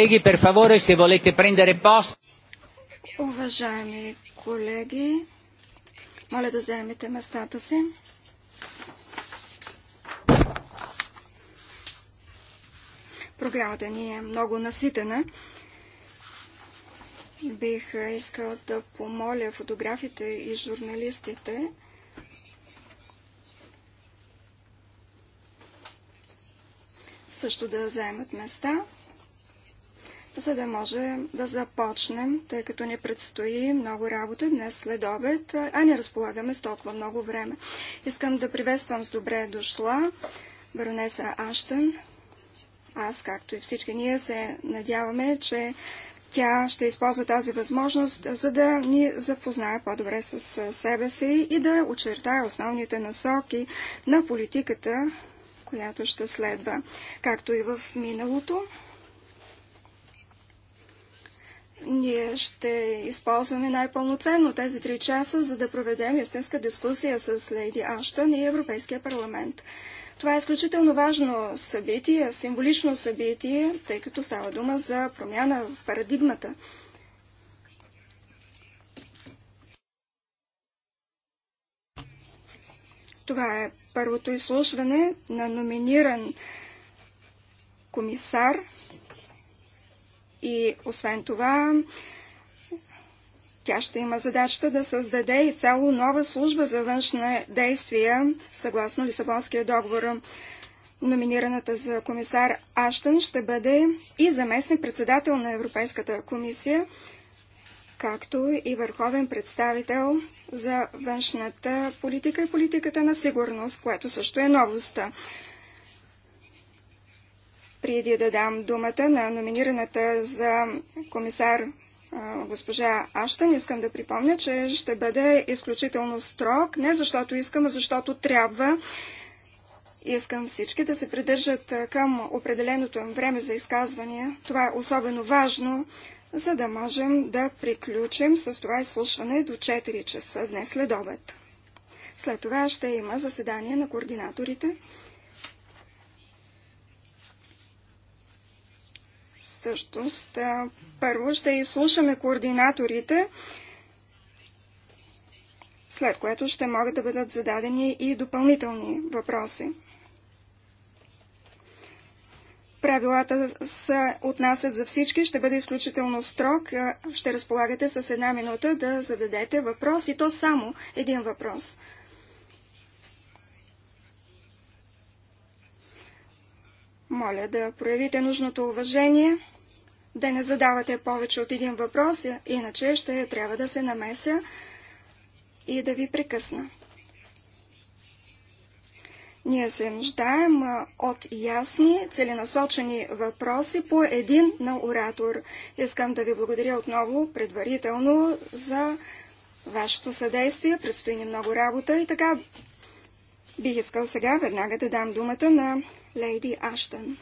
Колеги, per favore, se volete prendere posto. Уважаеми колеги, моля да заемете местата си. Програмата ни е много наситена. Бих искал да помоля фотографите и журналистите също да заемат места за да може да започнем, тъй като ни предстои много работа днес след обед, а не разполагаме с толкова много време. Искам да приветствам с добре дошла баронеса Аштън. Аз, както и всички ние, се надяваме, че тя ще използва тази възможност, за да ни запознае по-добре с себе си и да очертая основните насоки на политиката, която ще следва, както и в миналото ние ще използваме най-пълноценно тези три часа, за да проведем истинска дискусия с Лейди Аштън и Европейския парламент. Това е изключително важно събитие, символично събитие, тъй като става дума за промяна в парадигмата. Това е първото изслушване на номиниран комисар и освен това, тя ще има задачата да създаде изцяло нова служба за външна действия, съгласно Лисабонския договор. Номинираната за комисар Аштън ще бъде и заместник председател на Европейската комисия, както и върховен представител за външната политика и политиката на сигурност, което също е новостта. Преди да дам думата на номинираната за комисар госпожа Аштън, искам да припомня, че ще бъде изключително строг, не защото искам, а защото трябва. Искам всички да се придържат към определеното им време за изказвания. Това е особено важно, за да можем да приключим с това изслушване до 4 часа днес след обед. След това ще има заседание на координаторите. Всъщност, първо ще изслушаме координаторите, след което ще могат да бъдат зададени и допълнителни въпроси. Правилата се отнасят за всички, ще бъде изключително строг. Ще разполагате с една минута да зададете въпрос и то само един въпрос. Моля да проявите нужното уважение, да не задавате повече от един въпрос, иначе ще трябва да се намеся и да ви прекъсна. Ние се нуждаем от ясни, целенасочени въпроси по един на оратор. Искам да ви благодаря отново предварително за вашето съдействие. Предстои ни много работа и така бих искал сега веднага да дам думата на Лейди Аштън,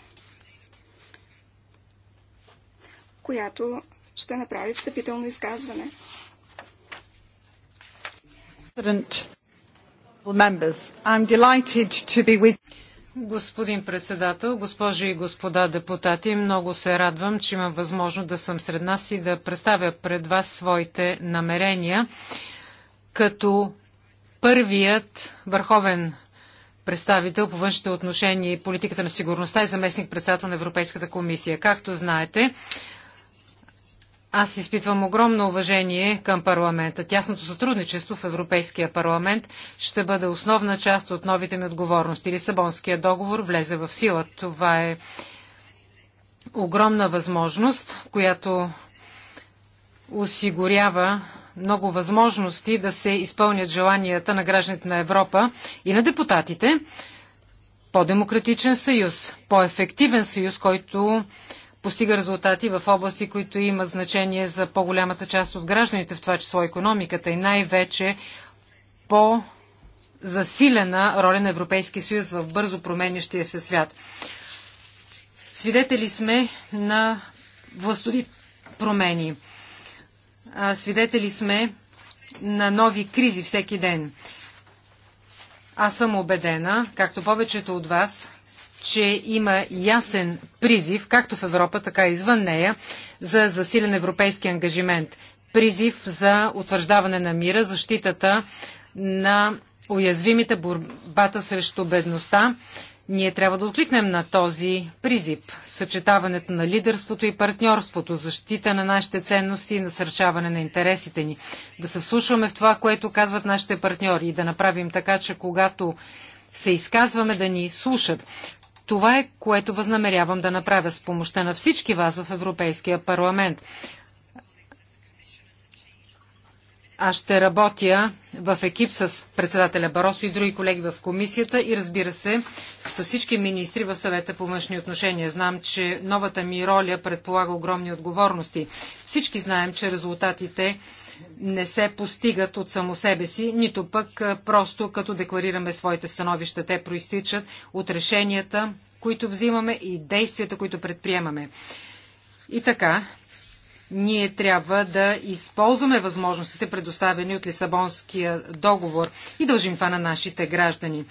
която ще направи встъпително изказване. Господин председател, госпожи и господа депутати, много се радвам, че имам възможност да съм сред нас и да представя пред вас своите намерения като първият върховен представител по външните отношения и политиката на сигурността и заместник председател на Европейската комисия. Както знаете, аз изпитвам огромно уважение към парламента. Тясното сътрудничество в Европейския парламент ще бъде основна част от новите ми отговорности. Лисабонския договор влезе в сила. Това е огромна възможност, която осигурява много възможности да се изпълнят желанията на гражданите на Европа и на депутатите. По-демократичен съюз, по-ефективен съюз, който постига резултати в области, които имат значение за по-голямата част от гражданите, в това число економиката и най-вече по засилена роля на Европейския съюз в бързо променящия се свят. Свидетели сме на властови промени свидетели сме на нови кризи всеки ден. Аз съм убедена, както повечето от вас, че има ясен призив, както в Европа, така и извън нея, за засилен европейски ангажимент. Призив за утвърждаване на мира, защитата на уязвимите борбата срещу бедността ние трябва да откликнем на този призив. Съчетаването на лидерството и партньорството, защита на нашите ценности и насърчаване на интересите ни. Да се вслушваме в това, което казват нашите партньори и да направим така, че когато се изказваме да ни слушат. Това е, което възнамерявам да направя с помощта на всички вас в Европейския парламент. Аз ще работя в екип с председателя Баросо и други колеги в комисията и разбира се с всички министри в съвета по външни отношения. Знам, че новата ми роля предполага огромни отговорности. Всички знаем, че резултатите не се постигат от само себе си, нито пък просто като декларираме своите становища. Те проистичат от решенията, които взимаме и действията, които предприемаме. И така, ние трябва да използваме възможностите, предоставени от Лисабонския договор и дължим това на нашите граждани.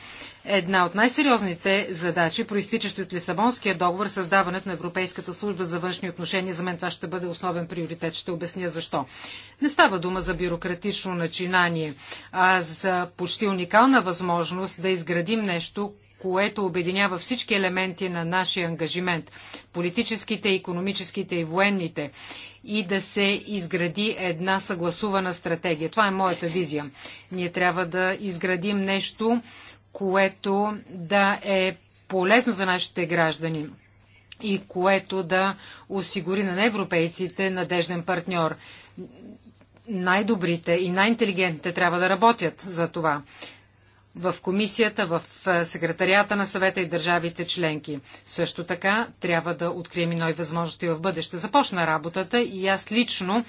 Една от най-сериозните задачи, проистичащи от Лисабонския договор, е създаването на Европейската служба за външни отношения. За мен това ще бъде основен приоритет. Ще обясня защо. Не става дума за бюрократично начинание, а за почти уникална възможност да изградим нещо, което обединява всички елементи на нашия ангажимент – политическите, економическите и военните и да се изгради една съгласувана стратегия. Това е моята визия. Ние трябва да изградим нещо, което да е полезно за нашите граждани и което да осигури на европейците надежден партньор. Най-добрите и най-интелигентните трябва да работят за това в комисията, в секретарията на съвета и държавите членки. Също така трябва да открием и нови възможности в бъдеще. Започна работата и аз лично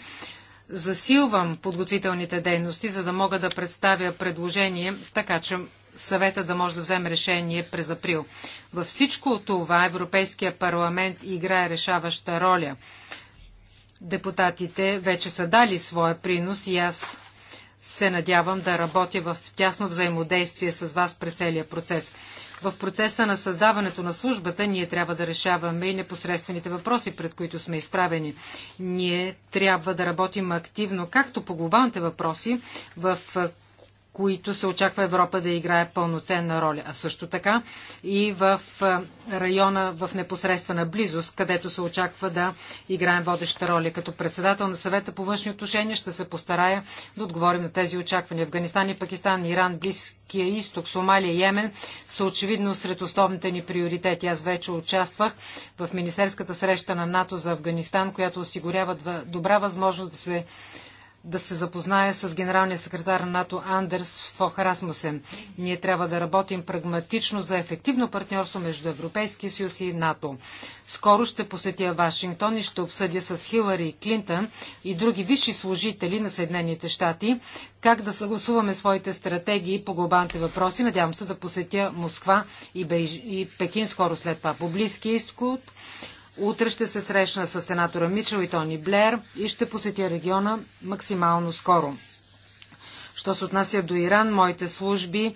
засилвам подготвителните дейности, за да мога да представя предложение, така че съвета да може да вземе решение през април. Във всичко това Европейския парламент играе решаваща роля. Депутатите вече са дали своя принос и аз се надявам да работя в тясно взаимодействие с вас през целия процес. В процеса на създаването на службата ние трябва да решаваме и непосредствените въпроси, пред които сме изправени. Ние трябва да работим активно както по глобалните въпроси, в които се очаква Европа да играе пълноценна роля, а също така и в района в непосредствена близост, където се очаква да играем водеща роля. Като председател на съвета по външни отношения ще се постарая да отговорим на тези очаквания. Афганистан и Пакистан, Иран, Близкия изток, Сомалия и Йемен са очевидно сред основните ни приоритети. Аз вече участвах в министерската среща на НАТО за Афганистан, която осигурява добра възможност да се да се запознае с генералния секретар на НАТО Андерс Фох Расмусен. Ние трябва да работим прагматично за ефективно партньорство между Европейския съюз и НАТО. Скоро ще посетя Вашингтон и ще обсъдя с Хилари Клинтън и други висши служители на Съединените щати как да съгласуваме своите стратегии по глобалните въпроси. Надявам се да посетя Москва и, Бейж... и Пекин скоро след това. По Близкия изход Утре ще се срещна с сенатора Мичел и Тони Блер и ще посетя региона максимално скоро. Що се отнася до Иран, моите служби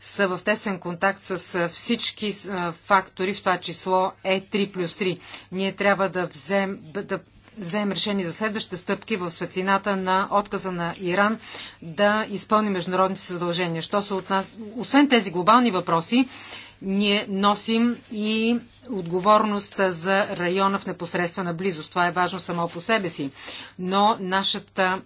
са в тесен контакт с всички фактори, в това число Е3 плюс 3. Ние трябва да вземем да вземем решение за следващите стъпки в светлината на отказа на Иран да изпълни международните задължения. Що се отнася, освен тези глобални въпроси, ние носим и отговорността за района в непосредствена близост. Това е важно само по себе си. Но нашата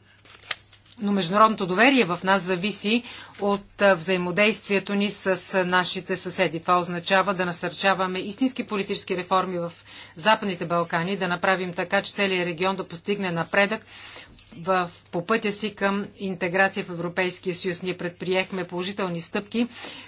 но международното доверие в нас зависи от взаимодействието ни с нашите съседи. Това означава да насърчаваме истински политически реформи в Западните Балкани, да направим така, че целият регион да постигне напредък в, по пътя си към интеграция в Европейския съюз. Ние предприехме положителни стъпки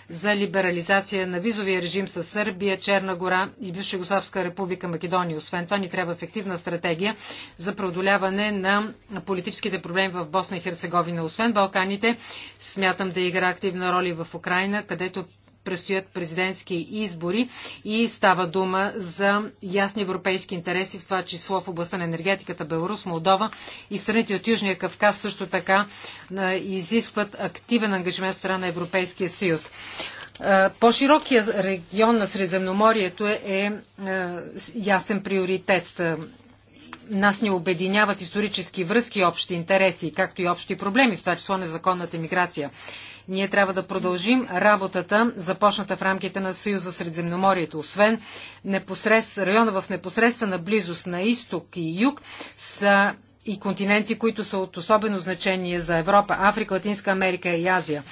за либерализация на визовия режим с Сърбия, Черна гора и Бивша Югославска република Македония. Освен това ни трябва ефективна стратегия за преодоляване на политическите проблеми в Босна и Херцеговина. Освен Балканите, смятам да игра активна роля в Украина, където предстоят президентски избори и става дума за ясни европейски интереси, в това число в областта на енергетиката Беларус, Молдова и страните от Южния Кавказ също така изискват активен ангажимент от страна на Европейския съюз. По-широкия регион на Средземноморието е, е ясен приоритет нас ни обединяват исторически връзки, общи интереси, както и общи проблеми, в това число незаконната миграция. Ние трябва да продължим работата, започната в рамките на Съюза Средземноморието. Освен непосред... района в непосредствена близост на изток и юг са и континенти, които са от особено значение за Европа, Африка, Латинска Америка и Азия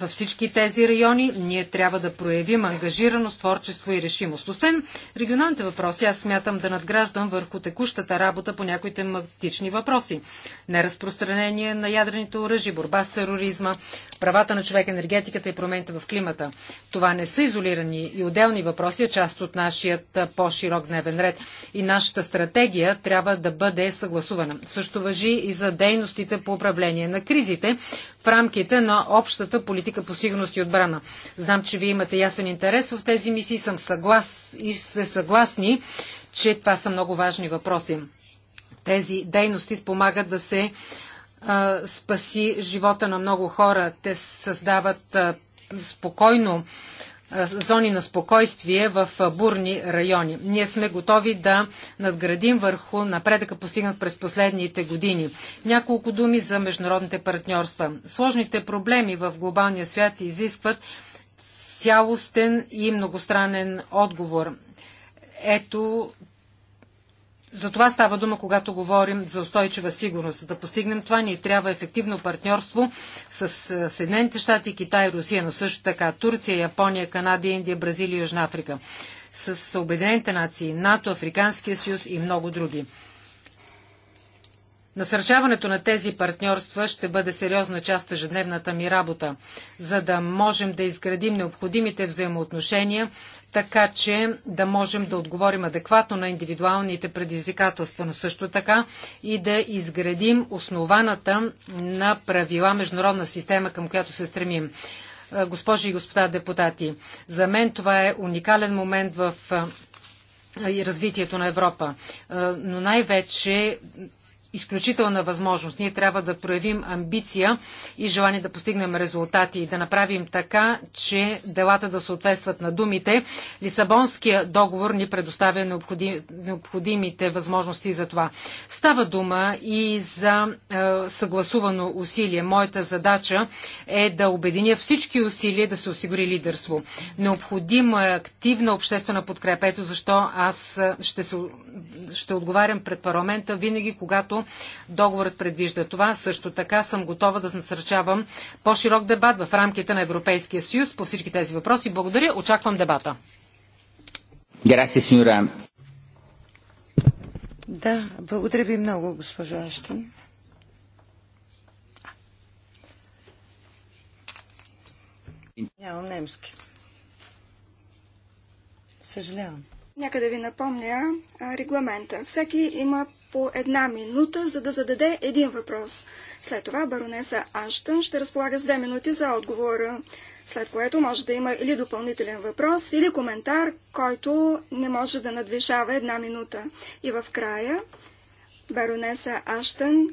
във всички тези райони. Ние трябва да проявим ангажираност, творчество и решимост. Освен регионалните въпроси, аз смятам да надграждам върху текущата работа по някои тематични въпроси. Неразпространение на ядрените оръжи, борба с тероризма, правата на човек, енергетиката и промените в климата. Това не са изолирани и отделни въпроси, а част от нашият по-широк дневен ред. И нашата стратегия трябва да бъде съгласувана. Също въжи и за дейностите по управление на кризите, в рамките на общата политика по сигурност и отбрана. Знам, че вие имате ясен интерес в тези мисии съм съглас, и се съгласни, че това са много важни въпроси. Тези дейности спомагат да се а, спаси живота на много хора. Те създават а, спокойно зони на спокойствие в бурни райони. Ние сме готови да надградим върху напредъка постигнат през последните години. Няколко думи за международните партньорства. Сложните проблеми в глобалния свят изискват цялостен и многостранен отговор. Ето за това става дума, когато говорим за устойчива сигурност. За да постигнем това, ни трябва ефективно партньорство с е, Съединените щати, Китай, Русия, но също така Турция, Япония, Канада, Индия, Бразилия, Южна Африка. С Обединените нации, НАТО, Африканския съюз и много други. Насърчаването на тези партньорства ще бъде сериозна част от ежедневната ми работа, за да можем да изградим необходимите взаимоотношения така че да можем да отговорим адекватно на индивидуалните предизвикателства, но също така и да изградим основаната на правила международна система, към която се стремим. Госпожи и господа депутати, за мен това е уникален момент в и развитието на Европа. Но най-вече изключителна възможност. Ние трябва да проявим амбиция и желание да постигнем резултати и да направим така, че делата да съответстват на думите. Лисабонския договор ни предоставя необходим, необходимите възможности за това. Става дума и за е, съгласувано усилие. Моята задача е да обединя всички усилия да се осигури лидерство. Необходима е активна обществена подкрепа. Ето защо аз е, ще, се, ще отговарям пред парламента винаги, когато Договорът предвижда това. Също така съм готова да насърчавам по-широк дебат в рамките на Европейския съюз по всички тези въпроси. Благодаря. Очаквам дебата. Грация, сеньора. Да, благодаря ви много, госпожо Аштин. Нямам немски. Съжалявам. Нека да ви напомня регламента. Всеки има по една минута, за да зададе един въпрос. След това баронеса Аштън ще разполага с две минути за отговора, след което може да има или допълнителен въпрос, или коментар, който не може да надвишава една минута. И в края баронеса Аштън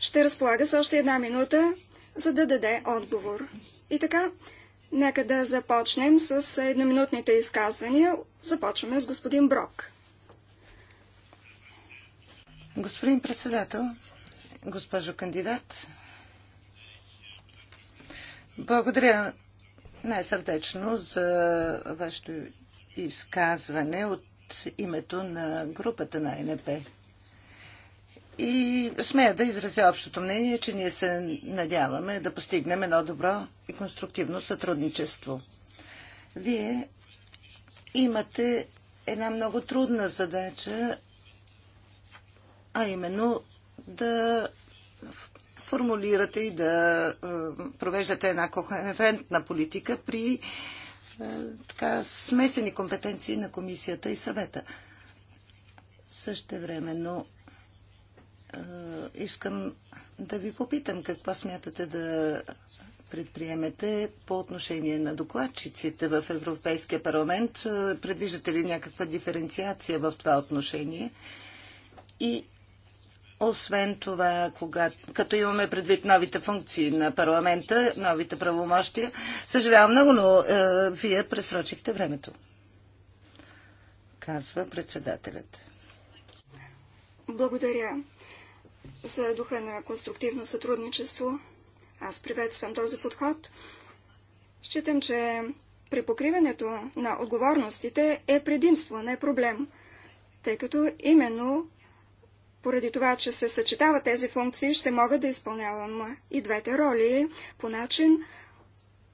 ще разполага с още една минута, за да даде отговор. И така, нека да започнем с едноминутните изказвания. Започваме с господин Брок. Господин председател, госпожо кандидат, благодаря най-сърдечно за вашето изказване от името на групата на НП. И смея да изразя общото мнение, че ние се надяваме да постигнем едно добро и конструктивно сътрудничество. Вие имате една много трудна задача а именно да формулирате и да е, провеждате една кохерентна политика при е, така смесени компетенции на комисията и съвета. Същевременно е, искам да ви попитам какво смятате да предприемете по отношение на докладчиците в Европейския парламент? Предвиждате ли някаква диференциация в това отношение? И освен това, когато, като имаме предвид новите функции на парламента, новите правомощия, съжалявам много, но е, вие пресрочихте времето, казва председателят. Благодаря за духа на конструктивно сътрудничество. Аз приветствам този подход. Считам, че припокриването на отговорностите е предимство, не проблем, тъй като именно поради това, че се съчетават тези функции, ще мога да изпълнявам и двете роли по начин,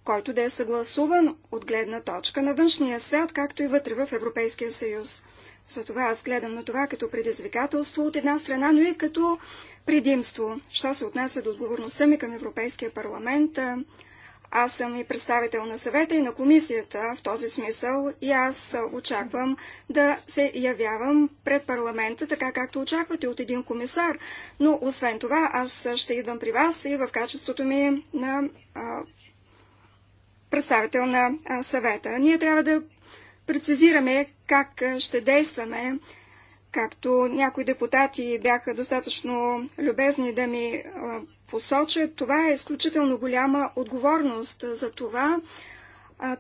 който да е съгласуван от гледна точка на външния свят, както и вътре в Европейския съюз. Затова аз гледам на това като предизвикателство от една страна, но и като предимство. Що се отнася до отговорността ми към Европейския парламент, аз съм и представител на съвета и на комисията в този смисъл и аз очаквам да се явявам пред парламента, така както очаквате от един комисар. Но освен това, аз ще идвам при вас и в качеството ми на а, представител на а, съвета. Ние трябва да прецизираме как ще действаме Както някои депутати бяха достатъчно любезни да ми посочат, това е изключително голяма отговорност. За това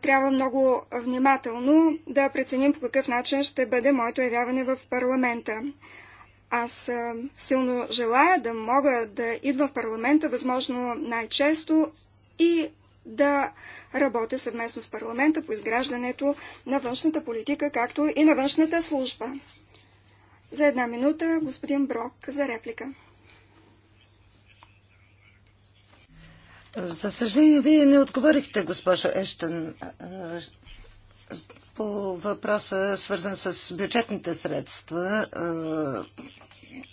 трябва много внимателно да преценим по какъв начин ще бъде моето явяване в парламента. Аз силно желая да мога да идва в парламента възможно най-често и да работя съвместно с парламента по изграждането на външната политика, както и на външната служба. За една минута господин Брок за реплика. За съжаление, вие не отговорихте, госпожо Ештън, по въпроса, свързан с бюджетните средства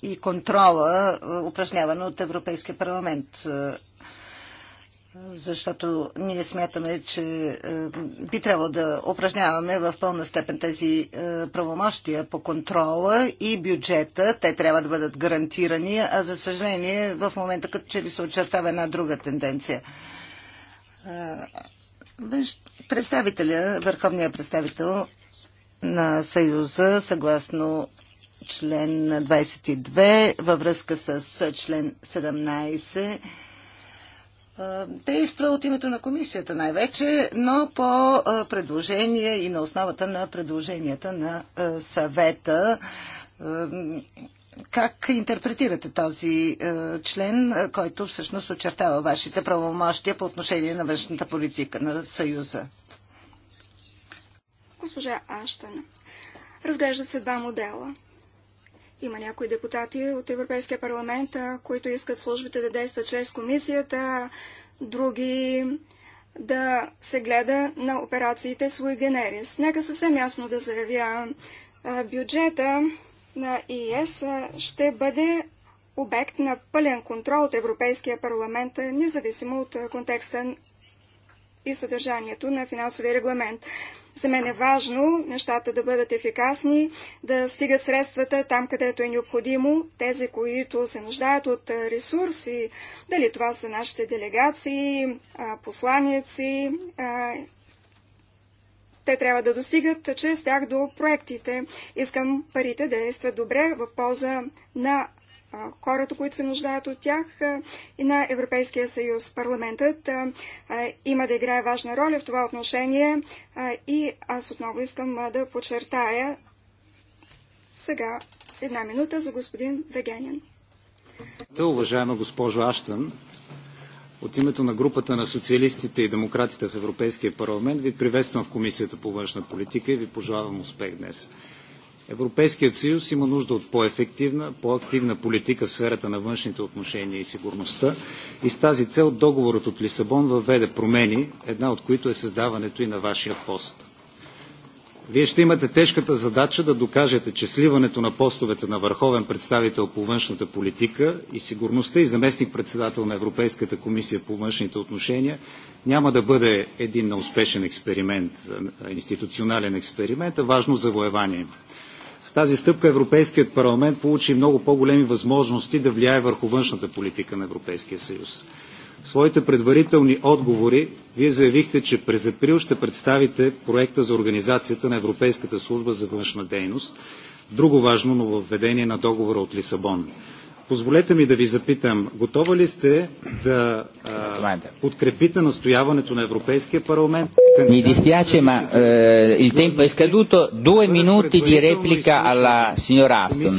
и контрола, упражняван от Европейския парламент защото ние смятаме, че е, би трябвало да упражняваме в пълна степен тези е, правомощия по контрола и бюджета. Те трябва да бъдат гарантирани, а за съжаление в момента като че ли се очертава една друга тенденция. Е, представителя, върховният представител на Съюза, съгласно член 22, във връзка с член 17, е, действа от името на комисията най-вече, но по е, предложение и на основата на предложенията на е, съвета. Как интерпретирате този член, който всъщност очертава вашите правомощия по отношение на външната политика на Съюза? Госпожа Аштън, разглеждат се два модела – има някои депутати от Европейския парламент, които искат службите да действат чрез комисията, други да се гледа на операциите свой генерис. Нека съвсем ясно да заявя, бюджета на ИС ще бъде обект на пълен контрол от Европейския парламент, независимо от контекста и съдържанието на финансовия регламент. За мен е важно нещата да бъдат ефикасни, да стигат средствата там, където е необходимо, тези, които се нуждаят от ресурси, дали това са нашите делегации, посланици, те трябва да достигат чрез тях до проектите. Искам парите да действат добре в полза на хората, които се нуждаят от тях и на Европейския съюз. Парламентът има да играе важна роля в това отношение и аз отново искам да подчертая сега една минута за господин Вегенин. Уважаема госпожо Аштън, от името на групата на социалистите и демократите в Европейския парламент ви приветствам в Комисията по външна политика и ви пожелавам успех днес. Европейският съюз има нужда от по-ефективна, по-активна политика в сферата на външните отношения и сигурността и с тази цел договорът от Лисабон въведе промени, една от които е създаването и на вашия пост. Вие ще имате тежката задача да докажете, че сливането на постовете на върховен представител по външната политика и сигурността и заместник-председател на Европейската комисия по външните отношения няма да бъде един на успешен експеримент, институционален експеримент, а важно завоевание. С тази стъпка Европейският парламент получи много по-големи възможности да влияе върху външната политика на Европейския съюз. В своите предварителни отговори вие заявихте, че през април ще представите проекта за организацията на Европейската служба за външна дейност, друго важно нововведение на договора от Лисабон. Позволете ми да ви запитам, готова ли сте да а, подкрепите настояването на Европейския парламент? Mi dispiace, ma il tempo è scaduto. Due minuti di replica alla signora Aston.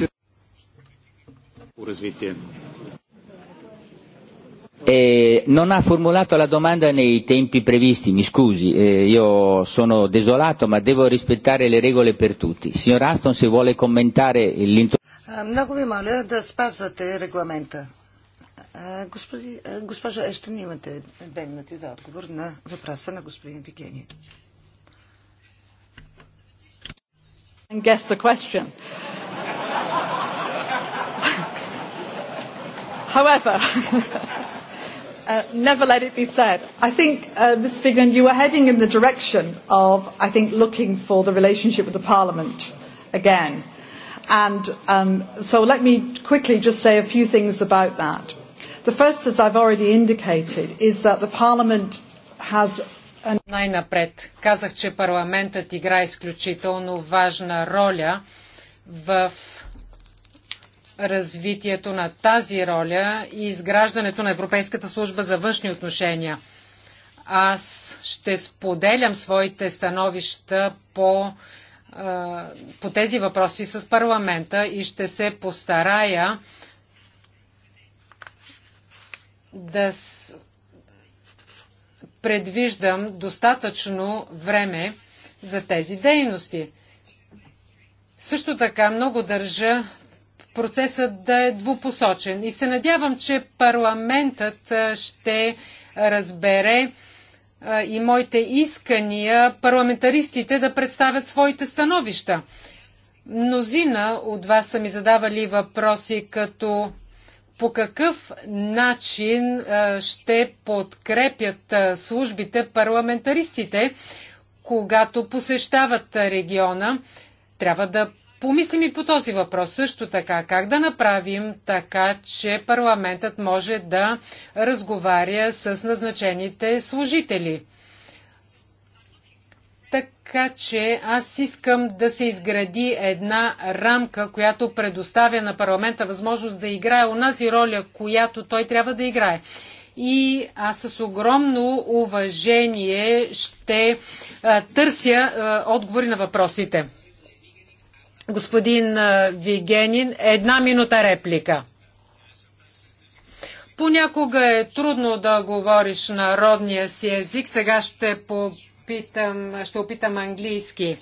Eh, non ha formulato la domanda nei tempi previsti, mi scusi, eh, io sono desolato ma devo rispettare le regole per tutti. Signor Aston, se vuole commentare l'introduzione. Много ви моля да спазвате регламента. Господи, госпожа Ещен, имате две минути за отговор на въпроса на господин Вигени. And guess the question. However, uh, never let it be said. I think, uh, Ms. Figland, you were heading in the direction of, I think, looking for the relationship with the Parliament again And um, so let me quickly just say a few things about that. The first, as I've already indicated, is that the Parliament has най-напред. Казах, че парламентът играе изключително важна роля в развитието на тази роля и изграждането на Европейската служба за външни отношения. Аз ще споделям своите становища по по тези въпроси с парламента и ще се постарая да предвиждам достатъчно време за тези дейности. Също така много държа процесът да е двупосочен и се надявам, че парламентът ще разбере и моите искания парламентаристите да представят своите становища. Мнозина от вас са ми задавали въпроси като по какъв начин ще подкрепят службите парламентаристите, когато посещават региона. Трябва да Помислим и по този въпрос също така. Как да направим така, че парламентът може да разговаря с назначените служители? Така че аз искам да се изгради една рамка, която предоставя на парламента възможност да играе онази роля, която той трябва да играе и аз с огромно уважение ще а, търся а, отговори на въпросите господин Вигенин. Една минута реплика. Понякога е трудно да говориш народния си език. Сега ще, попитам, ще опитам английски.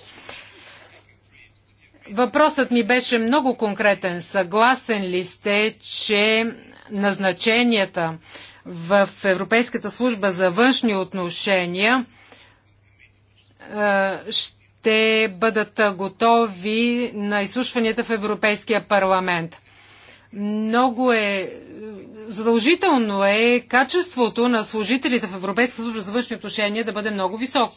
Въпросът ми беше много конкретен. Съгласен ли сте, че назначенията в Европейската служба за външни отношения ще ще бъдат готови на изслушванията в Европейския парламент. Много е задължително е качеството на служителите в Европейска служба за външни отношения да бъде много високо.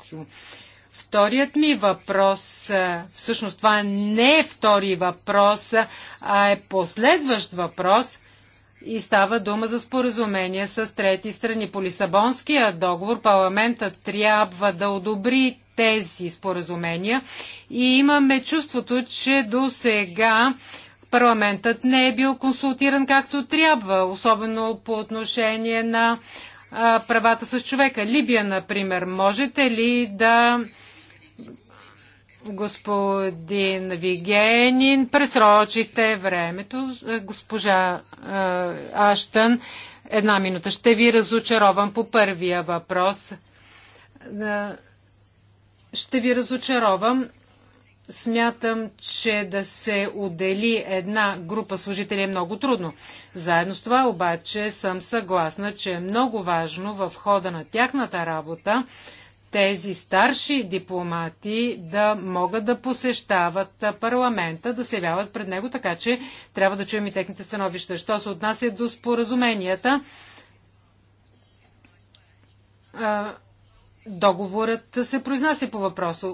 Вторият ми въпрос, всъщност това не е втори въпрос, а е последващ въпрос и става дума за споразумение с трети страни. По Лисабонския договор парламентът трябва да одобри тези споразумения и имаме чувството, че до сега парламентът не е бил консултиран както трябва, особено по отношение на а, правата с човека. Либия, например, можете ли да господин Вигенин, пресрочихте времето, госпожа а, Аштън, една минута. Ще ви разочаровам по първия въпрос ще ви разочаровам. Смятам, че да се отдели една група служители е много трудно. Заедно с това обаче съм съгласна, че е много важно в хода на тяхната работа тези старши дипломати да могат да посещават парламента, да се явяват пред него, така че трябва да чуем и техните становища. Що се отнася до споразуменията, договорът се произнася по въпроса.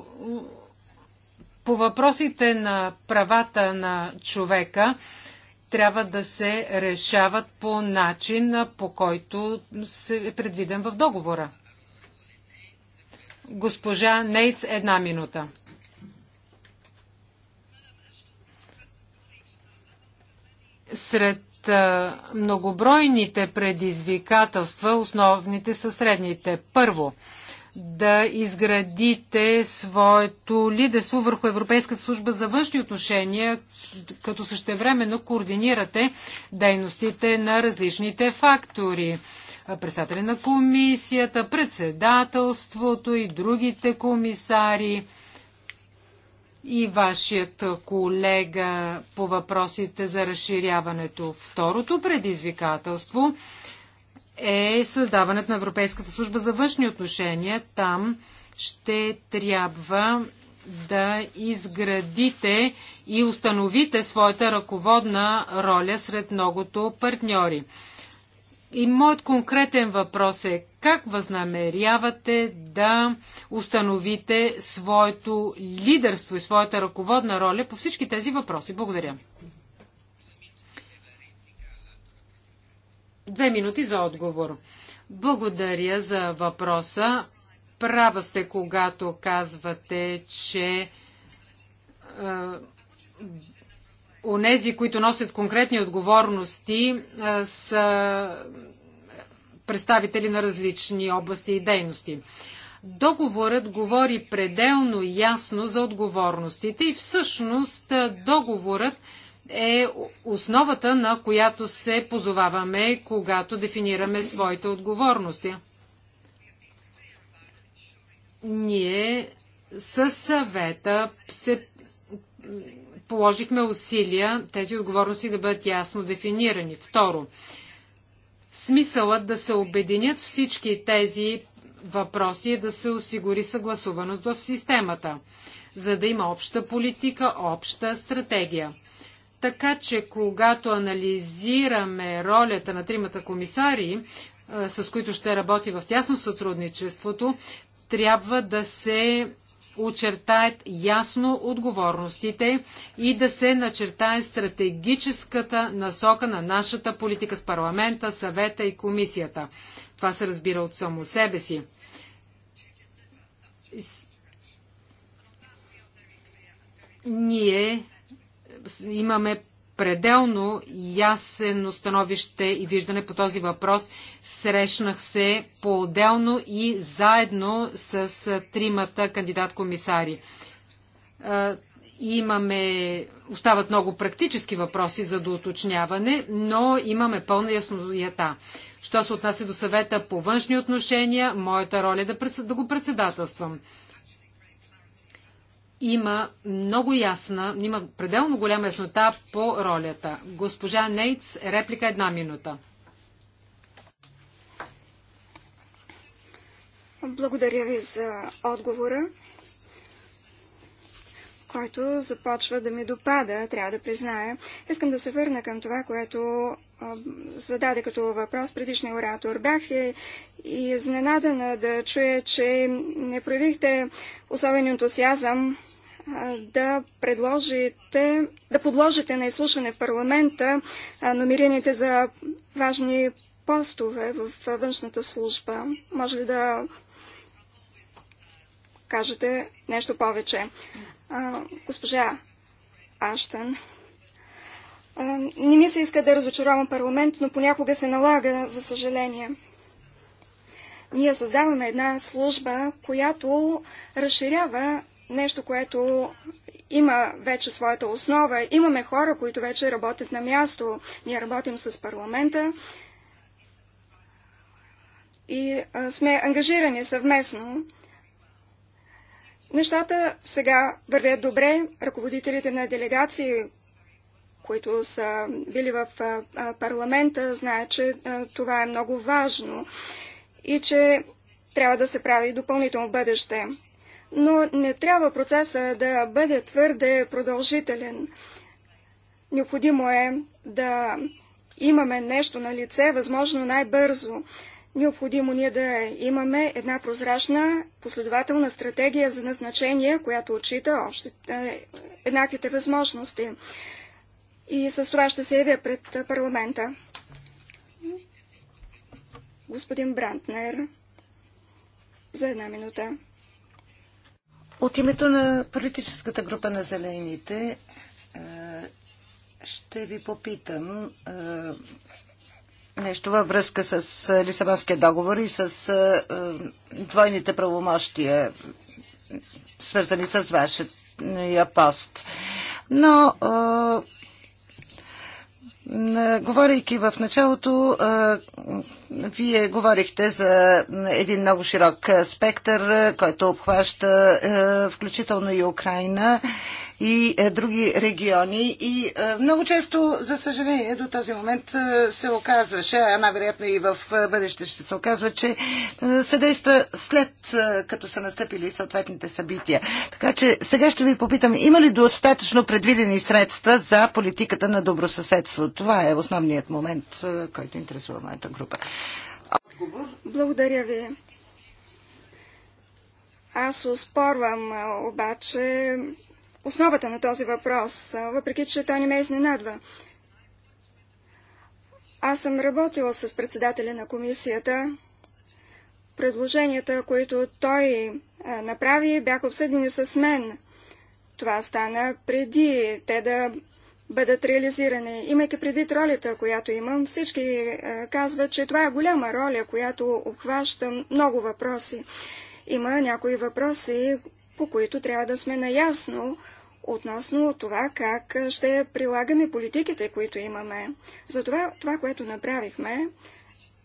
По въпросите на правата на човека трябва да се решават по начин, по който се е предвиден в договора. Госпожа Нейц, една минута. Сред многобройните предизвикателства, основните са средните. Първо, да изградите своето лидерство върху Европейската служба за външни отношения, като същевременно координирате дейностите на различните фактори. Председателя на комисията, председателството и другите комисари и вашият колега по въпросите за разширяването. Второто предизвикателство е създаването на Европейската служба за външни отношения. Там ще трябва да изградите и установите своята ръководна роля сред многото партньори. И моят конкретен въпрос е как възнамерявате да установите своето лидерство и своята ръководна роля по всички тези въпроси? Благодаря. Две минути за отговор. Благодаря за въпроса. Права сте, когато казвате, че онези, които носят конкретни отговорности, са представители на различни области и дейности. Договорът говори пределно ясно за отговорностите и всъщност договорът е основата, на която се позоваваме, когато дефинираме своите отговорности. Ние със съвета се положихме усилия тези отговорности да бъдат ясно дефинирани. Второ, смисълът да се обединят всички тези въпроси е да се осигури съгласуваност в системата, за да има обща политика, обща стратегия. Така че, когато анализираме ролята на тримата комисари, с които ще работи в тясно сътрудничеството, трябва да се очертаят ясно отговорностите и да се начертае стратегическата насока на нашата политика с парламента, съвета и комисията. Това се разбира от само себе си. Ние имаме пределно ясено становище и виждане по този въпрос. Срещнах се по-отделно и заедно с тримата кандидат-комисари. Имаме, остават много практически въпроси за доуточняване, но имаме пълна яснота. Що се отнася до съвета по външни отношения, моята роля е да, да го председателствам има много ясна, има пределно голяма яснота по ролята. Госпожа Нейц, реплика една минута. Благодаря ви за отговора който започва да ми допада, трябва да призная. Искам да се върна към това, което зададе като въпрос предишния оратор. Бях и, изненадана да чуя, че не проявихте особен ентусиазъм да предложите, да подложите на изслушване в парламента номерените за важни постове в външната служба. Може ли да кажете нещо повече госпожа Аштън. не ми се иска да разочаровам парламент, но понякога се налага, за съжаление. Ние създаваме една служба, която разширява нещо, което има вече своята основа. Имаме хора, които вече работят на място. Ние работим с парламента и сме ангажирани съвместно Нещата сега вървят добре. Ръководителите на делегации, които са били в парламента, знаят, че това е много важно и че трябва да се прави допълнително бъдеще. Но не трябва процеса да бъде твърде продължителен. Необходимо е да имаме нещо на лице, възможно най-бързо. Необходимо ни е да имаме една прозрачна, последователна стратегия за назначение, която отчита общи, е, еднаквите възможности. И с това ще се явя пред парламента. Господин Брантнер, за една минута. От името на политическата група на Зелените е, ще ви попитам е, нещо във връзка с Лисабонския договор и с двойните правомощия, свързани с вашия пост. Но Говорейки в началото, вие говорихте за един много широк спектър, който обхваща включително и Украина и е, други региони. И е, много често, за съжаление, до този момент е, се оказваше, а най-вероятно и в бъдеще ще се оказва, че се действа след като са настъпили съответните събития. Така че сега ще ви попитам, има ли достатъчно предвидени средства за политиката на добросъседство? Това е основният момент, който интересува моята група. Отговор. Благодаря ви. Аз оспорвам обаче основата на този въпрос, въпреки че той не ме изненадва. Аз съм работила с председателя на комисията. Предложенията, които той направи, бяха обсъдени с мен. Това стана преди те да бъдат реализирани. Имайки предвид ролята, която имам, всички казват, че това е голяма роля, която обхваща много въпроси. Има някои въпроси, по които трябва да сме наясно, относно това как ще прилагаме политиките, които имаме. Затова това, което направихме,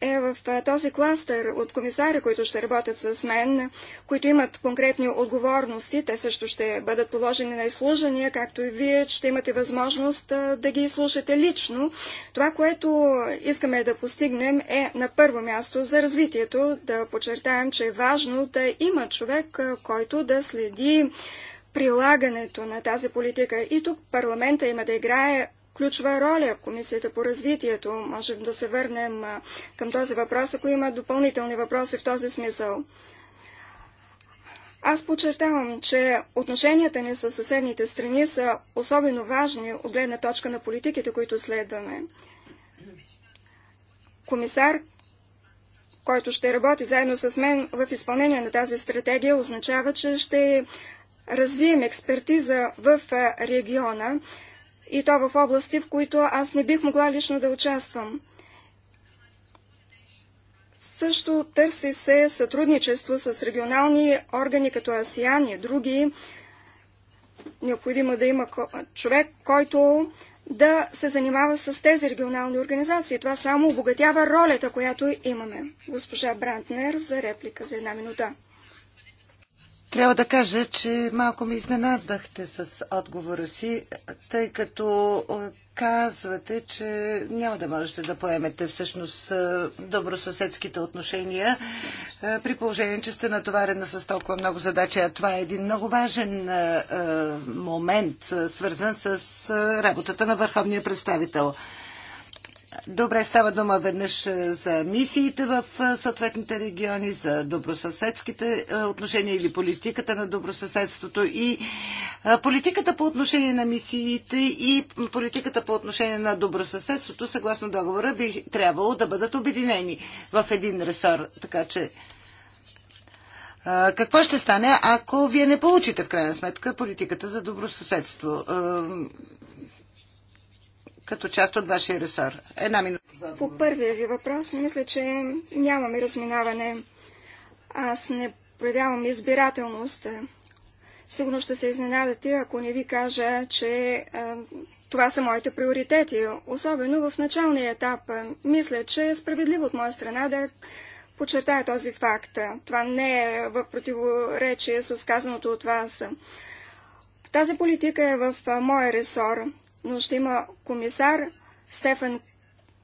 е в този кластър от комисари, които ще работят с мен, които имат конкретни отговорности. Те също ще бъдат положени на изслужения, както и вие ще имате възможност да ги изслушате лично. Това, което искаме да постигнем е на първо място за развитието, да подчертаем, че е важно да има човек, който да следи прилагането на тази политика. И тук парламента има да играе ключова роля в Комисията по развитието. Можем да се върнем към този въпрос, ако има допълнителни въпроси в този смисъл. Аз подчертавам, че отношенията ни с съседните страни са особено важни от гледна точка на политиките, които следваме. Комисар, който ще работи заедно с мен в изпълнение на тази стратегия, означава, че ще развием експертиза в региона и то в области, в които аз не бих могла лично да участвам. Също търси се сътрудничество с регионални органи като АСИАН и други. Необходимо е да има човек, който да се занимава с тези регионални организации. Това само обогатява ролята, която имаме. Госпожа Брантнер за реплика за една минута. Трябва да кажа, че малко ми изненадахте с отговора си, тъй като е, казвате, че няма да можете да поемете всъщност е, добросъседските отношения, е, при положение, че сте натоварена с толкова много задачи. А това е един много важен момент, свързан с работата на върховния представител. Добре, става дума веднъж е, за мисиите в е, съответните региони, за добросъседските е, отношения или политиката на добросъседството и политиката по отношение на мисиите и политиката по отношение на добросъседството, съгласно договора, би трябвало да бъдат обединени в един ресор. Така че какво ще стане, ако вие не получите в крайна сметка политиката за добросъседство? като част от вашия ресор. Една минута. По първия ви въпрос, мисля, че нямаме разминаване. Аз не проявявам избирателност. Сигурно ще се изненадате, ако не ви кажа, че а, това са моите приоритети, особено в началния етап. Мисля, че е справедливо от моя страна да подчертая този факт. Това не е в противоречие с казаното от вас. Тази политика е в моя ресор но ще има комисар Стефан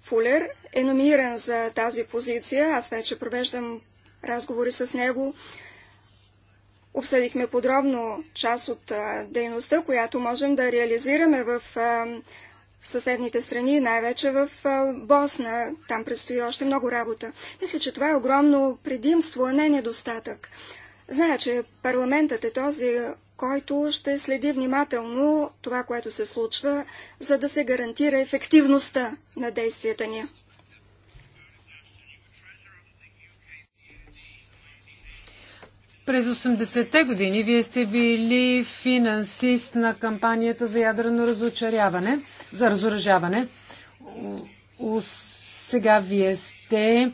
Фулер е номиниран за тази позиция. Аз вече провеждам разговори с него. Обсъдихме подробно част от дейността, която можем да реализираме в съседните страни, най-вече в Босна. Там предстои още много работа. Мисля, че това е огромно предимство, а не недостатък. Зная, че парламентът е този който ще следи внимателно това, което се случва, за да се гарантира ефективността на действията ни. През 80-те години вие сте били финансист на кампанията за ядрено разочаряване, за разоръжаване. Сега вие сте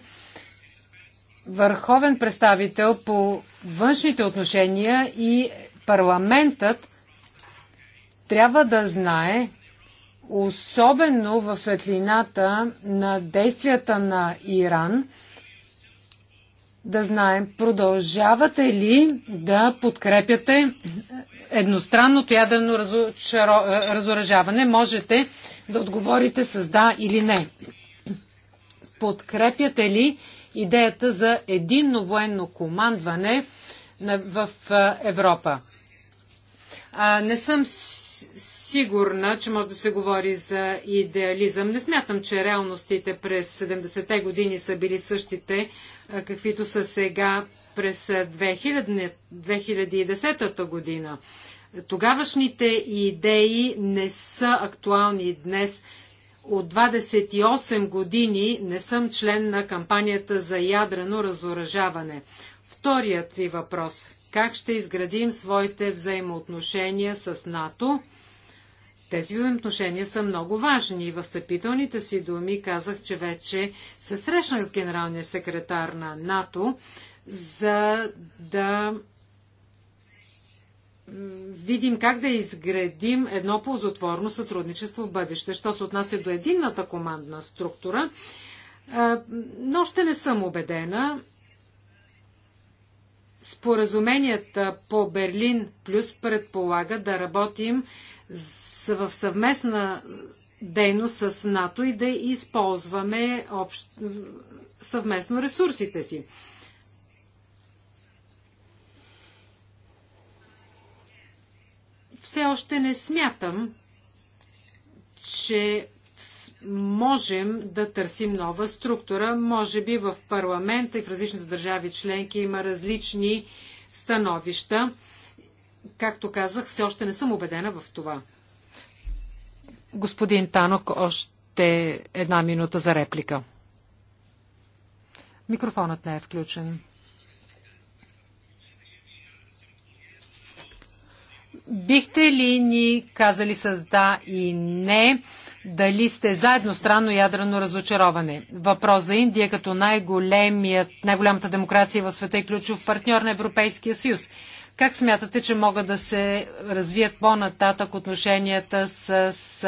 върховен представител по външните отношения и Парламентът трябва да знае, особено в светлината на действията на Иран, да знаем, продължавате ли да подкрепяте едностранното ядрено е, разоръжаване? Можете да отговорите с да или не. Подкрепяте ли идеята за единно военно командване в е, Европа? А, не съм сигурна, че може да се говори за идеализъм. Не смятам, че реалностите през 70-те години са били същите, каквито са сега през 2010 2010 година. Тогавашните идеи не са актуални днес. От 28 години не съм член на кампанията за ядрено разоръжаване. Вторият ви въпрос как ще изградим своите взаимоотношения с НАТО. Тези взаимоотношения са много важни. В стъпителните си думи казах, че вече се срещнах с генералния секретар на НАТО, за да видим как да изградим едно ползотворно сътрудничество в бъдеще. Що се отнася до единната командна структура, но ще не съм убедена. Споразуменията по Берлин плюс предполага да работим в съвместна дейност с НАТО и да използваме общ... съвместно ресурсите си. Все още не смятам, че можем да търсим нова структура. Може би в парламента и в различните държави членки има различни становища. Както казах, все още не съм убедена в това. Господин Танок, още една минута за реплика. Микрофонът не е включен. Бихте ли ни казали с да и не дали сте заедно странно ядрено разочароване? Въпрос за Индия като най-голямата най демокрация в света и ключов партньор на Европейския съюз. Как смятате, че могат да се развият по-нататък отношенията с, с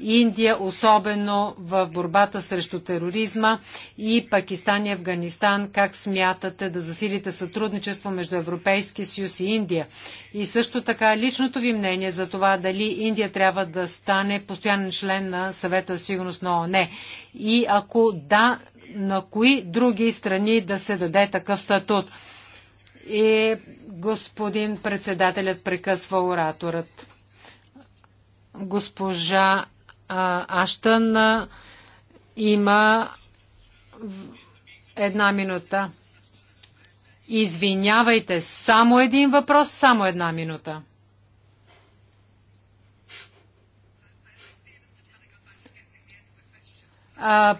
Индия, особено в борбата срещу тероризма и Пакистан и Афганистан. Как смятате да засилите сътрудничество между Европейски съюз и Индия? И също така личното ви мнение за това дали Индия трябва да стане постоянен член на съвета за сигурност на ООН. И ако да, на кои други страни да се даде такъв статут? И господин председателят прекъсва ораторът. Госпожа Аштън има една минута. Извинявайте, само един въпрос, само една минута. А,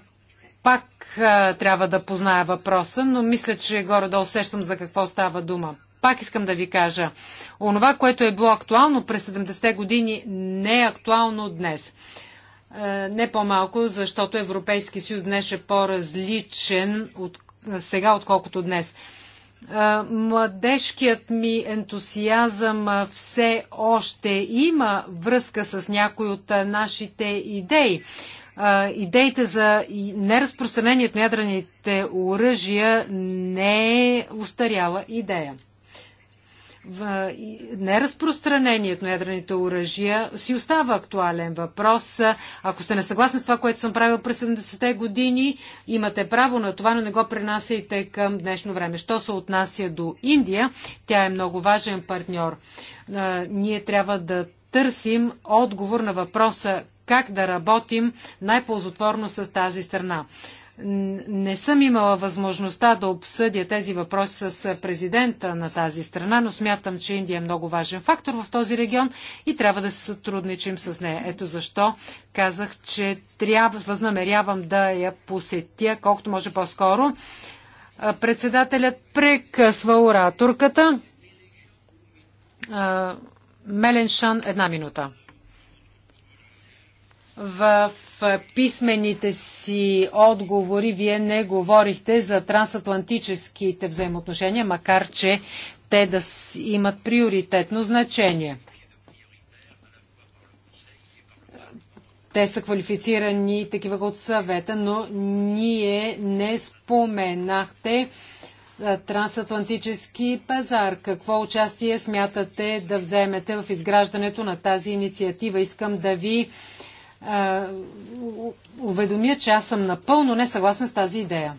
пак а, трябва да позная въпроса, но мисля, че горе да усещам за какво става дума. Пак искам да ви кажа, онова, което е било актуално през 70-те години, не е актуално днес. Е, не по-малко, защото Европейски съюз днес е по-различен от, е, сега, отколкото днес. Е, младежкият ми ентусиазъм все още има връзка с някои от нашите идеи. Идеите за неразпространението на ядрените оръжия не е устаряла идея неразпространението на ядрените оръжия си остава актуален въпрос. Ако сте несъгласни с това, което съм правил през 70-те години, имате право на това, но не го пренасяйте към днешно време. Що се отнася до Индия, тя е много важен партньор. Ние трябва да търсим отговор на въпроса как да работим най-ползотворно с тази страна. Не съм имала възможността да обсъдя тези въпроси с президента на тази страна, но смятам, че Индия е много важен фактор в този регион и трябва да се сътрудничим с нея. Ето защо казах, че трябва, възнамерявам да я посетя колкото може по-скоро. Председателят прекъсва ораторката. Меленшан, една минута. В писмените си отговори вие не говорихте за трансатлантическите взаимоотношения, макар че те да имат приоритетно значение. Те са квалифицирани такива от съвета, но ние не споменахте трансатлантически пазар. Какво участие смятате да вземете в изграждането на тази инициатива? Искам да ви уведомя, че аз съм напълно несъгласен с тази идея.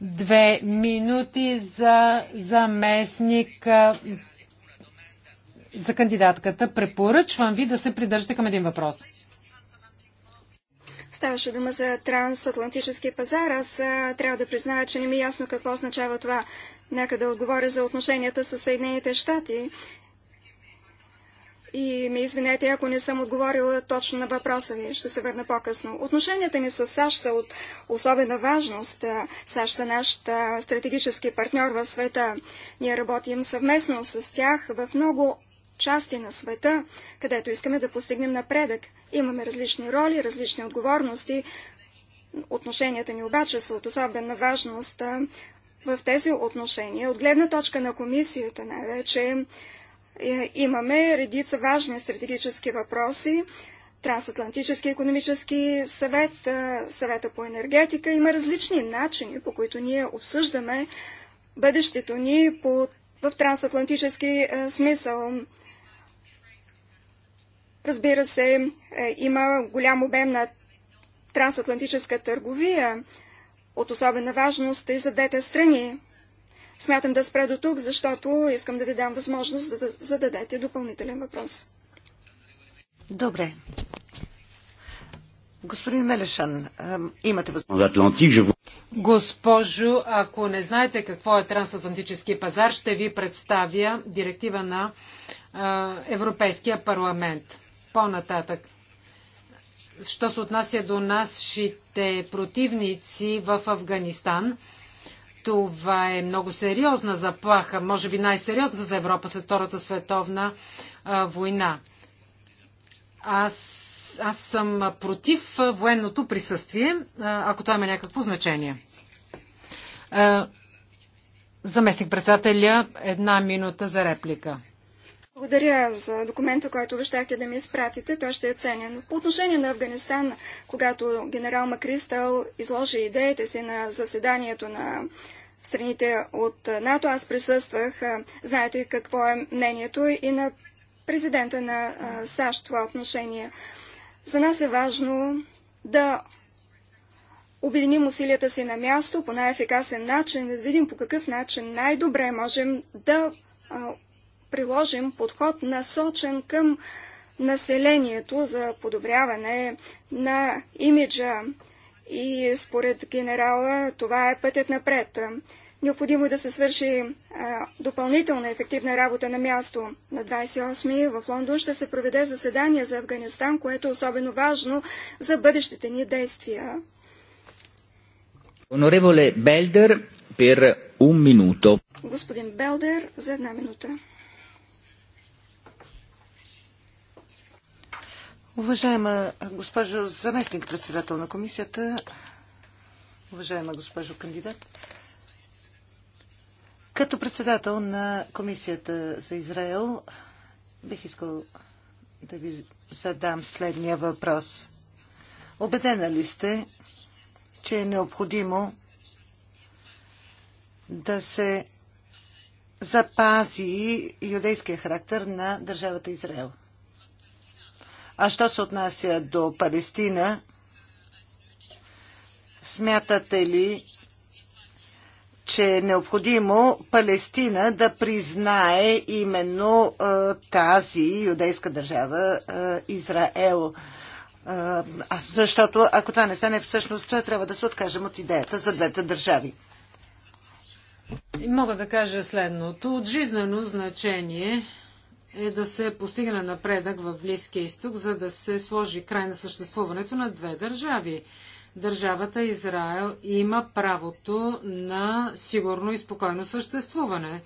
Две минути за заместник за кандидатката. Препоръчвам ви да се придържате към един въпрос. Ставаше дума за трансатлантически пазар. Аз трябва да призная, че не ми е ясно какво означава това. Нека да отговоря за отношенията с Съединените щати. И ми извинете, ако не съм отговорила точно на въпроса ви, ще се върна по-късно. Отношенията ни с САЩ са от особена важност. САЩ са наш стратегически партньор в света. Ние работим съвместно с тях в много части на света, където искаме да постигнем напредък. Имаме различни роли, различни отговорности. Отношенията ни обаче са от особена важност. В тези отношения, от гледна точка на комисията най-вече, е, имаме редица важни стратегически въпроси. Трансатлантически економически съвет, е, съвета по енергетика. Има различни начини, по които ние обсъждаме бъдещето ни по, в трансатлантически е, смисъл. Разбира се, има голям обем на трансатлантическа търговия от особена важност и за двете страни. Смятам да спре до тук, защото искам да ви дам възможност да зададете допълнителен въпрос. Добре. Господин Мелешан, е, имате възможност. Госпожо, ако не знаете какво е трансатлантически пазар, ще ви представя директива на е, Европейския парламент. По-нататък. Що се отнася до нашите противници в Афганистан, това е много сериозна заплаха, може би най-сериозна за Европа след Втората световна а, война. Аз аз съм против военното присъствие, ако това има някакво значение. Заместник председателя, една минута за реплика. Благодаря за документа, който обещахте да ми изпратите. Той ще е ценен. По отношение на Афганистан, когато генерал Макристал изложи идеите си на заседанието на в страните от НАТО. Аз присъствах. Знаете какво е мнението и на президента на САЩ това отношение. За нас е важно да обединим усилията си на място по най-ефикасен начин, да видим по какъв начин най-добре можем да приложим подход насочен към населението за подобряване на имиджа и според генерала това е пътят напред. Необходимо е да се свърши а, допълнителна ефективна работа на място. На 28 в Лондон ще се проведе заседание за Афганистан, което е особено важно за бъдещите ни действия. Онореволе Белдер, пер un Господин Белдер, за една минута. Уважаема госпожо заместник председател на комисията, уважаема госпожо кандидат, като председател на комисията за Израел бих искал да ви задам следния въпрос. Обедена ли сте, че е необходимо да се запази юдейския характер на държавата Израел? А що се отнася до Палестина, смятате ли, че е необходимо Палестина да признае именно тази юдейска държава Израел? защото ако това не стане, всъщност това трябва да се откажем от идеята за двете държави. Мога да кажа следното. От жизнено значение е да се постигне напредък в Близкия изток, за да се сложи край на съществуването на две държави. Държавата Израел има правото на сигурно и спокойно съществуване.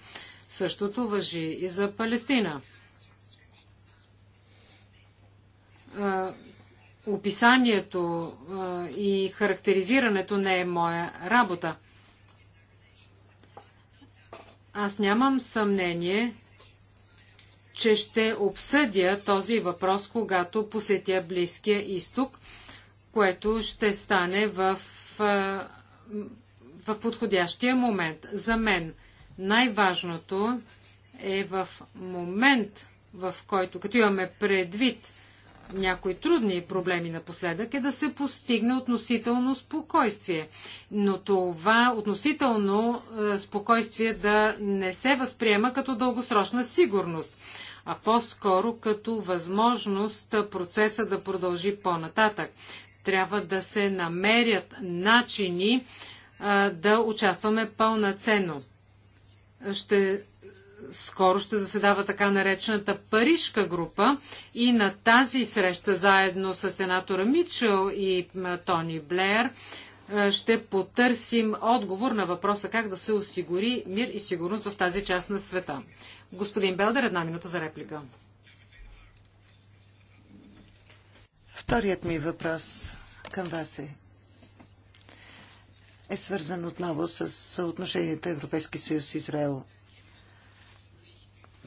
Същото въжи и за Палестина. описанието и характеризирането не е моя работа. Аз нямам съмнение, че ще обсъдя този въпрос, когато посетя Близкия изток, което ще стане в, в подходящия момент. За мен най-важното е в момент, в който, като имаме предвид някои трудни проблеми напоследък, е да се постигне относително спокойствие. Но това относително е, спокойствие да не се възприема като дългосрочна сигурност, а по-скоро като възможност процеса да продължи по-нататък. Трябва да се намерят начини е, да участваме пълноценно. Ще скоро ще заседава така наречената Парижка група и на тази среща заедно с сенатора Митчел и Тони Блеер ще потърсим отговор на въпроса как да се осигури мир и сигурност в тази част на света. Господин Белдер, една минута за реплика. Вторият ми въпрос към вас е е свързан отново с съотношението Европейски съюз-Израел.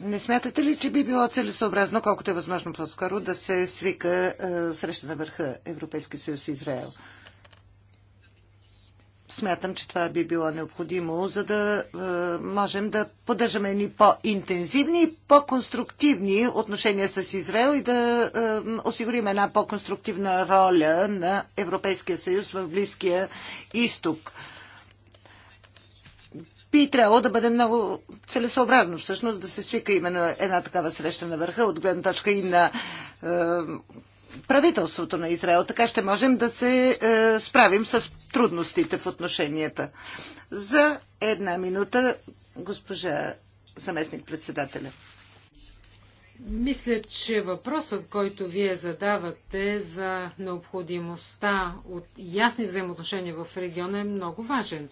Не смятате ли, че би било целесообразно, колкото е възможно по-скоро, да се свика е, среща на върха Европейски съюз и Израел? Смятам, че това би било необходимо, за да е, можем да поддържаме ни по-интензивни и по-конструктивни отношения с Израел и да е, осигурим една по-конструктивна роля на Европейския съюз в Близкия изток би трябвало да бъде много целесообразно всъщност да се свика именно една такава среща на върха от гледна точка и на е, правителството на Израел. Така ще можем да се е, справим с трудностите в отношенията. За една минута госпожа заместник-председателя. Мисля, че въпросът, който вие задавате за необходимостта от ясни взаимоотношения в региона е много важен.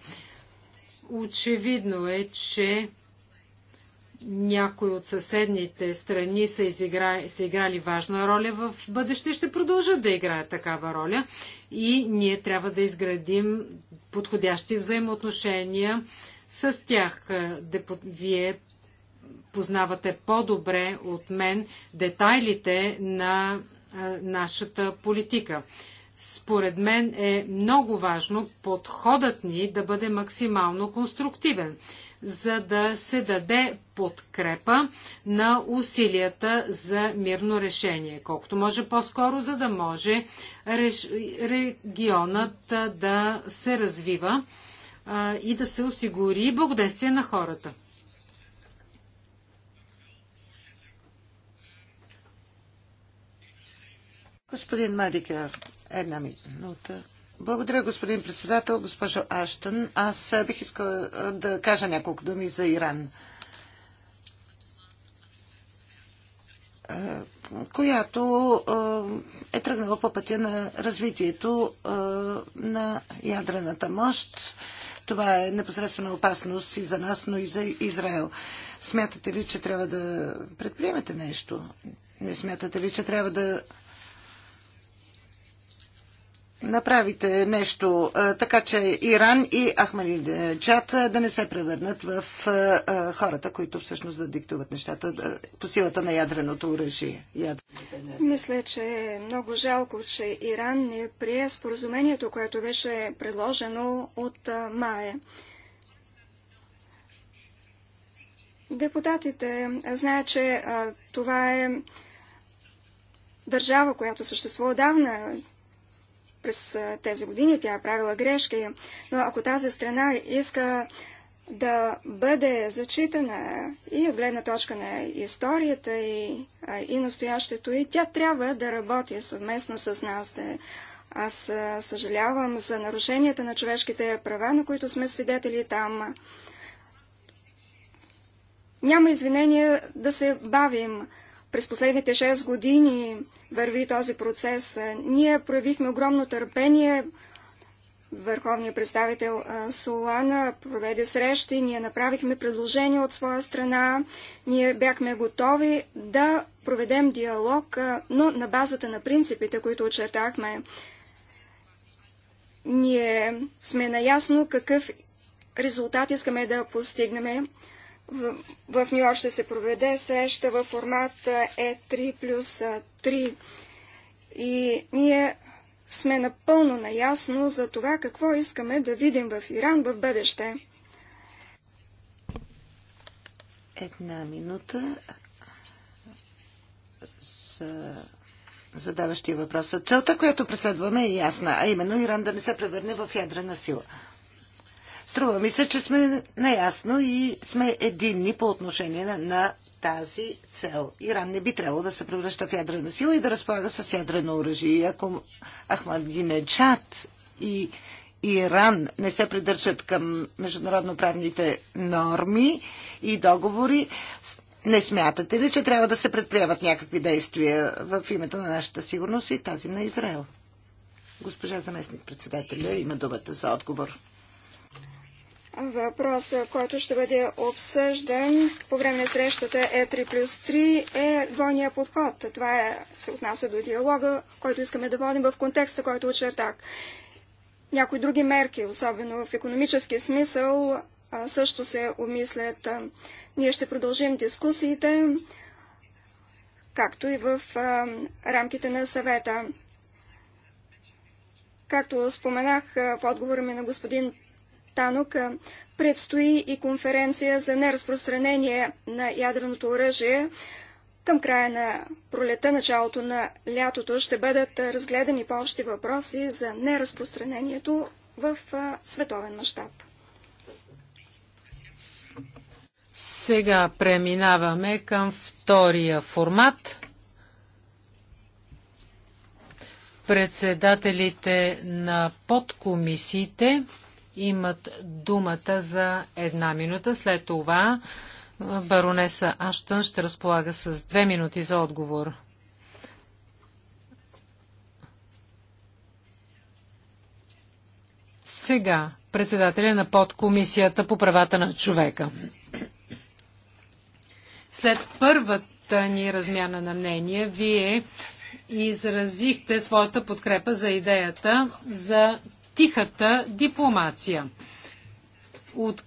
Очевидно е, че някои от съседните страни са, изигра... са играли важна роля в бъдеще, ще продължат да играят такава роля и ние трябва да изградим подходящи взаимоотношения с тях. Депо... Вие познавате по-добре от мен детайлите на нашата политика. Според мен е много важно подходът ни да бъде максимално конструктивен, за да се даде подкрепа на усилията за мирно решение, колкото може по-скоро, за да може реш... регионът да се развива а, и да се осигури благодействие на хората. Господин Мадикер, Една минута. Благодаря, господин председател, госпожо Аштън. Аз бих искала да кажа няколко думи за Иран, която е тръгнала по пътя на развитието на ядрената мощ. Това е непосредствена опасност и за нас, но и за Израел. Смятате ли, че трябва да предприемете нещо? Не смятате ли, че трябва да направите нещо така, че Иран и Чад да не се превърнат в хората, които всъщност да диктуват нещата по силата на ядреното оръжие. Мисля, че е много жалко, че Иран не прие споразумението, което беше предложено от Мае. Депутатите знаят, че това е държава, която съществува отдавна през тези години тя е правила грешки, но ако тази страна иска да бъде зачитана и от гледна точка на историята и, и настоящето, и тя трябва да работи съвместно с нас. Да аз съжалявам за нарушенията на човешките права, на които сме свидетели там. Няма извинение да се бавим. През последните 6 години върви този процес. Ние проявихме огромно търпение. Върховният представител Солана проведе срещи, ние направихме предложения от своя страна, ние бяхме готови да проведем диалог, но на базата на принципите, които очертахме. Ние сме наясно какъв резултат искаме да постигнем. В, в Нью Йорк ще се проведе среща в формат E3 е плюс 3. И ние сме напълно наясно за това какво искаме да видим в Иран в бъдеще. Една минута за задаващия въпроса. Целта, която преследваме е ясна, а именно Иран да не се превърне в ядрена сила. Струва ми се, че сме наясно и сме единни по отношение на, на тази цел. Иран не би трябвало да се превръща в ядрена сила и да разполага с ядрено оръжие. Ако Ахмадинечат и Иран не се придържат към международноправните норми и договори, не смятате ли, че трябва да се предприемат някакви действия в името на нашата сигурност и тази на Израел? Госпожа заместник председателя има думата за отговор. Въпрос, който ще бъде обсъждан по време на срещата Е3 плюс 3 е двойния подход. Това е, се отнася до диалога, който искаме да водим в контекста, който очертах. Някои други мерки, особено в економически смисъл, също се обмислят. Ние ще продължим дискусиите, както и в рамките на съвета. Както споменах в отговора ми на господин Танук предстои и конференция за неразпространение на ядреното оръжие. Към края на пролета, началото на лятото ще бъдат разгледани по-общи въпроси за неразпространението в световен мащаб. Сега преминаваме към втория формат. Председателите на подкомисиите имат думата за една минута. След това баронеса Аштън ще разполага с две минути за отговор. Сега председателя на подкомисията по правата на човека. След първата ни размяна на мнение, вие изразихте своята подкрепа за идеята за тихата дипломация. От...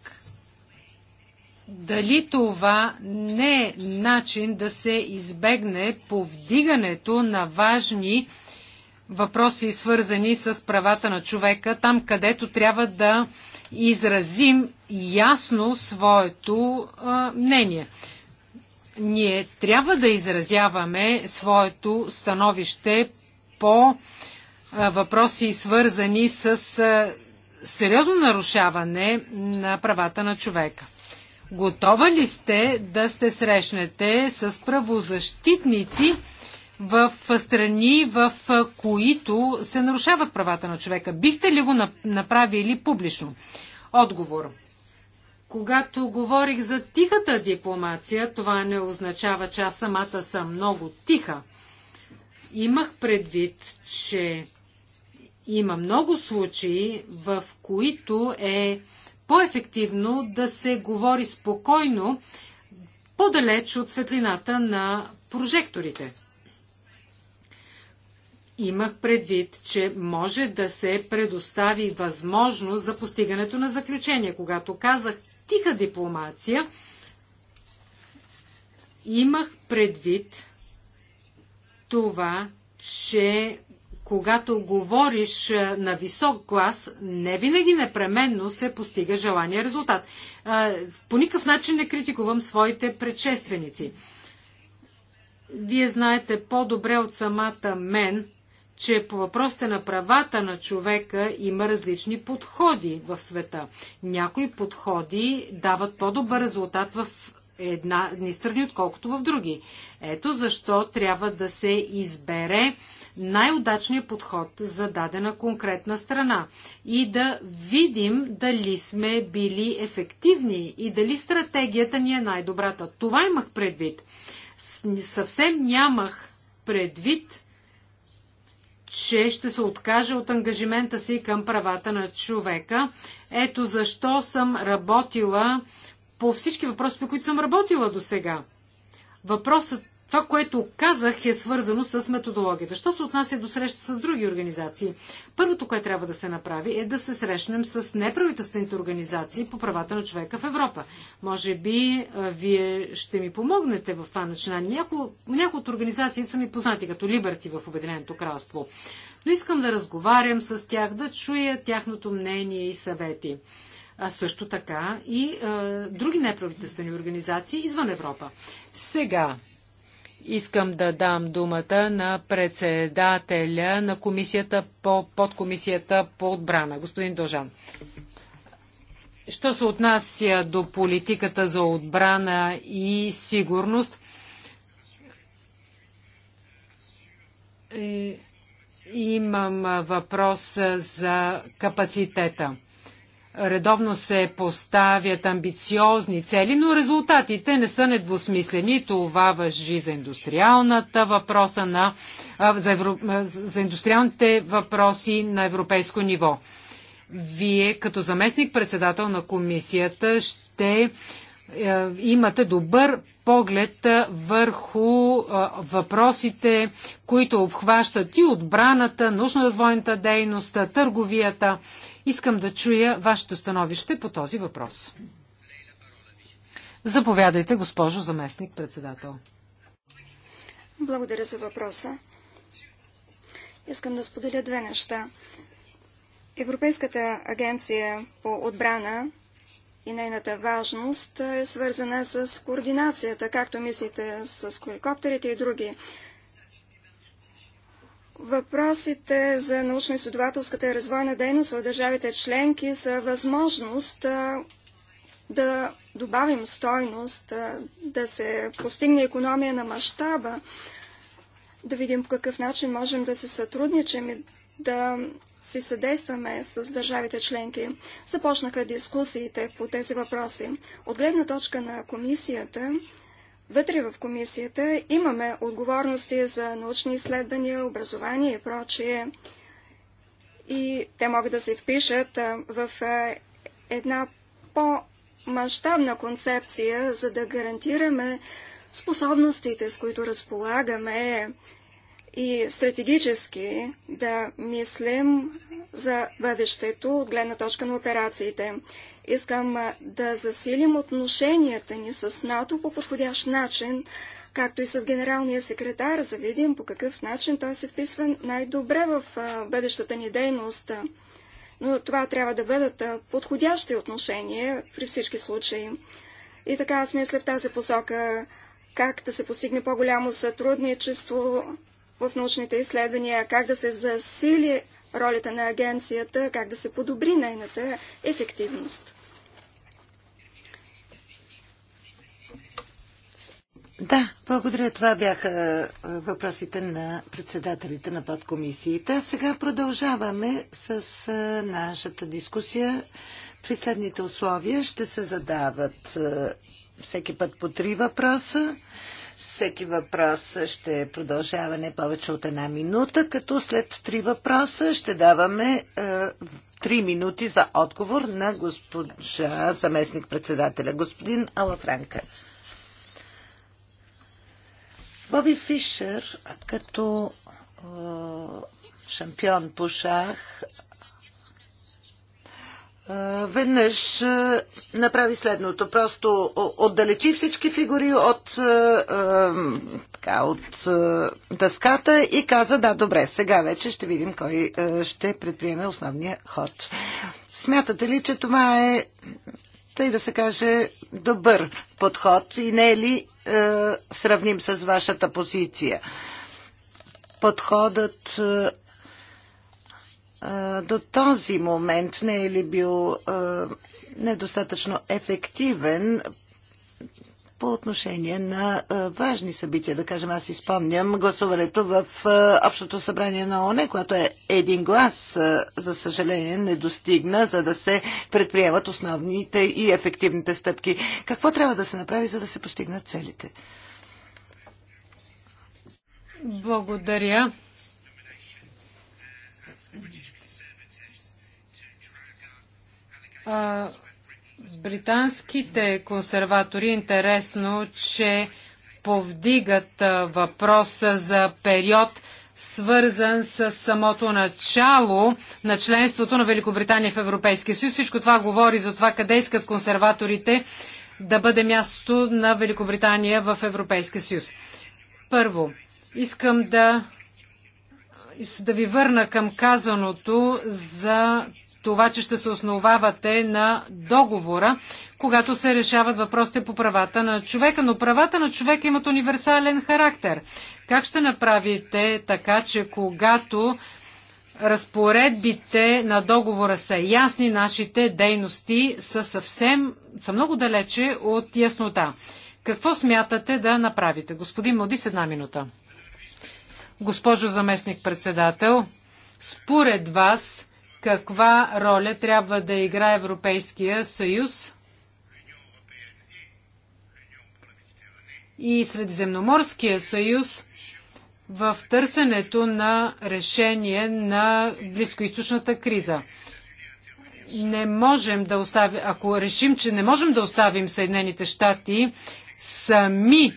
Дали това не е начин да се избегне повдигането на важни въпроси, свързани с правата на човека, там където трябва да изразим ясно своето а, мнение. Ние трябва да изразяваме своето становище по въпроси, свързани с сериозно нарушаване на правата на човека. Готова ли сте да сте срещнете с правозащитници в страни, в които се нарушават правата на човека? Бихте ли го направили публично? Отговор. Когато говорих за тихата дипломация, това не означава, че аз самата съм много тиха. Имах предвид, че има много случаи, в които е по-ефективно да се говори спокойно, по-далеч от светлината на прожекторите. Имах предвид, че може да се предостави възможност за постигането на заключение. Когато казах тиха дипломация, имах предвид това, че когато говориш е, на висок глас, не винаги непременно се постига желания резултат. Е, по никакъв начин не критикувам своите предшественици. Вие знаете по-добре от самата мен, че по въпросите на правата на човека има различни подходи в света. Някои подходи дават по-добър резултат в една, едни страни, отколкото в други. Ето защо трябва да се избере най-удачния подход за дадена конкретна страна и да видим дали сме били ефективни и дали стратегията ни е най-добрата. Това имах предвид. Съвсем нямах предвид че ще се откаже от ангажимента си към правата на човека. Ето защо съм работила по всички въпроси, по които съм работила до сега. Въпросът това, което казах, е свързано с методологията. Що се отнася до среща с други организации? Първото, което трябва да се направи, е да се срещнем с неправителствените организации по правата на човека в Европа. Може би е, вие ще ми помогнете в това начинание. Няко, някои от организации са ми познати като Либерти в Обединеното кралство. Но искам да разговарям с тях, да чуя тяхното мнение и съвети. А също така и е, други неправителствени организации извън Европа. Сега, Искам да дам думата на председателя на комисията по подкомисията по отбрана, господин Дължан, Що се отнася до политиката за отбрана и сигурност, е, имам въпрос за капацитета. Редовно се поставят амбициозни цели, но резултатите не са недвусмислени. Това въжи за индустриалната въпроса на, за, евро, за индустриалните въпроси на европейско ниво. Вие като заместник председател на комисията ще е, имате добър поглед върху въпросите, които обхващат и отбраната, научно-развойната дейност, търговията. Искам да чуя вашето становище по този въпрос. Заповядайте, госпожо заместник-председател. Благодаря за въпроса. Искам да споделя две неща. Европейската агенция по отбрана и нейната важност е свързана с координацията, както мислите с хеликоптерите и други. Въпросите за научно-изследователската и развойна дейност в държавите членки са възможност да добавим стойност, да се постигне економия на мащаба, да видим по какъв начин можем да се сътрудничим и да си съдействаме с държавите членки. Започнаха дискусиите по тези въпроси. От гледна точка на комисията, вътре в комисията имаме отговорности за научни изследвания, образование и прочие. И те могат да се впишат в една по-масштабна концепция, за да гарантираме способностите, с които разполагаме, и стратегически да мислим за бъдещето от гледна точка на операциите. Искам да засилим отношенията ни с НАТО по подходящ начин, както и с генералния секретар, за видим по какъв начин той се вписва най-добре в бъдещата ни дейност. Но това трябва да бъдат подходящи отношения при всички случаи. И така аз мисля в тази посока как да се постигне по-голямо сътрудничество в научните изследвания, как да се засили ролята на агенцията, как да се подобри нейната ефективност. Да, благодаря. Това бяха е, въпросите на председателите на подкомисиите. Сега продължаваме с е, нашата дискусия. При следните условия ще се задават е, всеки път по три въпроса. Всеки въпрос ще продължава не повече от една минута, като след три въпроса ще даваме е, три минути за отговор на госпожа заместник-председателя, господин Алафранка. Боби Фишер като е, шампион по шах е, веднъж е, направи следното. Просто отдалечи всички фигури от, е, така, от дъската и каза, да, добре, сега вече ще видим кой ще предприеме основния ход. Смятате ли, че това е, тъй да се каже, добър подход и не е ли сравним с вашата позиция? Подходът до този момент не е ли бил недостатъчно ефективен по отношение на важни събития. Да кажем, аз изпомням гласуването в Общото събрание на ОНЕ, което е един глас, за съжаление, не достигна, за да се предприемат основните и ефективните стъпки. Какво трябва да се направи, за да се постигнат целите? Благодаря. британските консерватори, интересно, че повдигат въпроса за период, свързан с самото начало на членството на Великобритания в Европейския съюз. Всичко това говори за това къде искат консерваторите да бъде мястото на Великобритания в Европейския съюз. Първо, искам да, да ви върна към казаното за това, че ще се основавате на договора, когато се решават въпросите по правата на човека. Но правата на човека имат универсален характер. Как ще направите така, че когато разпоредбите на договора са ясни, нашите дейности са съвсем, са много далече от яснота. Какво смятате да направите? Господин Моди, с една минута. Госпожо заместник председател, според вас каква роля трябва да играе Европейския съюз и Средиземноморския съюз в търсенето на решение на близкоисточната криза. Не можем да оставим, ако решим, че не можем да оставим Съединените щати сами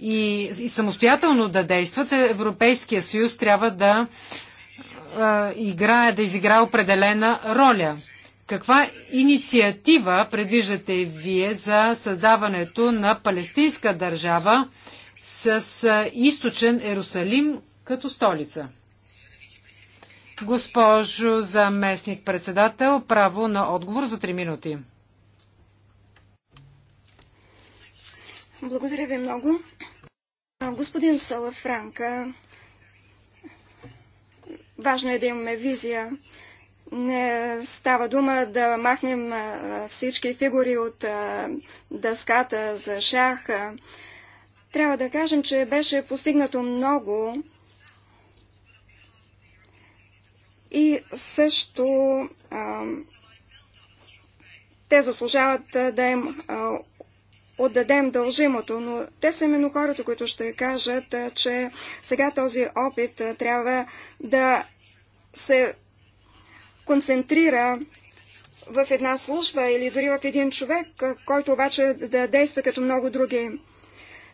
и, и самостоятелно да действат, Европейския съюз трябва да играе, да изиграе определена роля. Каква инициатива предвиждате вие за създаването на палестинска държава с източен Ерусалим като столица? Госпожо заместник председател, право на отговор за 3 минути. Благодаря ви много. Господин Салафранка Важно е да имаме визия. Не става дума да махнем всички фигури от дъската за шах. Трябва да кажем, че беше постигнато много и също те заслужават да им отдадем дължимото, но те са именно хората, които ще кажат, че сега този опит трябва да се концентрира в една служба или дори в един човек, който обаче да действа като много други.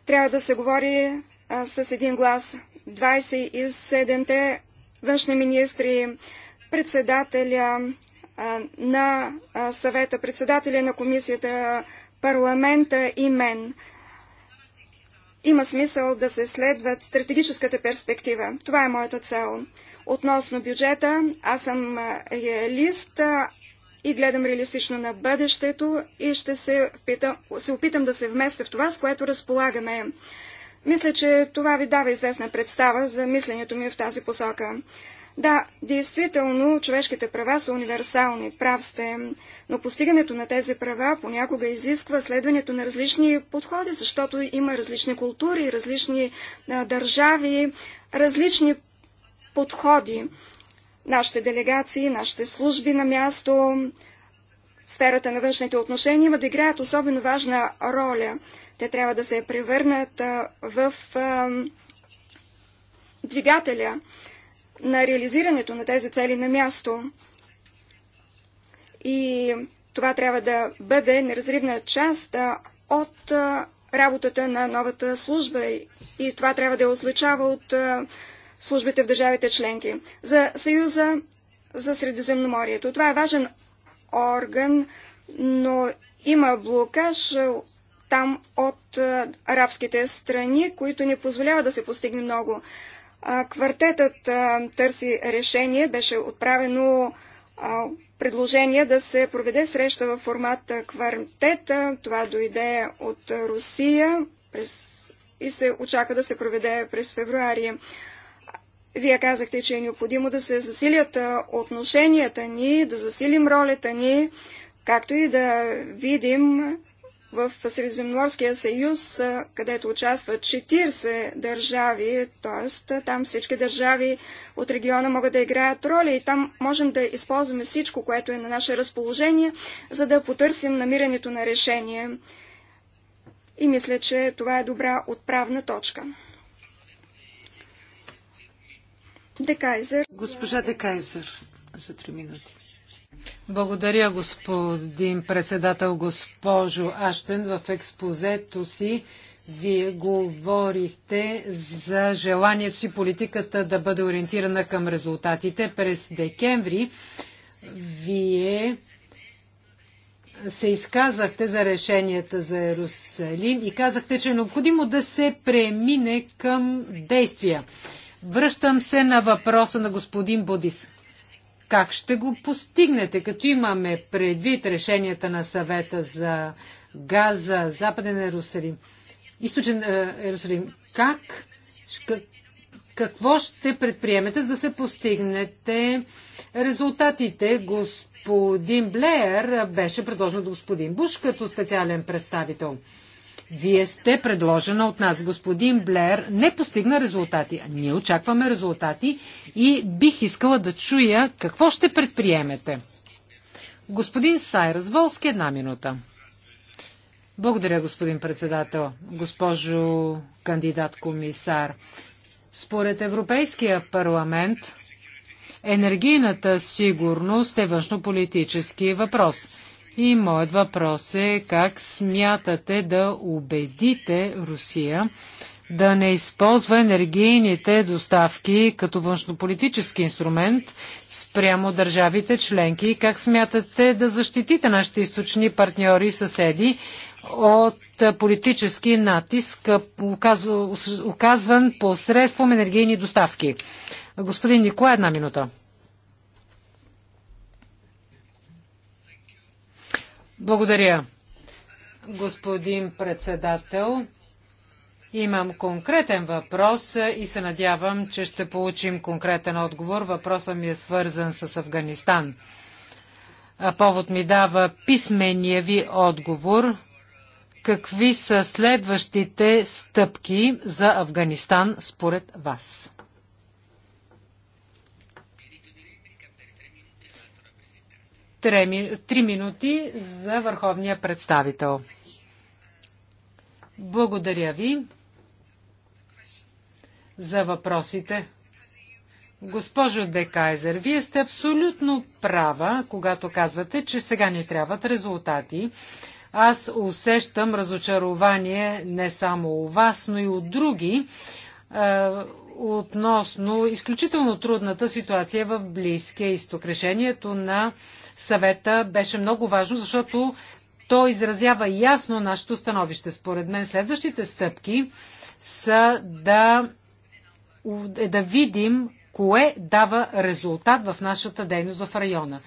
Трябва да се говори а, с един глас. 27-те външни министри, председателя а, на а, съвета, председателя на комисията парламента и мен. Има смисъл да се следват стратегическата перспектива. Това е моята цел. Относно бюджета, аз съм реалист и гледам реалистично на бъдещето и ще се, впитам, се опитам да се вместя в това, с което разполагаме. Мисля, че това ви дава известна представа за мисленето ми в тази посока. Да, действително, човешките права са универсални, прав сте, но постигането на тези права понякога изисква следването на различни подходи, защото има различни култури, различни а, държави, различни подходи. Нашите делегации, нашите служби на място, сферата на външните отношения има да играят особено важна роля. Те трябва да се превърнат а, в а, двигателя на реализирането на тези цели на място. И това трябва да бъде неразривна част от работата на новата служба и това трябва да я отличава от службите в държавите членки. За Съюза за Средиземноморието. Това е важен орган, но има блокаж там от арабските страни, които не позволява да се постигне много. Квартетът търси решение. Беше отправено предложение да се проведе среща в формат квартет. Това дойде от Русия през... и се очаква да се проведе през февруари. Вие казахте, че е необходимо да се засилят отношенията ни, да засилим ролята ни, както и да видим в Средиземноморския съюз, където участват 40 държави, т.е. там всички държави от региона могат да играят роля и там можем да използваме всичко, което е на наше разположение, за да потърсим намирането на решение. И мисля, че това е добра отправна точка. Декайзер. Госпожа Декайзер, за 3 минути. Благодаря, господин председател, госпожо Аштен. В експозето си вие говорихте за желанието си политиката да бъде ориентирана към резултатите. През декември вие се изказахте за решенията за Иерусалим и казахте, че е необходимо да се премине към действия. Връщам се на въпроса на господин Бодис. Как ще го постигнете, като имаме предвид решенията на съвета за Газа, Западен Ерусалим, Източен е, Ерусалим? Как, какво ще предприемете, за да се постигнете резултатите, господин? господин Блеер беше предложен от господин Буш като специален представител. Вие сте предложена от нас. Господин Блер не постигна резултати. Ние очакваме резултати и бих искала да чуя какво ще предприемете. Господин Сайрас Волски, една минута. Благодаря, господин председател, госпожо кандидат комисар. Според Европейския парламент енергийната сигурност е външнополитически въпрос. И моят въпрос е как смятате да убедите Русия да не използва енергийните доставки като външнополитически инструмент спрямо държавите членки? Как смятате да защитите нашите източни партньори и съседи от политически натиск, оказван посредством енергийни доставки? Господин Николай, една минута. Благодаря, господин председател. Имам конкретен въпрос и се надявам, че ще получим конкретен отговор. Въпросът ми е свързан с Афганистан. Повод ми дава писмения ви отговор. Какви са следващите стъпки за Афганистан според вас? Три минути за върховния представител. Благодаря ви за въпросите. Госпожо Декайзер, вие сте абсолютно права, когато казвате, че сега ни трябват резултати. Аз усещам разочарование не само у вас, но и от други относно изключително трудната ситуация в Близкия изток. Решението на съвета беше много важно, защото то изразява ясно нашето становище. Според мен следващите стъпки са да, е да видим кое дава резултат в нашата дейност в района.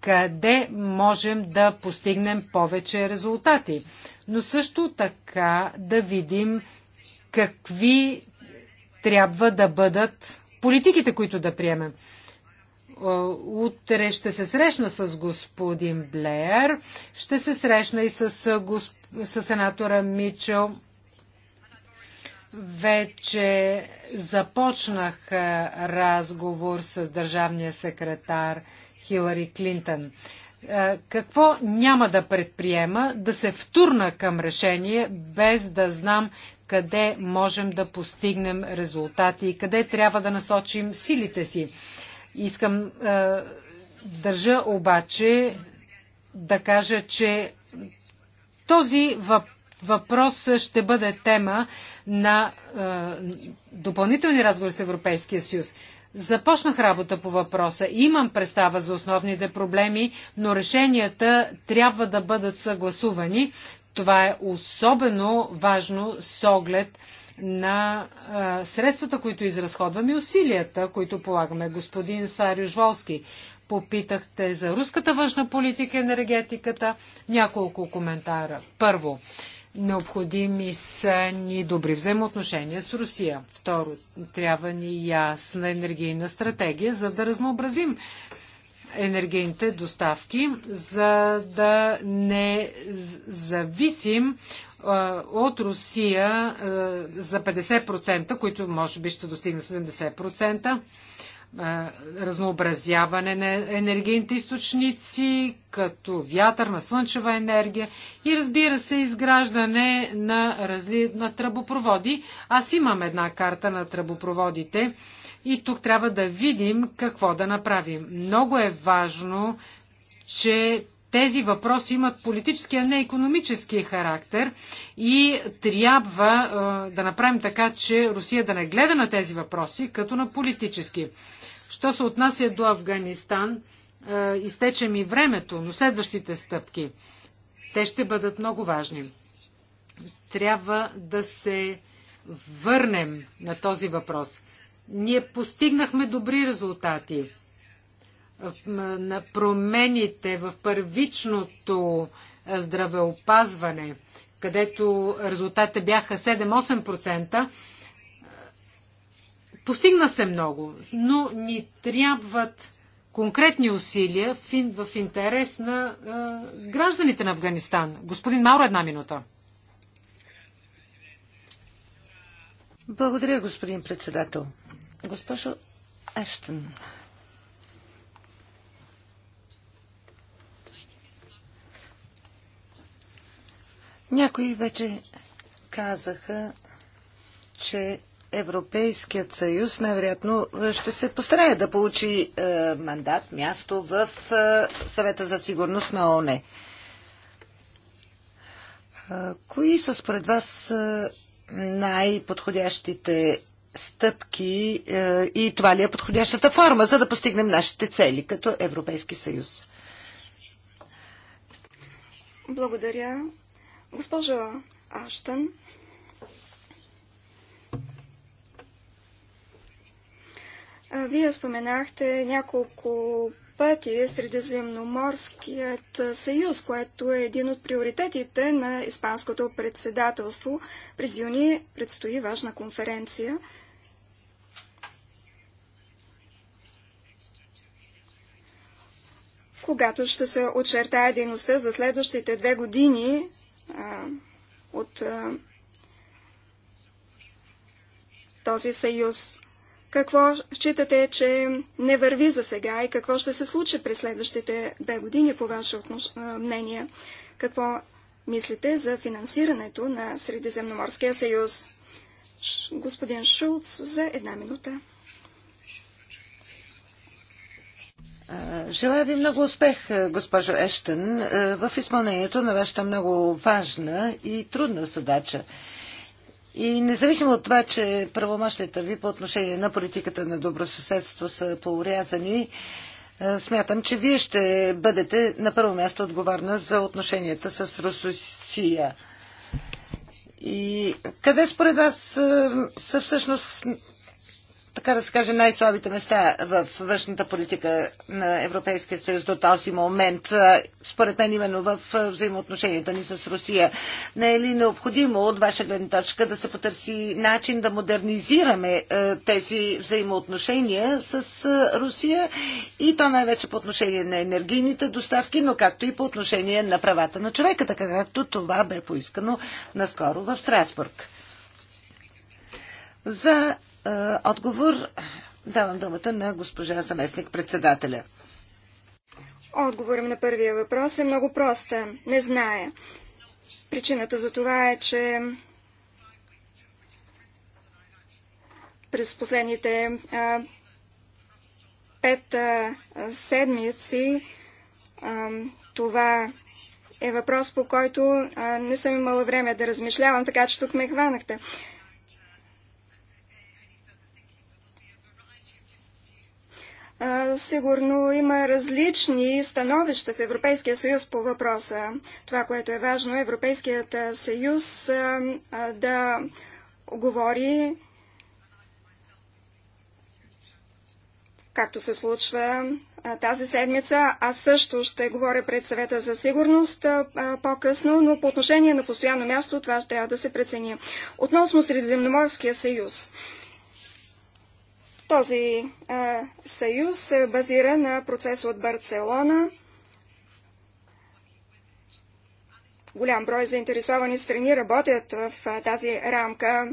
Къде можем да постигнем повече резултати. Но също така да видим какви трябва да бъдат политиките, които да приемем. Утре ще се срещна с господин Блеер, ще се срещна и с, госп... с сенатора Мичел. Вече започнах е, разговор с държавния секретар Хилари Клинтън. Е, какво няма да предприема да се втурна към решение, без да знам къде можем да постигнем резултати и къде трябва да насочим силите си. Искам е, държа обаче да кажа, че този въпрос ще бъде тема на е, допълнителни разговори с Европейския съюз. Започнах работа по въпроса. Имам представа за основните проблеми, но решенията трябва да бъдат съгласувани, това е особено важно с оглед на а, средствата, които изразходваме и усилията, които полагаме. Господин Сариуш Волски, попитахте за руската външна политика и енергетиката. Няколко коментара. Първо, необходими са ни добри взаимоотношения с Русия. Второ, трябва ни ясна енергийна стратегия, за да разнообразим енергийните доставки, за да не зависим от Русия за 50%, които може би ще достигне 70%, разнообразяване на енергийните източници, като вятър на слънчева енергия и разбира се изграждане на, разли... на тръбопроводи. Аз имам една карта на тръбопроводите и тук трябва да видим какво да направим. Много е важно, че тези въпроси имат политически, а не економически характер и трябва е, да направим така, че Русия да не гледа на тези въпроси като на политически. Що се отнася до Афганистан, е, изтече ми времето, но следващите стъпки, те ще бъдат много важни. Трябва да се върнем на този въпрос. Ние постигнахме добри резултати. Е, на промените в първичното е, здравеопазване, където резултатите бяха 7-8%, е, постигна се много, но ни трябват конкретни усилия в интерес на гражданите на Афганистан. Господин Мауро, една минута. Благодаря, господин председател. Госпожо Ештън, някои вече казаха, че Европейският съюз най-вероятно ще се постарае да получи е, мандат, място в е, съвета за сигурност на ОНЕ. Кои са според вас е, най-подходящите стъпки е, и това ли е подходящата форма, за да постигнем нашите цели като Европейски съюз. Благодаря. Госпожа Аштън. Вие споменахте няколко пъти Средиземноморският съюз, което е един от приоритетите на Испанското председателство. През юни предстои важна конференция – когато ще се очертая дейността за следващите две години а, от а, този съюз. Какво считате, че не върви за сега и какво ще се случи през следващите две години, по ваше отнош... мнение? Какво мислите за финансирането на Средиземноморския съюз? Ш... Господин Шулц за една минута. Желая ви много успех, е, госпожо Ештън, е, в изпълнението на вашата много важна и трудна задача. И независимо от това, че правомощията ви по отношение на политиката на добросъседство са поурязани, е, смятам, че вие ще бъдете на първо място отговорна за отношенията с Русия. И къде според вас са всъщност така да се каже, най-слабите места в външната политика на Европейския съюз до този момент, според мен именно в взаимоотношенията ни с Русия. Не е ли необходимо от ваша гледна точка да се потърси начин да модернизираме тези взаимоотношения с Русия и то най-вече по отношение на енергийните доставки, но както и по отношение на правата на човека, така както това бе поискано наскоро в Страсбург. За е, отговор давам думата на госпожа заместник-председателя. Отговорът на първия въпрос е много проста. Не зная. Причината за това е, че през последните а, пет а, седмици а, това е въпрос, по който а, не съм имала време да размишлявам, така че тук ме хванахте. А, сигурно има различни становища в Европейския съюз по въпроса. Това, което е важно, е Европейският съюз да говори, както се случва тази седмица. Аз също ще говоря пред съвета за сигурност по-късно, но по отношение на постоянно място това ще трябва да се прецени. Относно Средиземноморския съюз. Този а, съюз се базира на процеса от Барселона. Голям брой заинтересовани страни работят в а, тази рамка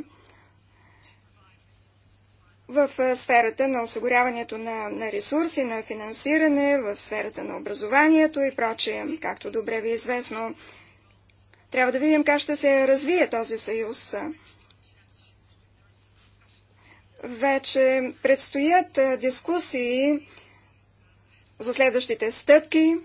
в а, сферата на осигуряването на, на ресурси, на финансиране, в сферата на образованието и прочее, както добре ви е известно. Трябва да видим как ще се развие този съюз. Вече предстоят дискусии за следващите стъпки.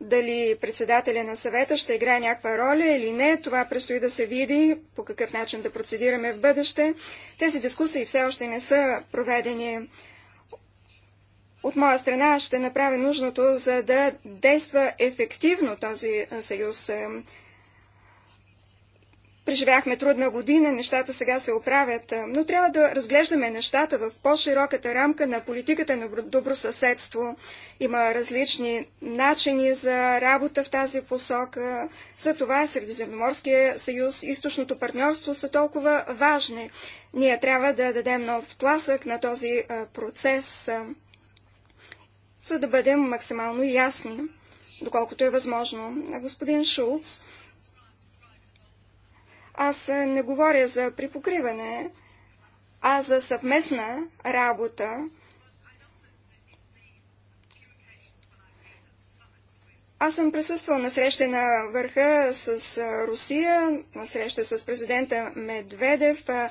Дали председателя на съвета ще играе някаква роля или не, това предстои да се види, по какъв начин да процедираме в бъдеще. Тези дискусии все още не са проведени. От моя страна ще направя нужното, за да действа ефективно този съюз. Преживяхме трудна година, нещата сега се оправят, но трябва да разглеждаме нещата в по-широката рамка на политиката на добросъседство. Има различни начини за работа в тази посока. За това Средиземноморския съюз, източното партньорство са толкова важни. Ние трябва да дадем нов тласък на този процес, за да бъдем максимално ясни, доколкото е възможно. Господин Шулц, аз е, не говоря за припокриване, а за съвместна работа. Аз съм присъствал на среща на върха с е, Русия, на среща с президента Медведев. Е,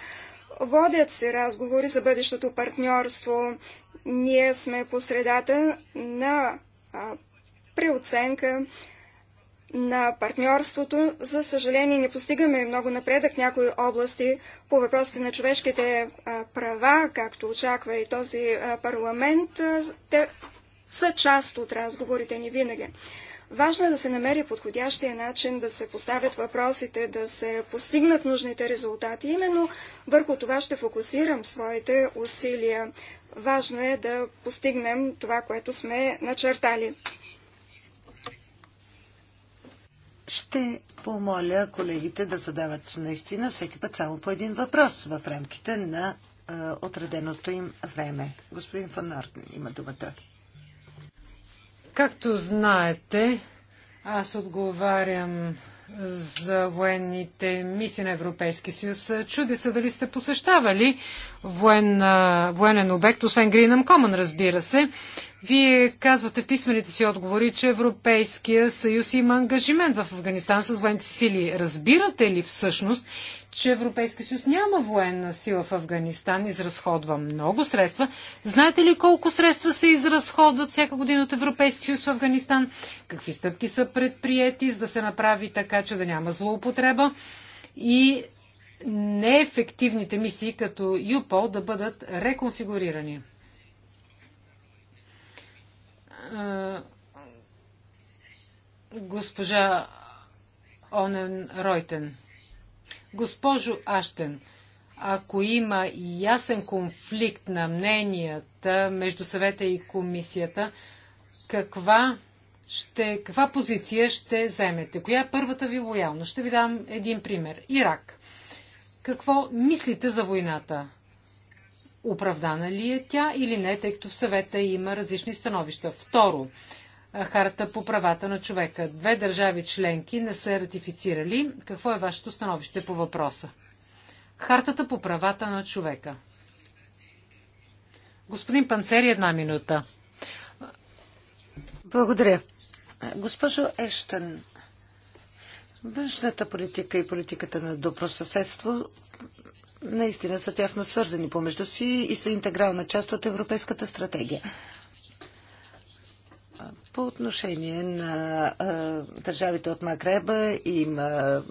водят се разговори за бъдещото партньорство. Ние сме посредата на преоценка на партньорството. За съжаление не постигаме много напредък в някои области по въпросите на човешките права, както очаква и този парламент. Те са част от разговорите ни винаги. Важно е да се намери подходящия начин да се поставят въпросите, да се постигнат нужните резултати. Именно върху това ще фокусирам своите усилия. Важно е да постигнем това, което сме начертали. Ще помоля колегите да задават наистина всеки път само по един въпрос в рамките на отреденото им време. Господин Фанарт има думата. Както знаете, аз отговарям за военните мисии на Европейски съюз. Чуди се дали сте посещавали воен, военен обект, освен Гринам Комън, разбира се. Вие казвате в писмените си отговори, че Европейския съюз има ангажимент в Афганистан с военните сили. Разбирате ли всъщност, че Европейския съюз няма военна сила в Афганистан, изразходва много средства. Знаете ли колко средства се изразходват всяка година от Европейския съюз в Афганистан? Какви стъпки са предприяти, за да се направи така, че да няма злоупотреба? И неефективните мисии като ЮПО да бъдат реконфигурирани. Е, госпожа Онен Ройтен. Госпожо Аштен, ако има ясен конфликт на мненията между съвета и комисията, каква, ще, каква позиция ще вземете? Коя е първата ви лоялност? Ще ви дам един пример. Ирак. Какво мислите за войната? оправдана ли е тя или не, тъй като в съвета има различни становища. Второ, Харта по правата на човека. Две държави членки не са ратифицирали. Какво е вашето становище по въпроса? Хартата по правата на човека. Господин Панцери, една минута. Благодаря. Госпожо Ештън, външната политика и политиката на добросъседство наистина са тясно свързани помежду си и са интегрална част от Европейската стратегия. По отношение на а, държавите от Макреба има а,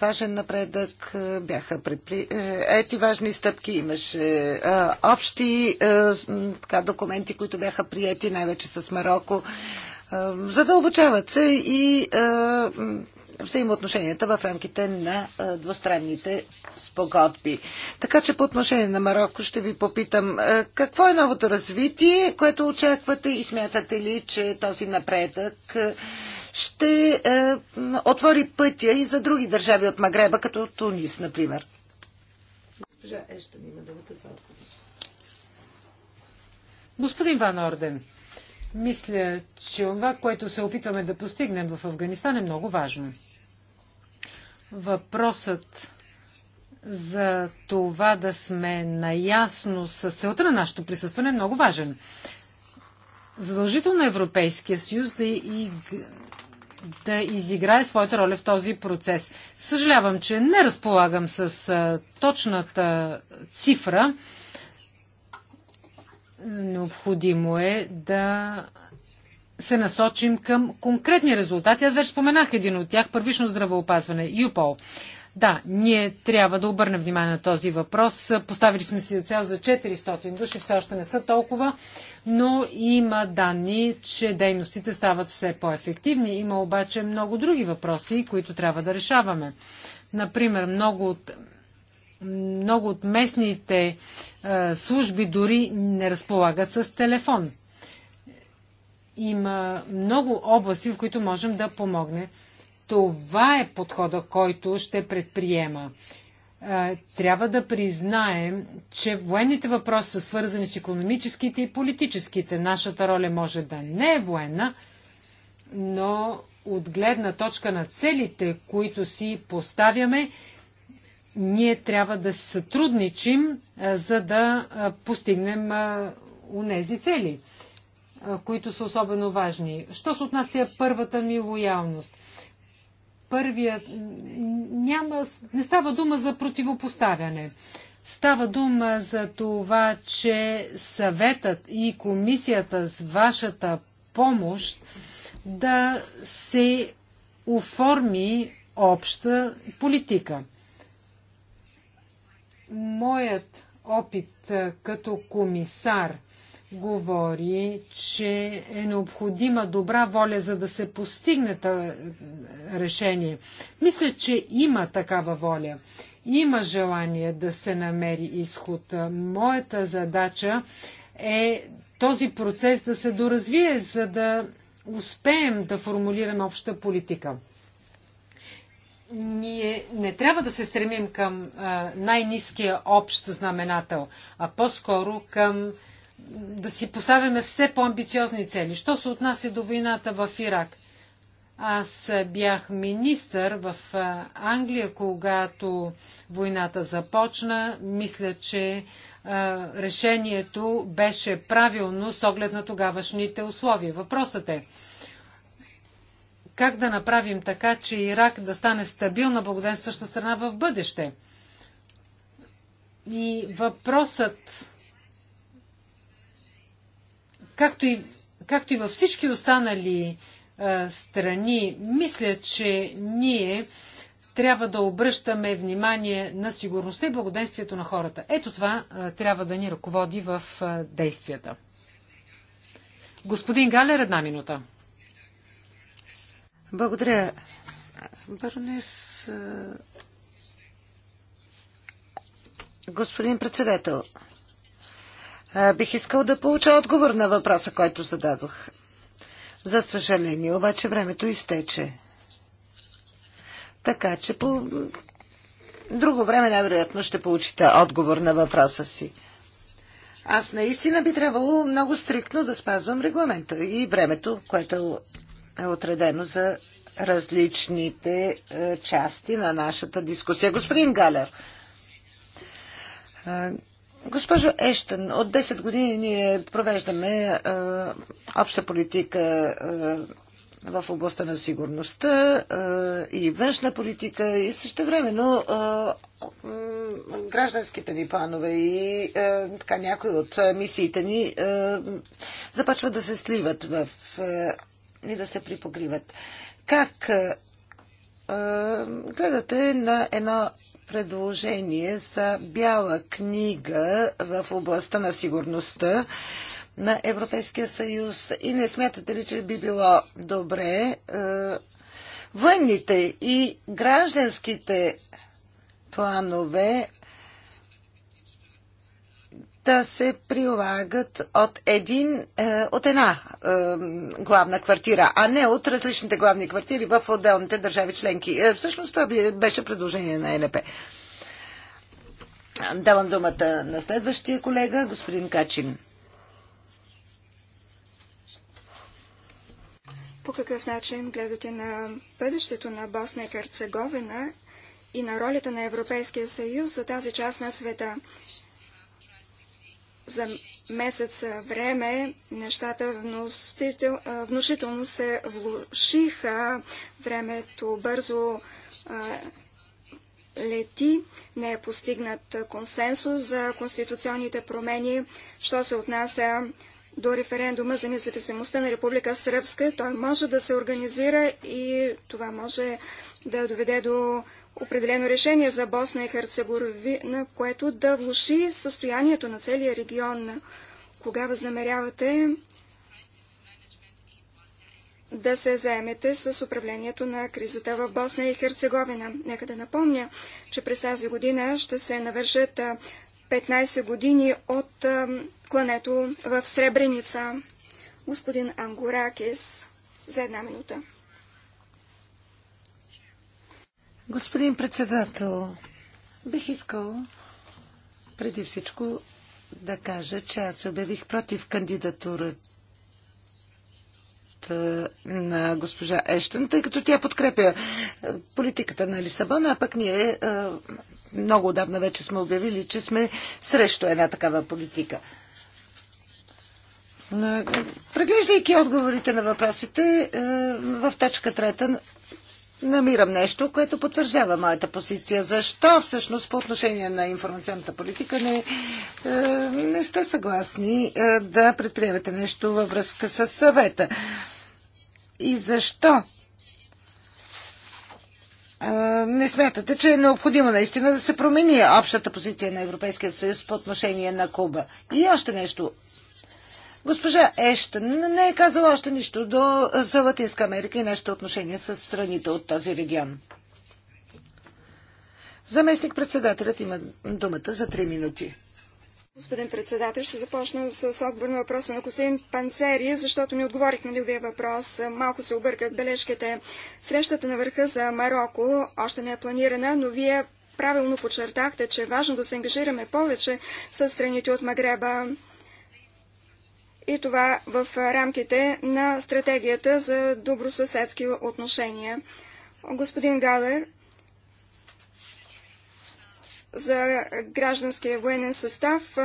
важен напредък, бяха предпри... Е, ети важни стъпки, имаше а, общи а, е, така, документи, които бяха приети най-вече с Марокко. Е, задълбочават се и а, взаимоотношенията в рамките на двустранните спогодби. Така че по отношение на Марокко ще ви попитам какво е новото развитие, което очаквате и смятате ли, че този напредък ще отвори пътя и за други държави от Магреба, като Тунис, например? Госпожа Ещен има думата за отговор. Господин Ван Орден, мисля, че това, което се опитваме да постигнем в Афганистан е много важно. Въпросът за това да сме наясно с целта на нашето присъстване е много важен. Задължително Европейския съюз да, и, да изиграе своята роля в този процес. Съжалявам, че не разполагам с точната цифра, Необходимо е да се насочим към конкретни резултати. Аз вече споменах един от тях, първично здравеопазване, ЮПОЛ. Да, ние трябва да обърнем внимание на този въпрос. Поставили сме си цел за 400 души, все още не са толкова, но има данни, че дейностите стават все по-ефективни. Има обаче много други въпроси, които трябва да решаваме. Например, много от много от местните а, е, служби дори не разполагат с телефон. Има много области, в които можем да помогне. Това е подхода, който ще предприема. А, е, трябва да признаем, че военните въпроси са свързани с економическите и политическите. Нашата роля може да не е военна, но от гледна точка на целите, които си поставяме, ние трябва да се сътрудничим, за да постигнем унези цели, които са особено важни. Що се отнася първата ми лоялност? Първият... Няма... Не става дума за противопоставяне. Става дума за това, че съветът и комисията с вашата помощ да се оформи обща политика. Моят опит като комисар говори, че е необходима добра воля, за да се постигне решение. Мисля, че има такава воля. Има желание да се намери изход. Моята задача е този процес да се доразвие, за да успеем да формулираме обща политика ние не трябва да се стремим към най-низкия общ знаменател, а по-скоро към да си поставяме все по-амбициозни цели. Що се отнася до войната в Ирак? Аз бях министър в Англия, когато войната започна. Мисля, че решението беше правилно с оглед на тогавашните условия. Въпросът е, как да направим така, че Ирак да стане стабилна, благоденстваща страна в бъдеще. И въпросът, както и, както и във всички останали а, е, страни, мисля, че ние трябва да обръщаме внимание на сигурността и благоденствието на хората. Ето това а, е, трябва да ни ръководи в а, е, действията. Господин Галер, една минута. Благодаря. Бърнес. Господин председател, бих искал да получа отговор на въпроса, който зададох. За съжаление, обаче времето изтече. Така че по друго време най-вероятно ще получите отговор на въпроса си. Аз наистина би трябвало много стриктно да спазвам регламента и времето, което е е отредено за различните е, части на нашата дискусия. Господин Галер, е, госпожо Ещен, от 10 години ние провеждаме обща политика в областта на сигурността и външна политика и също времено гражданските ни планове и така някои от мисиите ни започват да се сливат в и да се припокриват. Как е, е, гледате на едно предложение за бяла книга в областта на сигурността на Европейския съюз и не смятате ли, че би било добре е, военните и гражданските планове да се прилагат от, един, е, от една е, главна квартира, а не от различните главни квартири в отделните държави членки. Е, всъщност това беше предложение на НП. Давам думата на следващия колега, господин Качин. По какъв начин гледате на бъдещето на Босна и Херцеговина и на ролята на Европейския съюз за тази част на света? за месец време нещата внушително се влушиха. Времето бързо лети. Не е постигнат консенсус за конституционните промени. Що се отнася до референдума за независимостта на Република Сръбска, той може да се организира и това може да доведе до определено решение за Босна и Херцеговина, което да влуши състоянието на целия регион. Кога възнамерявате да се заемете с управлението на кризата в Босна и Херцеговина. Нека да напомня, че през тази година ще се навършат 15 години от клането в Сребреница. Господин Ангуракис, за една минута. Господин председател, бих искал преди всичко да кажа, че аз обявих против кандидатурата на госпожа Ещен, тъй като тя подкрепя политиката на Лисабона, а пък ние е, много отдавна вече сме обявили, че сме срещу една такава политика. Преглеждайки отговорите на въпросите, е, в точка трета намирам нещо, което потвърждава моята позиция. Защо всъщност по отношение на информационната политика не, е, не сте съгласни е, да предприемете нещо във връзка с съвета? И защо е, не смятате, че е необходимо наистина да се промени общата позиция на Европейския съюз по отношение на Куба? И още нещо. Госпожа Ештън не е казала още нищо до, е, за Латинска Америка и нашите отношения с страните от този регион. Заместник председателят има думата за 3 минути. Господин председател, ще започна с отговор на въпроса на косин Панцери, защото ми отговорих на неговия въпрос. Малко се обърках бележките. Срещата на върха за Марокко още не е планирана, но вие правилно подчертахте, че е важно да се ангажираме повече с страните от Магреба и това в рамките на стратегията за добросъседски отношения. Господин Галер, за гражданския военен състав,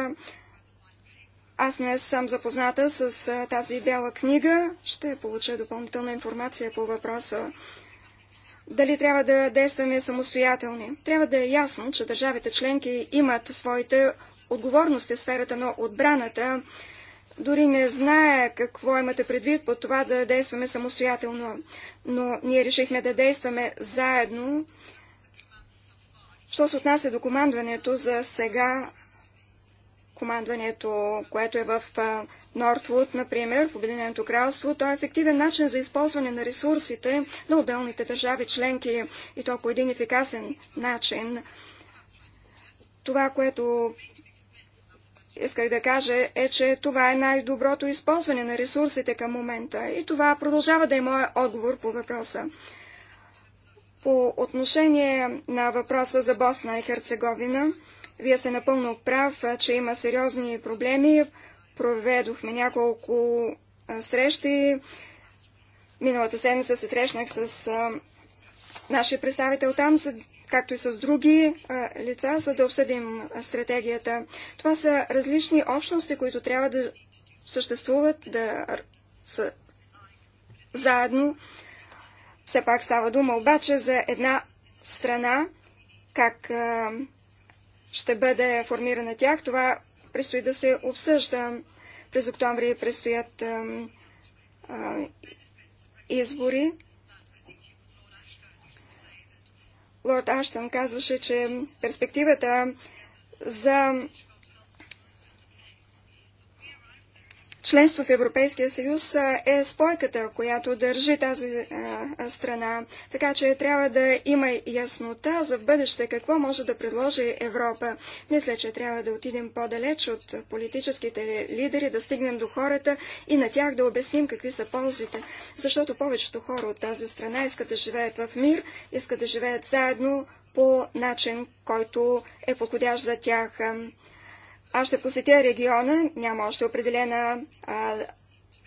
аз не съм запозната с тази бяла книга. Ще получа допълнителна информация по въпроса. Дали трябва да действаме самостоятелни? Трябва да е ясно, че държавите членки имат своите отговорности в сферата на отбраната дори не знае какво имате предвид по това да действаме самостоятелно, но ние решихме да действаме заедно. Що се отнася до командването за сега, командването, което е в Нортвуд, например, в Обединеното кралство, то е ефективен начин за използване на ресурсите на отделните държави членки и то по един ефикасен начин. Това, което исках да кажа е, че това е най-доброто използване на ресурсите към момента. И това продължава да е моят отговор по въпроса. По отношение на въпроса за Босна и Херцеговина, вие сте напълно прав, че има сериозни проблеми. Проведохме няколко срещи. Миналата седмица се срещнах с нашия представител там, за както и с други а, лица, за да обсъдим стратегията. Това са различни общности, които трябва да съществуват, да са заедно. Все пак става дума обаче за една страна, как а, ще бъде формирана тях, това предстои да се обсъжда. През октомври предстоят а, избори. Лорд Аштън казваше, че перспективата за Членство в Европейския съюз е спойката, която държи тази страна, така че трябва да има яснота за бъдеще какво може да предложи Европа. Мисля, че трябва да отидем по-далеч от политическите лидери, да стигнем до хората и на тях да обясним какви са ползите, защото повечето хора от тази страна искат да живеят в мир, искат да живеят заедно по начин, който е подходящ за тях. Аз ще посетя региона, няма още определена а,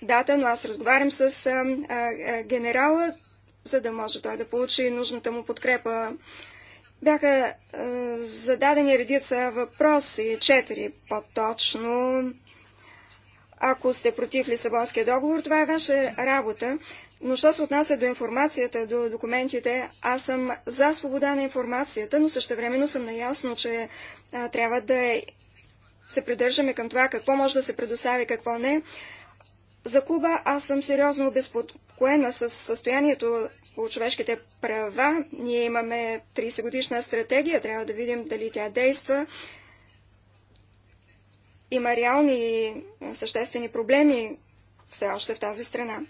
дата, но аз разговарям с а, а, генерала, за да може той да получи нужната му подкрепа. Бяха а, зададени редица въпроси, четири по-точно. Ако сте против Лисабонския договор, това е ваша работа. Но що се отнася до информацията, до документите, аз съм за свобода на информацията, но същевременно съм наясно, че а, трябва да е се придържаме към това какво може да се предостави, какво не. За Куба аз съм сериозно обезпокоена с състоянието по човешките права. Ние имаме 30 годишна стратегия, трябва да видим дали тя действа. Има реални съществени проблеми все още в тази страна.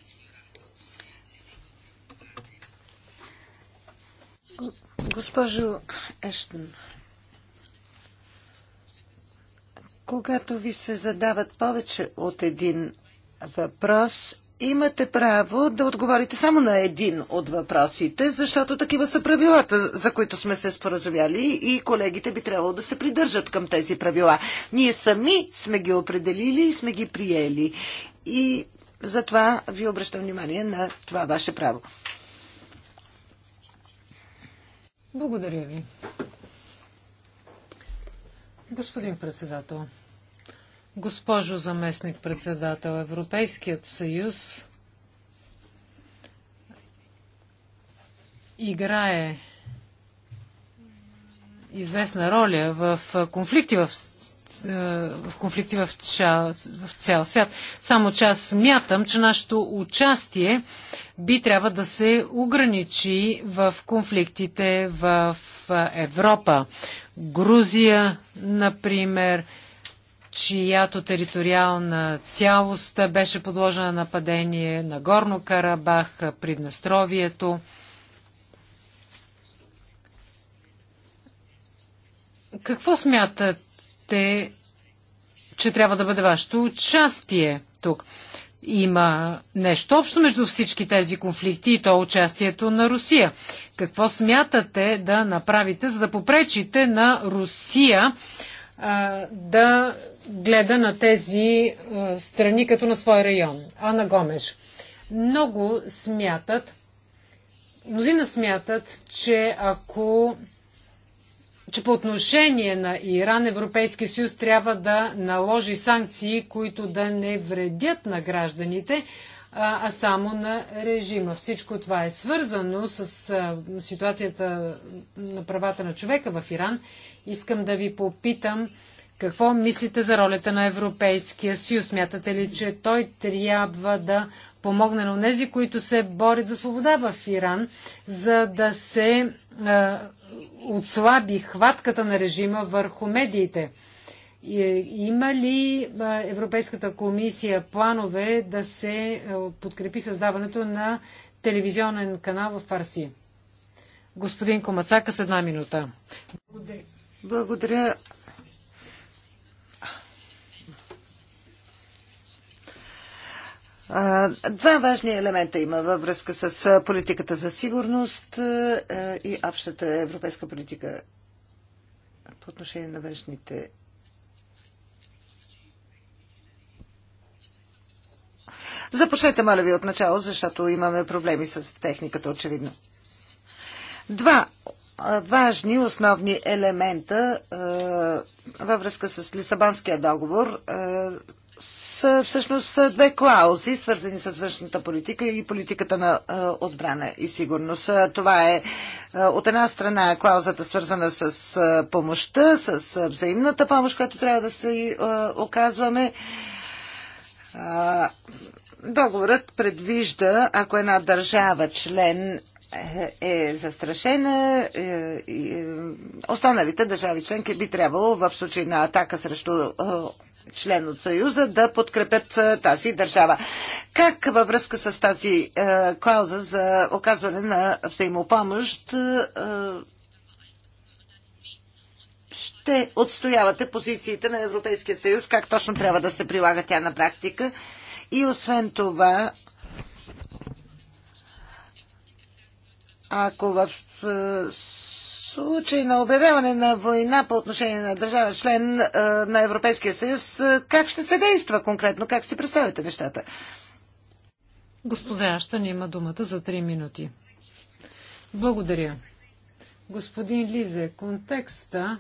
Госпожо Ештън, Когато ви се задават повече от един въпрос, имате право да отговорите само на един от въпросите, защото такива са правилата, за които сме се споразумяли и колегите би трябвало да се придържат към тези правила. Ние сами сме ги определили и сме ги приели. И затова ви обръщам внимание на това ваше право. Благодаря ви. Господин председател, госпожо заместник председател, Европейският съюз играе известна роля в конфликти в е, в конфликти в, ча, в цял свят. Само че аз смятам, че нашето участие би трябва да се ограничи в конфликтите в Европа. Грузия, например, чиято териториална цялост беше подложена на нападение на Горно Карабах, Приднестровието. Какво смятат казахте, че трябва да бъде вашето участие тук. Има нещо общо между всички тези конфликти и то участието на Русия. Какво смятате да направите, за да попречите на Русия а, да гледа на тези а, страни като на свой район? Ана Гомеш. Много смятат, мнозина смятат, че ако че по отношение на Иран Европейски съюз трябва да наложи санкции, които да не вредят на гражданите, а само на режима. Всичко това е свързано с ситуацията на правата на човека в Иран. Искам да ви попитам какво мислите за ролята на Европейския съюз? Смятате ли, че той трябва да помогне на тези, които се борят за свобода в Иран, за да се отслаби хватката на режима върху медиите. Има ли Европейската комисия планове да се подкрепи създаването на телевизионен канал в Фарси? Господин Комацака с една минута. Благодаря. Благодаря. Два важни елемента има във връзка с политиката за сигурност и общата европейска политика по отношение на външните Започнете, моля ви, от начало, защото имаме проблеми с техниката, очевидно. Два важни основни елемента във връзка с Лисабонския договор са всъщност две клаузи, свързани с външната политика и политиката на отбрана и сигурност. Това е от една страна клаузата свързана с помощта, с взаимната помощ, която трябва да се оказваме. Договорът предвижда, ако една държава член е, е застрашена. Е, е, останалите държави членки би трябвало в случай на атака срещу член от Съюза, да подкрепят тази държава. Как във връзка с тази е, клауза за оказване на взаимопомощ е, ще отстоявате позициите на Европейския съюз, как точно трябва да се прилага тя на практика? И освен това, ако в случай на обявяване на война по отношение на държава член е, на Европейския съюз, е, как ще се действа конкретно? Как си представите нещата? Госпожа не има думата за 3 минути. Благодаря. Господин Лизе, контекста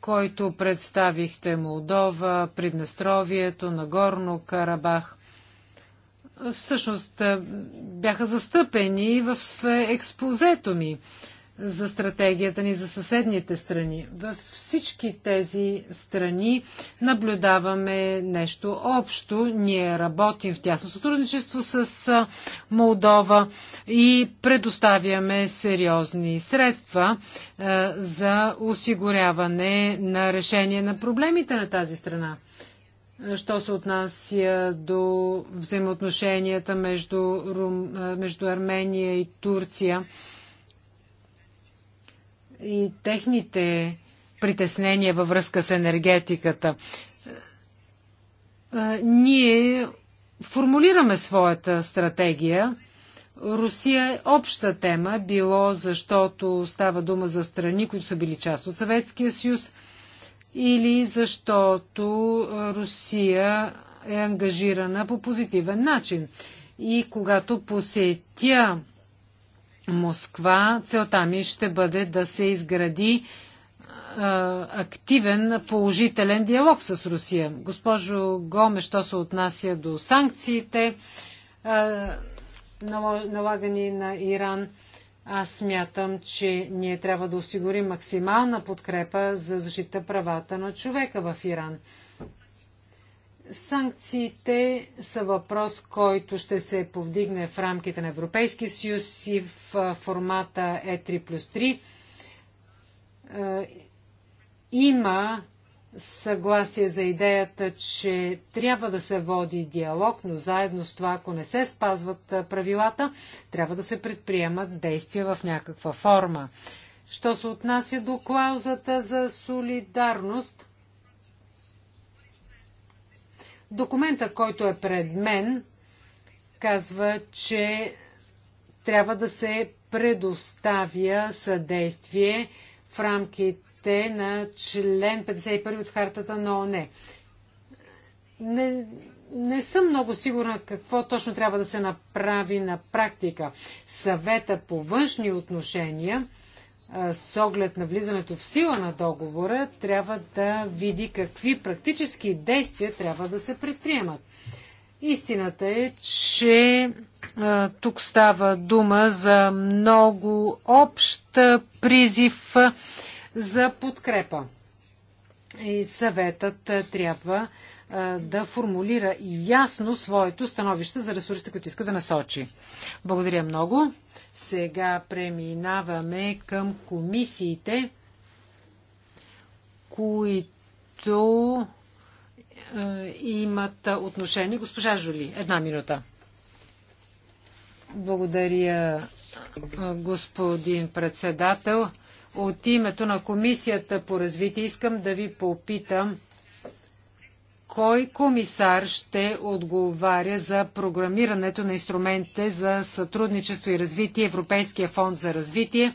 който представихте Молдова, Приднестровието, Нагорно Карабах всъщност е, бяха застъпени в експозето ми за стратегията ни за съседните страни. Във всички тези страни наблюдаваме нещо общо. Ние работим в тясно сътрудничество с Молдова и предоставяме сериозни средства е, за осигуряване на решение на проблемите на тази страна що се отнася до взаимоотношенията между, Рум, между Армения и Турция и техните притеснения във връзка с енергетиката. Ние формулираме своята стратегия. Русия е обща тема, било защото става дума за страни, които са били част от Съветския съюз, или защото Русия е ангажирана по позитивен начин. И когато посетя Москва, целта ми ще бъде да се изгради активен, положителен диалог с Русия. Госпожо Гоме, що се отнася до санкциите, налагани на Иран, аз смятам, че ние трябва да осигурим максимална подкрепа за защита правата на човека в Иран. Санкциите са въпрос, който ще се повдигне в рамките на Европейския съюз и в формата Е3 плюс 3. Е, има съгласие за идеята, че трябва да се води диалог, но заедно с това, ако не се спазват правилата, трябва да се предприемат действия в някаква форма. Що се отнася до клаузата за солидарност, документа, който е пред мен, казва, че трябва да се предоставя съдействие в рамките споменахте на член 51 от хартата на ОНЕ. Не, не съм много сигурна какво точно трябва да се направи на практика. Съвета по външни отношения с оглед на влизането в сила на договора, трябва да види какви практически действия трябва да се предприемат. Истината е, че а, тук става дума за много общ призив за подкрепа. И съветът трябва да формулира ясно своето становище за ресурсите, които иска да насочи. Благодаря много. Сега преминаваме към комисиите, които имат отношение. Госпожа Жули, една минута. Благодаря, господин председател. От името на Комисията по развитие искам да ви попитам кой комисар ще отговаря за програмирането на инструментите за сътрудничество и развитие, Европейския фонд за развитие,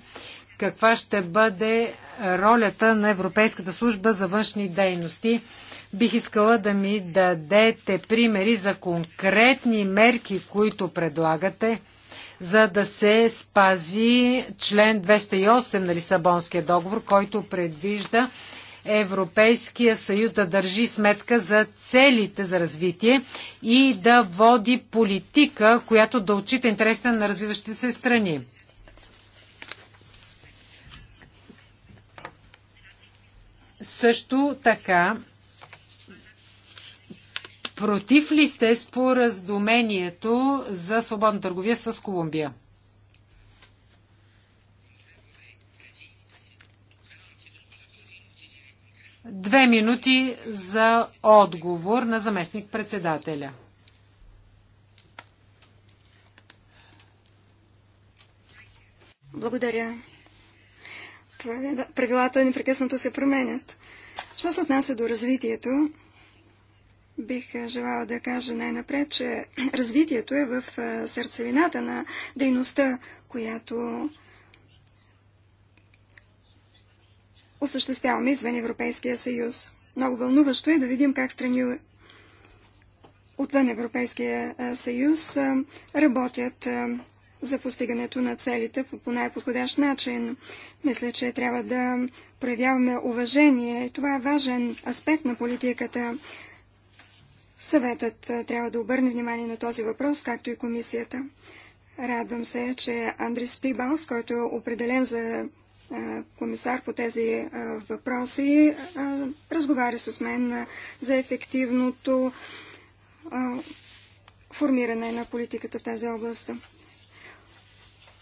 каква ще бъде ролята на Европейската служба за външни дейности. Бих искала да ми дадете примери за конкретни мерки, които предлагате за да се спази член 208 на Лисабонския договор, който предвижда Европейския съюз да държи сметка за целите за развитие и да води политика, която да отчита интересите на развиващите се страни. Също така Против ли сте споразумението за свободна търговия с Колумбия? Две минути за отговор на заместник-председателя. Благодаря. Правилата непрекъснато се променят. Що се отнася до развитието, Бих е, желала да кажа най-напред, че развитието е в е, сърцевината на дейността, която осъществяваме извън Европейския съюз. Много вълнуващо е да видим как страни отвън Европейския е, съюз работят за постигането на целите по най-подходящ начин. Мисля, че трябва да проявяваме уважение. Това е важен аспект на политиката. Съветът трябва да обърне внимание на този въпрос, както и комисията. Радвам се, че Андрис Пибалс, който е определен за комисар по тези въпроси, разговаря с мен за ефективното формиране на политиката в тази област.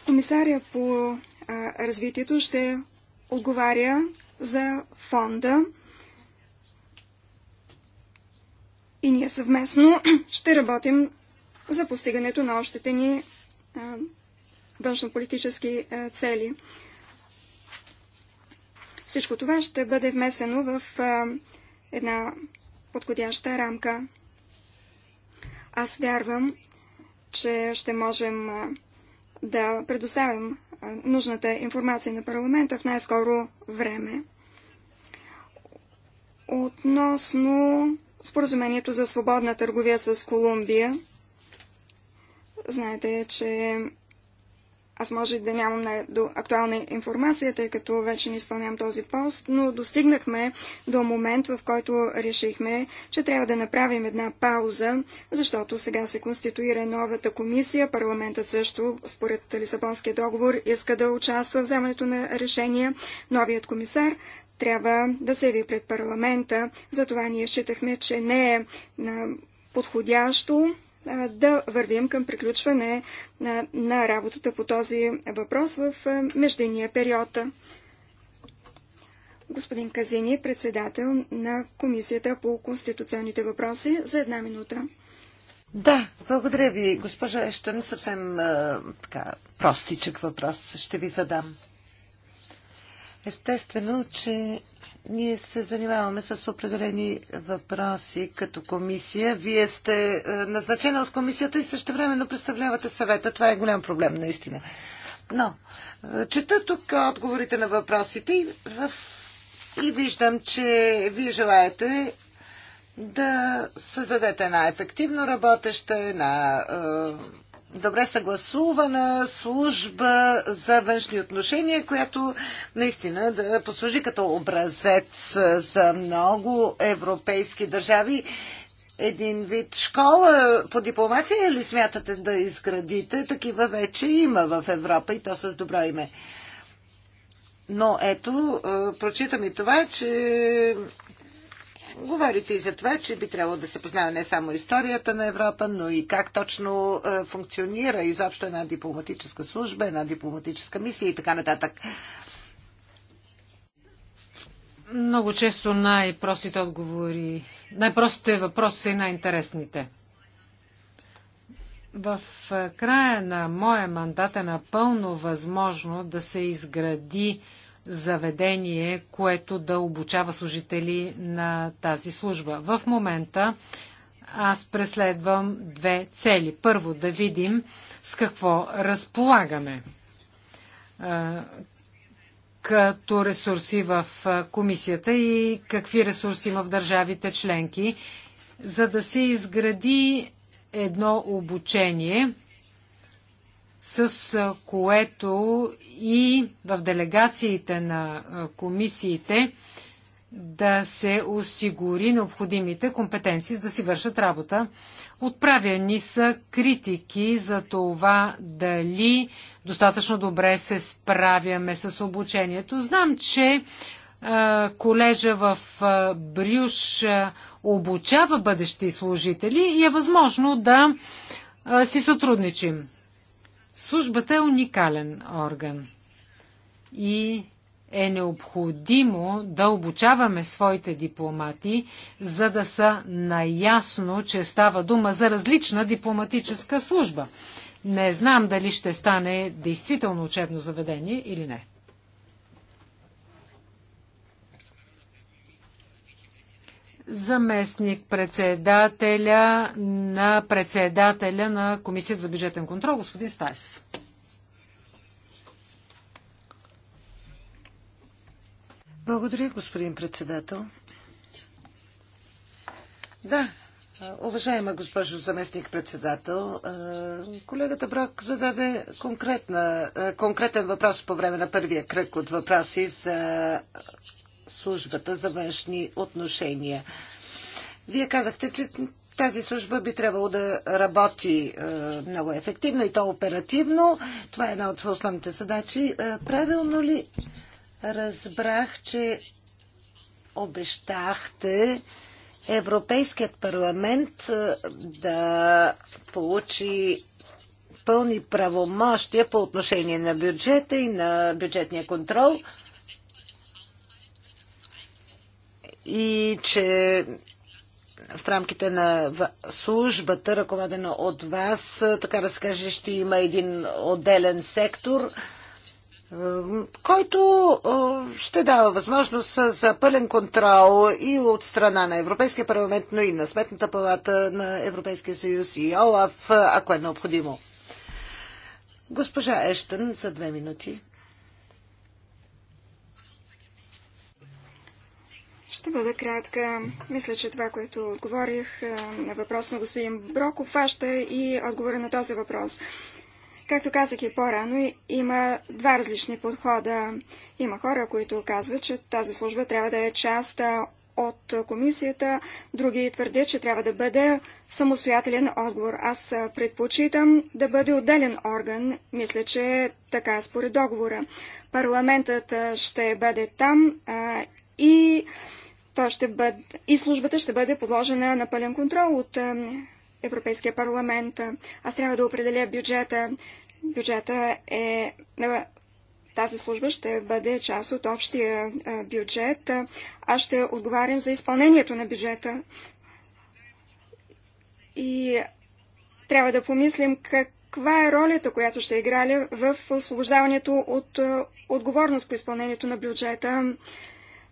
Комисаря по развитието ще отговаря за фонда и ние съвместно ще работим за постигането на общите ни външнополитически цели. Всичко това ще бъде вместено в една подходяща рамка. Аз вярвам, че ще можем да предоставим нужната информация на парламента в най-скоро време. Относно споразумението за свободна търговия с Колумбия. Знаете, че аз може да нямам до актуална информация, тъй като вече не изпълнявам този пост, но достигнахме до момент, в който решихме, че трябва да направим една пауза, защото сега се конституира новата комисия. Парламентът също, според Лисабонския договор, иска да участва в вземането на решения. Новият комисар трябва да се яви пред парламента. Затова ние считахме, че не е подходящо да вървим към приключване на, на работата по този въпрос в междения период. Господин Казини, председател на Комисията по конституционните въпроси, за една минута. Да, благодаря ви, госпожа Ещен. Съвсем така простичък въпрос ще ви задам. Естествено, че ние се занимаваме с определени въпроси като комисия. Вие сте е, назначена от комисията и също времено представлявате съвета. Това е голям проблем, наистина. Но, е, чета тук отговорите на въпросите и, в... и виждам, че вие желаете да създадете една ефективно работеща, една е, добре съгласувана служба за външни отношения, която наистина да послужи като образец за много европейски държави. Един вид школа по дипломация ли смятате да изградите? Такива вече има в Европа и то с добро име. Но ето, е, прочитам и това, че Говорите и за това, че би трябвало да се познава не само историята на Европа, но и как точно е, функционира изобщо една дипломатическа служба, една дипломатическа мисия и така нататък. Много често най-простите отговори, най-простите въпроси са и най-интересните. В е, края на моя мандат е напълно възможно да се изгради заведение, което да обучава служители на тази служба. В момента аз преследвам две цели. Първо, да видим с какво разполагаме като ресурси в комисията и какви ресурси има в държавите членки, за да се изгради едно обучение – с което и в делегациите на комисиите да се осигури необходимите компетенции, за да си вършат работа. Отправяни са критики за това дали достатъчно добре се справяме с обучението. Знам, че колежа в Брюш обучава бъдещи служители и е възможно да си сътрудничим. Службата е уникален орган и е необходимо да обучаваме своите дипломати, за да са наясно, че става дума за различна дипломатическа служба. Не знам дали ще стане действително учебно заведение или не. заместник председателя на председателя на Комисията за бюджетен контрол, господин Стас. Благодаря, господин председател. Да, уважаема госпожо заместник-председател, колегата Брак зададе конкретна, конкретен въпрос по време на първия кръг от въпроси за службата за външни отношения. Вие казахте, че тази служба би трябвало да работи е, много ефективно и то оперативно. Това е една от основните задачи. Е, правилно ли разбрах, че обещахте Европейският парламент е, да получи пълни правомощия по отношение на бюджета и на бюджетния контрол? и че в рамките на службата, ръководена от вас, така да се каже, ще има един отделен сектор, е, който е, ще дава възможност за пълен контрол и от страна на Европейския парламент, но и на Сметната палата на Европейския съюз и ОЛАФ, ако е необходимо. Госпожа Ештън за две минути. Ще бъда кратка. Мисля, че това, което отговорих на е, е въпрос на господин Брок, обхваща и отговора на този въпрос. Както казах и по-рано, има два различни подхода. Има хора, които казват, че тази служба трябва да е част от комисията, други твърдят, че трябва да бъде самостоятелен отговор. Аз предпочитам да бъде отделен орган. Мисля, че е така според договора. Парламентът ще бъде там а, и то ще бъде, и службата ще бъде подложена на пълен контрол от е, Европейския парламент. Аз трябва да определя бюджета. Бюджета е тази служба ще бъде част от общия е, бюджет. Аз ще отговарям за изпълнението на бюджета. И трябва да помислим каква е ролята, която ще е играли в освобождаването от отговорност по изпълнението на бюджета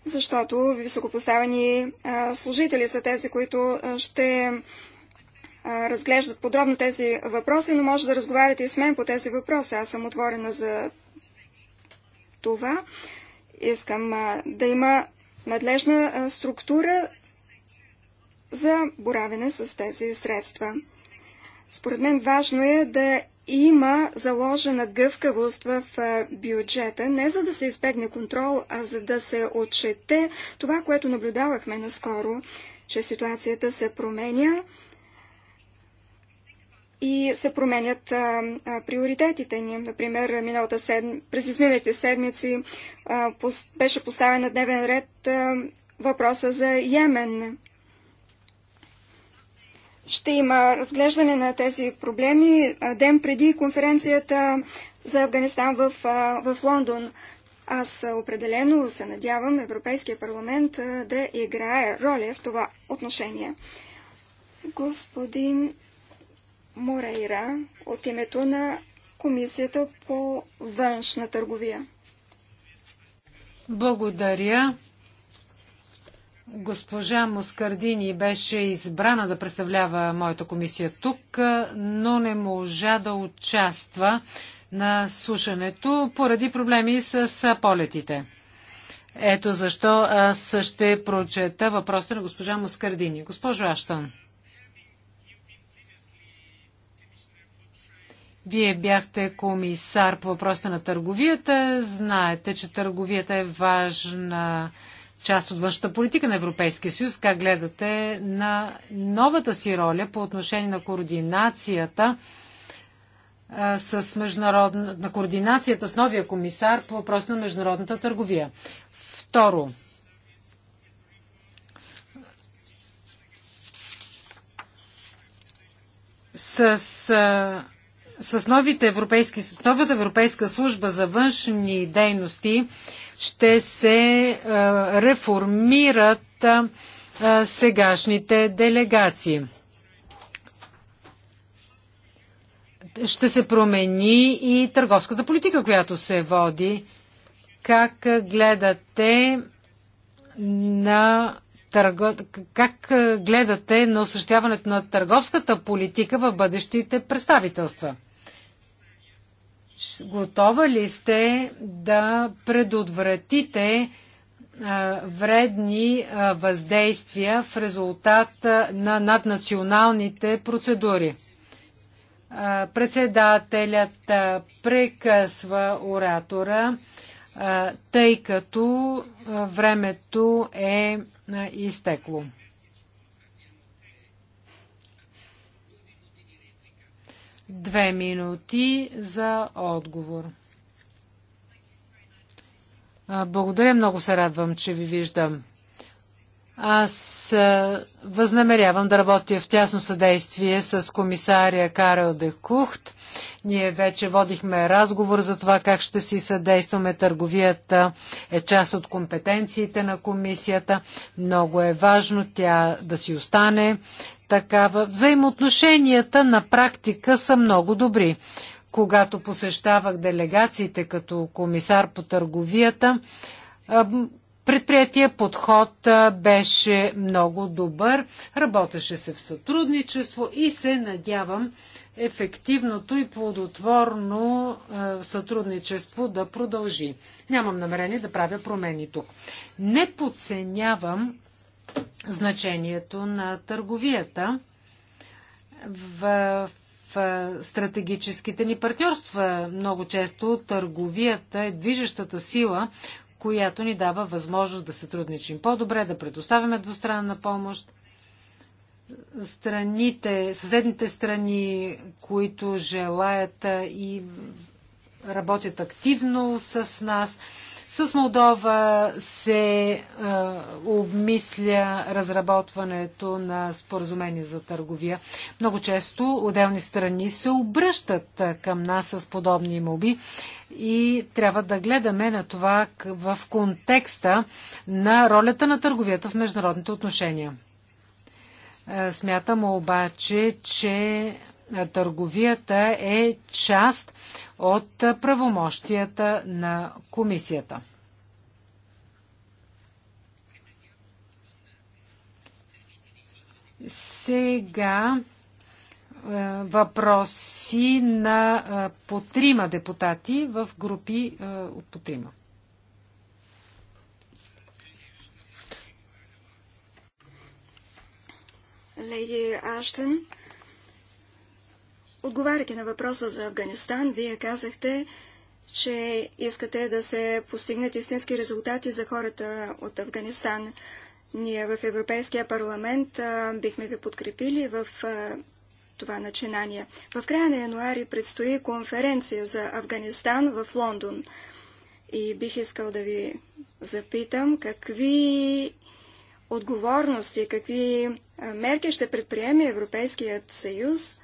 защото високопоставени служители са тези, които ще разглеждат подробно тези въпроси, но може да разговаряте и с мен по тези въпроси. Аз съм отворена за това. Искам да има надлежна структура за боравене с тези средства. Според мен важно е да има заложена гъвкавост в бюджета, не за да се избегне контрол, а за да се отчете това, което наблюдавахме наскоро, че ситуацията се променя и се променят а, а, приоритетите ни. Например, миналата сед... през изминалите седмици а, пос... беше поставен на дневен ред а, въпроса за Йемен ще има разглеждане на тези проблеми ден преди конференцията за Афганистан в, в Лондон. Аз определено се надявам Европейския парламент да играе роля в това отношение. Господин Морейра от името на Комисията по външна търговия. Благодаря. Госпожа Москардини беше избрана да представлява моята комисия тук, но не можа да участва на слушането поради проблеми с полетите. Ето защо аз ще прочета въпроса на госпожа Москардини. Госпожо Аштон. Вие бяхте комисар по въпроса на търговията. Знаете, че търговията е важна част от външната политика на Европейския съюз. Как гледате на новата си роля по отношение на координацията с международна, на координацията с новия комисар по въпрос на международната търговия. Второ, с, с новите европейски, новата Европейска служба за външни дейности ще се реформират сегашните делегации. Ще се промени и търговската политика, която се води. Как гледате на как гледате на осъществяването на търговската политика в бъдещите представителства? Готова ли сте да предотвратите вредни въздействия в резултат на наднационалните процедури? Председателят прекъсва оратора, тъй като времето е изтекло. Две минути за отговор. Благодаря, много се радвам, че ви виждам. Аз възнамерявам да работя в тясно съдействие с комисария Карел Декухт. Ние вече водихме разговор за това как ще си съдействаме. Търговията е част от компетенциите на комисията. Много е важно тя да си остане такава. Взаимоотношенията на практика са много добри. Когато посещавах делегациите като комисар по търговията, Предприятия подход беше много добър, работеше се в сътрудничество и се надявам ефективното и плодотворно сътрудничество да продължи. Нямам намерение да правя промени тук. Не подценявам значението на търговията в, в стратегическите ни партньорства. Много често търговията е движещата сила, която ни дава възможност да сътрудничим по-добре, да предоставяме двустранна помощ. Страните, съседните страни, които желаят и работят активно с нас, с Молдова се е, обмисля разработването на споразумение за търговия. Много често отделни страни се обръщат към нас с подобни моби и трябва да гледаме на това в контекста на ролята на търговията в международните отношения. Е, смятам обаче, че е, търговията е част от правомощията на комисията. Сега е, въпроси на по трима депутати в групи от по трима. Леди Аштън. Отговаряйки на въпроса за Афганистан, вие казахте, че искате да се постигнат истински резултати за хората от Афганистан. Ние в Европейския парламент а, бихме ви подкрепили в а, това начинание. В края на януари предстои конференция за Афганистан в Лондон. И бих искал да ви запитам какви отговорности, какви мерки ще предприеме Европейският съюз,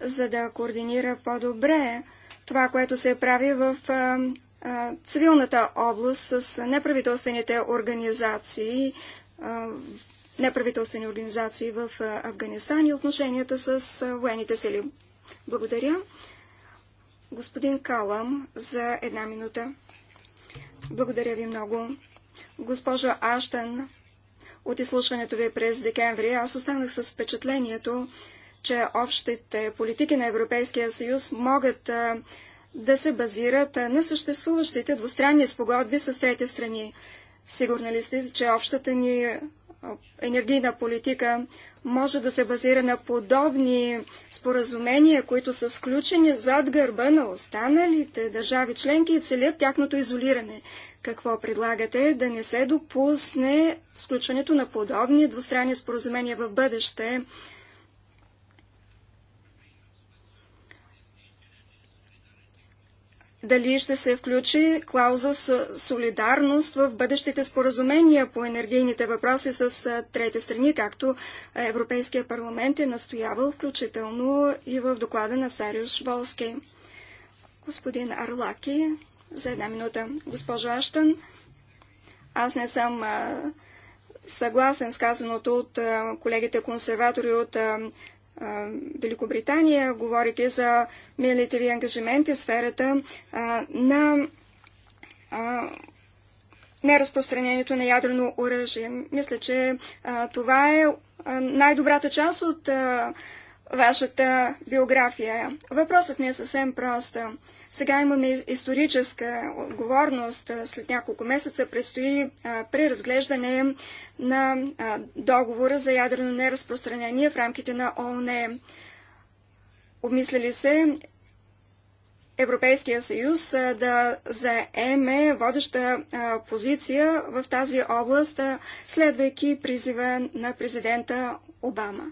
за да координира по-добре това, което се прави в цивилната област с неправителствените организации, неправителствени организации в Афганистан и отношенията с военните сили. Благодаря. Господин Калам за една минута. Благодаря ви много. Госпожо Аштен, от изслушването ви през декември аз останах с впечатлението, че общите политики на Европейския съюз могат да се базират на съществуващите двустранни спогодби с трети страни. Сигурна ли сте, че общата ни енергийна политика може да се базира на подобни споразумения, които са сключени зад гърба на останалите държави членки и целят тяхното изолиране. Какво предлагате да не се допусне сключването на подобни двустранни споразумения в бъдеще? дали ще се включи клауза солидарност в бъдещите споразумения по енергийните въпроси с трети страни, както Европейския парламент е настоявал, включително и в доклада на Сариуш Волски. Господин Арлаки, за една минута. Госпожо Аштън, аз не съм съгласен с казаното от колегите консерватори от Великобритания, говорики за милите ви ангажименти в сферата на неразпространението на ядрено оръжие. Мисля, че това е най-добрата част от вашата биография. Въпросът ми е съвсем проста. Сега имаме историческа отговорност. След няколко месеца предстои преразглеждане на договора за ядрено неразпространение в рамките на ООН. Обмислили се Европейския съюз да заеме водеща позиция в тази област, следвайки призива на президента Обама.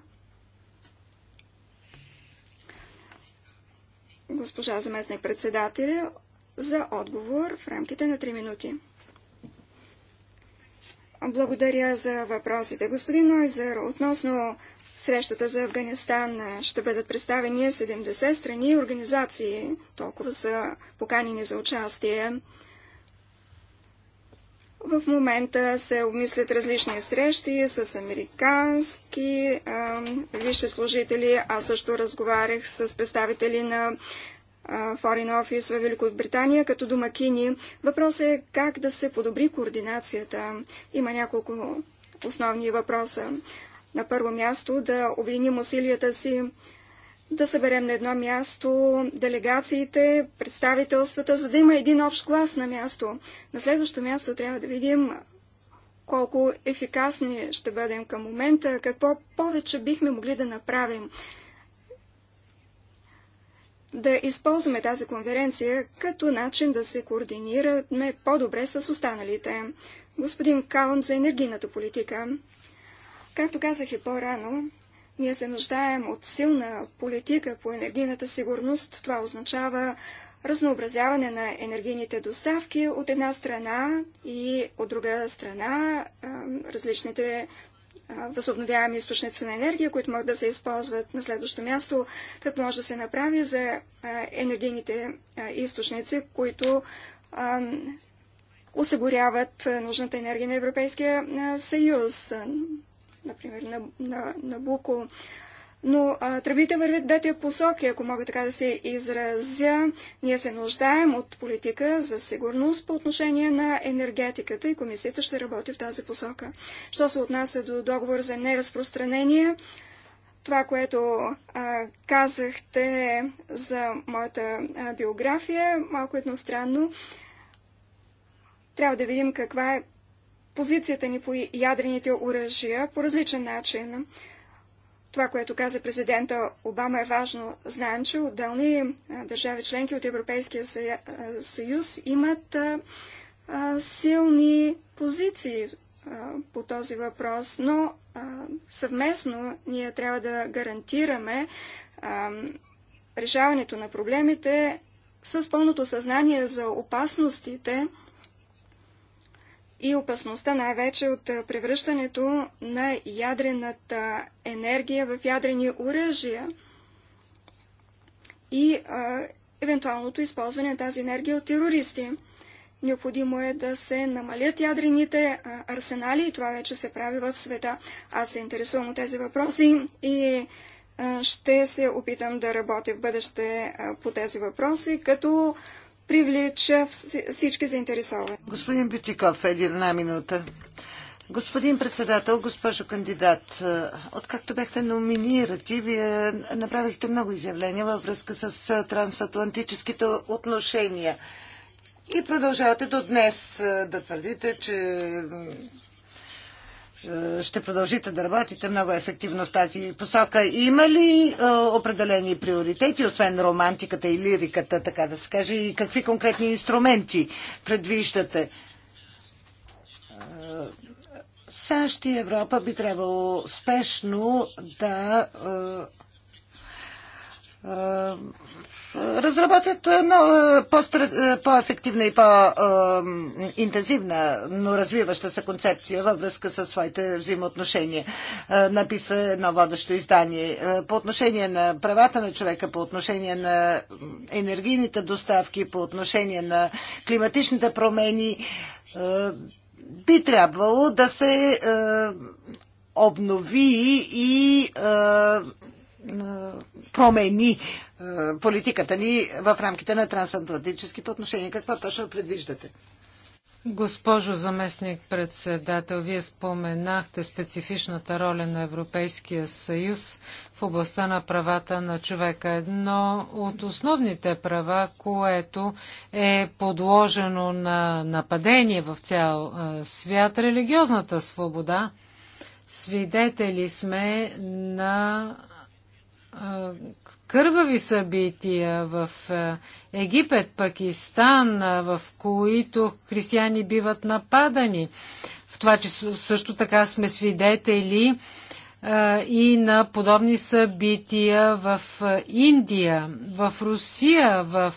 госпожа заместник председателя за отговор в рамките на 3 минути. Благодаря за въпросите. Господин Нойзер, относно срещата за Афганистан ще бъдат представени 70 страни и организации, толкова са поканени за участие. В момента се обмислят различни срещи с американски висши служители. Аз също разговарях с представители на Foreign Office в Великобритания като домакини. Въпросът е как да се подобри координацията. Има няколко основни въпроса. На първо място да обединим усилията си да съберем на едно място делегациите, представителствата, за да има един общ глас на място. На следващо място трябва да видим колко ефикасни ще бъдем към момента, какво повече бихме могли да направим. Да използваме тази конференция като начин да се координираме по-добре с останалите. Господин Калм за енергийната политика. Както казах и по-рано, ние се нуждаем от силна политика по енергийната сигурност. Това означава разнообразяване на енергийните доставки от една страна и от друга страна различните възобновяеми източници на енергия, които могат да се използват на следващо място, как може да се направи за енергийните източници, които осигуряват нужната енергия на Европейския съюз например, на, на, на Буко. Но а, тръбите вървят двете посоки, ако мога така да се изразя. Ние се нуждаем от политика за сигурност по отношение на енергетиката и комисията ще работи в тази посока. Що се отнася до договор за неразпространение, това, което а, казахте за моята а, биография, малко едностранно. Трябва да видим каква е позицията ни по ядрените оръжия по различен начин. Това, което каза президента Обама е важно. Знаем, че отделни държави членки от Европейския съюз имат силни позиции по този въпрос, но съвместно ние трябва да гарантираме решаването на проблемите с пълното съзнание за опасностите, и опасността най-вече от превръщането на ядрената енергия в ядрени оръжия и а, евентуалното използване на тази енергия от терористи. Необходимо е да се намалят ядрените арсенали и това вече се прави в света. Аз се интересувам от тези въпроси и ще се опитам да работя в бъдеще по тези въпроси, като привлича всички заинтересовани. Господин Бютиков, една минута. Господин председател, госпожо кандидат, е, откакто бяхте номинирати, вие направихте много изявления във връзка с е, трансатлантическите отношения. И продължавате до днес е, да твърдите, че е, ще продължите да работите много ефективно в тази посока. Има ли е, определени приоритети, освен романтиката и лириката, така да се каже, и какви конкретни инструменти предвиждате? Е, САЩ и Европа би трябвало успешно да е, е разработят едно е, е, по-ефективна и по-интензивна, но развиваща се концепция във връзка с своите взаимоотношения. Е, написа едно водещо издание. По отношение на правата на човека, по отношение на енергийните доставки, по отношение на климатичните промени, би трябвало да се обнови и промени е, политиката ни в рамките на трансатлантическите отношения. Какво точно предвиждате? Госпожо заместник председател, вие споменахте специфичната роля на Европейския съюз в областта на правата на човека. Едно от основните права, което е подложено на нападение в цял е, свят, религиозната свобода. Свидетели сме на кървави събития в Египет, Пакистан, в които християни биват нападани. В това, че също така сме свидетели и на подобни събития в Индия, в Русия, в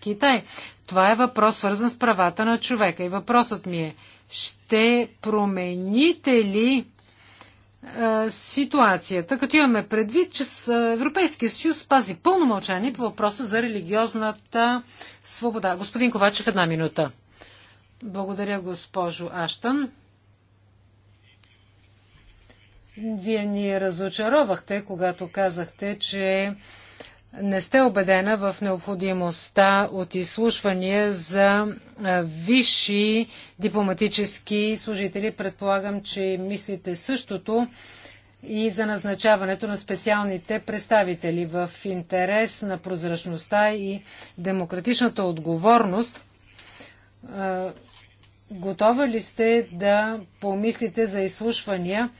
Китай. Това е въпрос свързан с правата на човека. И въпросът ми е, ще промените ли е, ситуацията, като имаме предвид, че е, Европейския съюз пази пълно мълчание по въпроса за религиозната свобода. Господин Ковачев, една минута. Благодаря, госпожо Аштан. Вие ни разочаровахте, когато казахте, че не сте убедена в необходимостта от изслушвания за висши дипломатически служители. Предполагам, че мислите същото и за назначаването на специалните представители в интерес на прозрачността и демократичната отговорност. Готова ли сте да помислите за изслушвания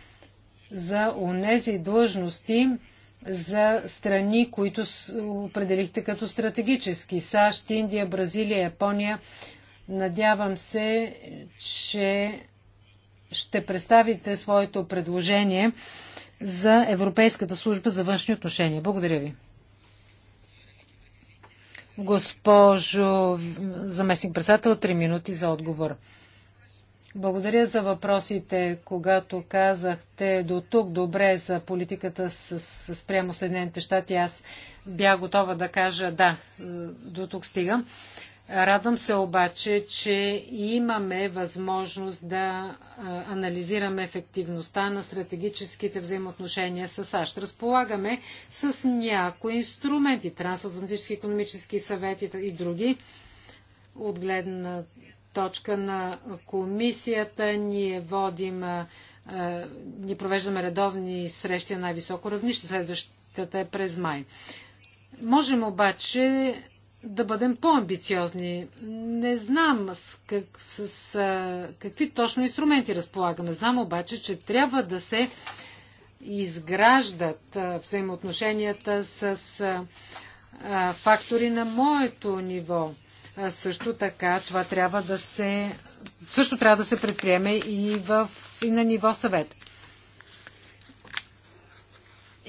за онези длъжности, за страни, които определихте като стратегически. САЩ, Индия, Бразилия, Япония. Надявам се, че ще представите своето предложение за Европейската служба за външни отношения. Благодаря ви. Госпожо заместник председател, 3 минути за отговор. Благодаря за въпросите, когато казахте до тук добре за политиката с, с спрямо Съединените щати. Аз бях готова да кажа да, до тук стига. Радвам се обаче, че имаме възможност да анализираме ефективността на стратегическите взаимоотношения с САЩ. Разполагаме с някои инструменти, Трансатлантически економически съвети и други, от гледна точка на комисията ние водим, ние провеждаме редовни срещи на най-високо равнище. Следващата е през май. Можем обаче да бъдем по-амбициозни. Не знам с, как, с, с какви точно инструменти разполагаме. Знам обаче, че трябва да се изграждат взаимоотношенията с фактори на моето ниво. Също така това трябва да се също трябва да се предприеме и, в, и на ниво съвет.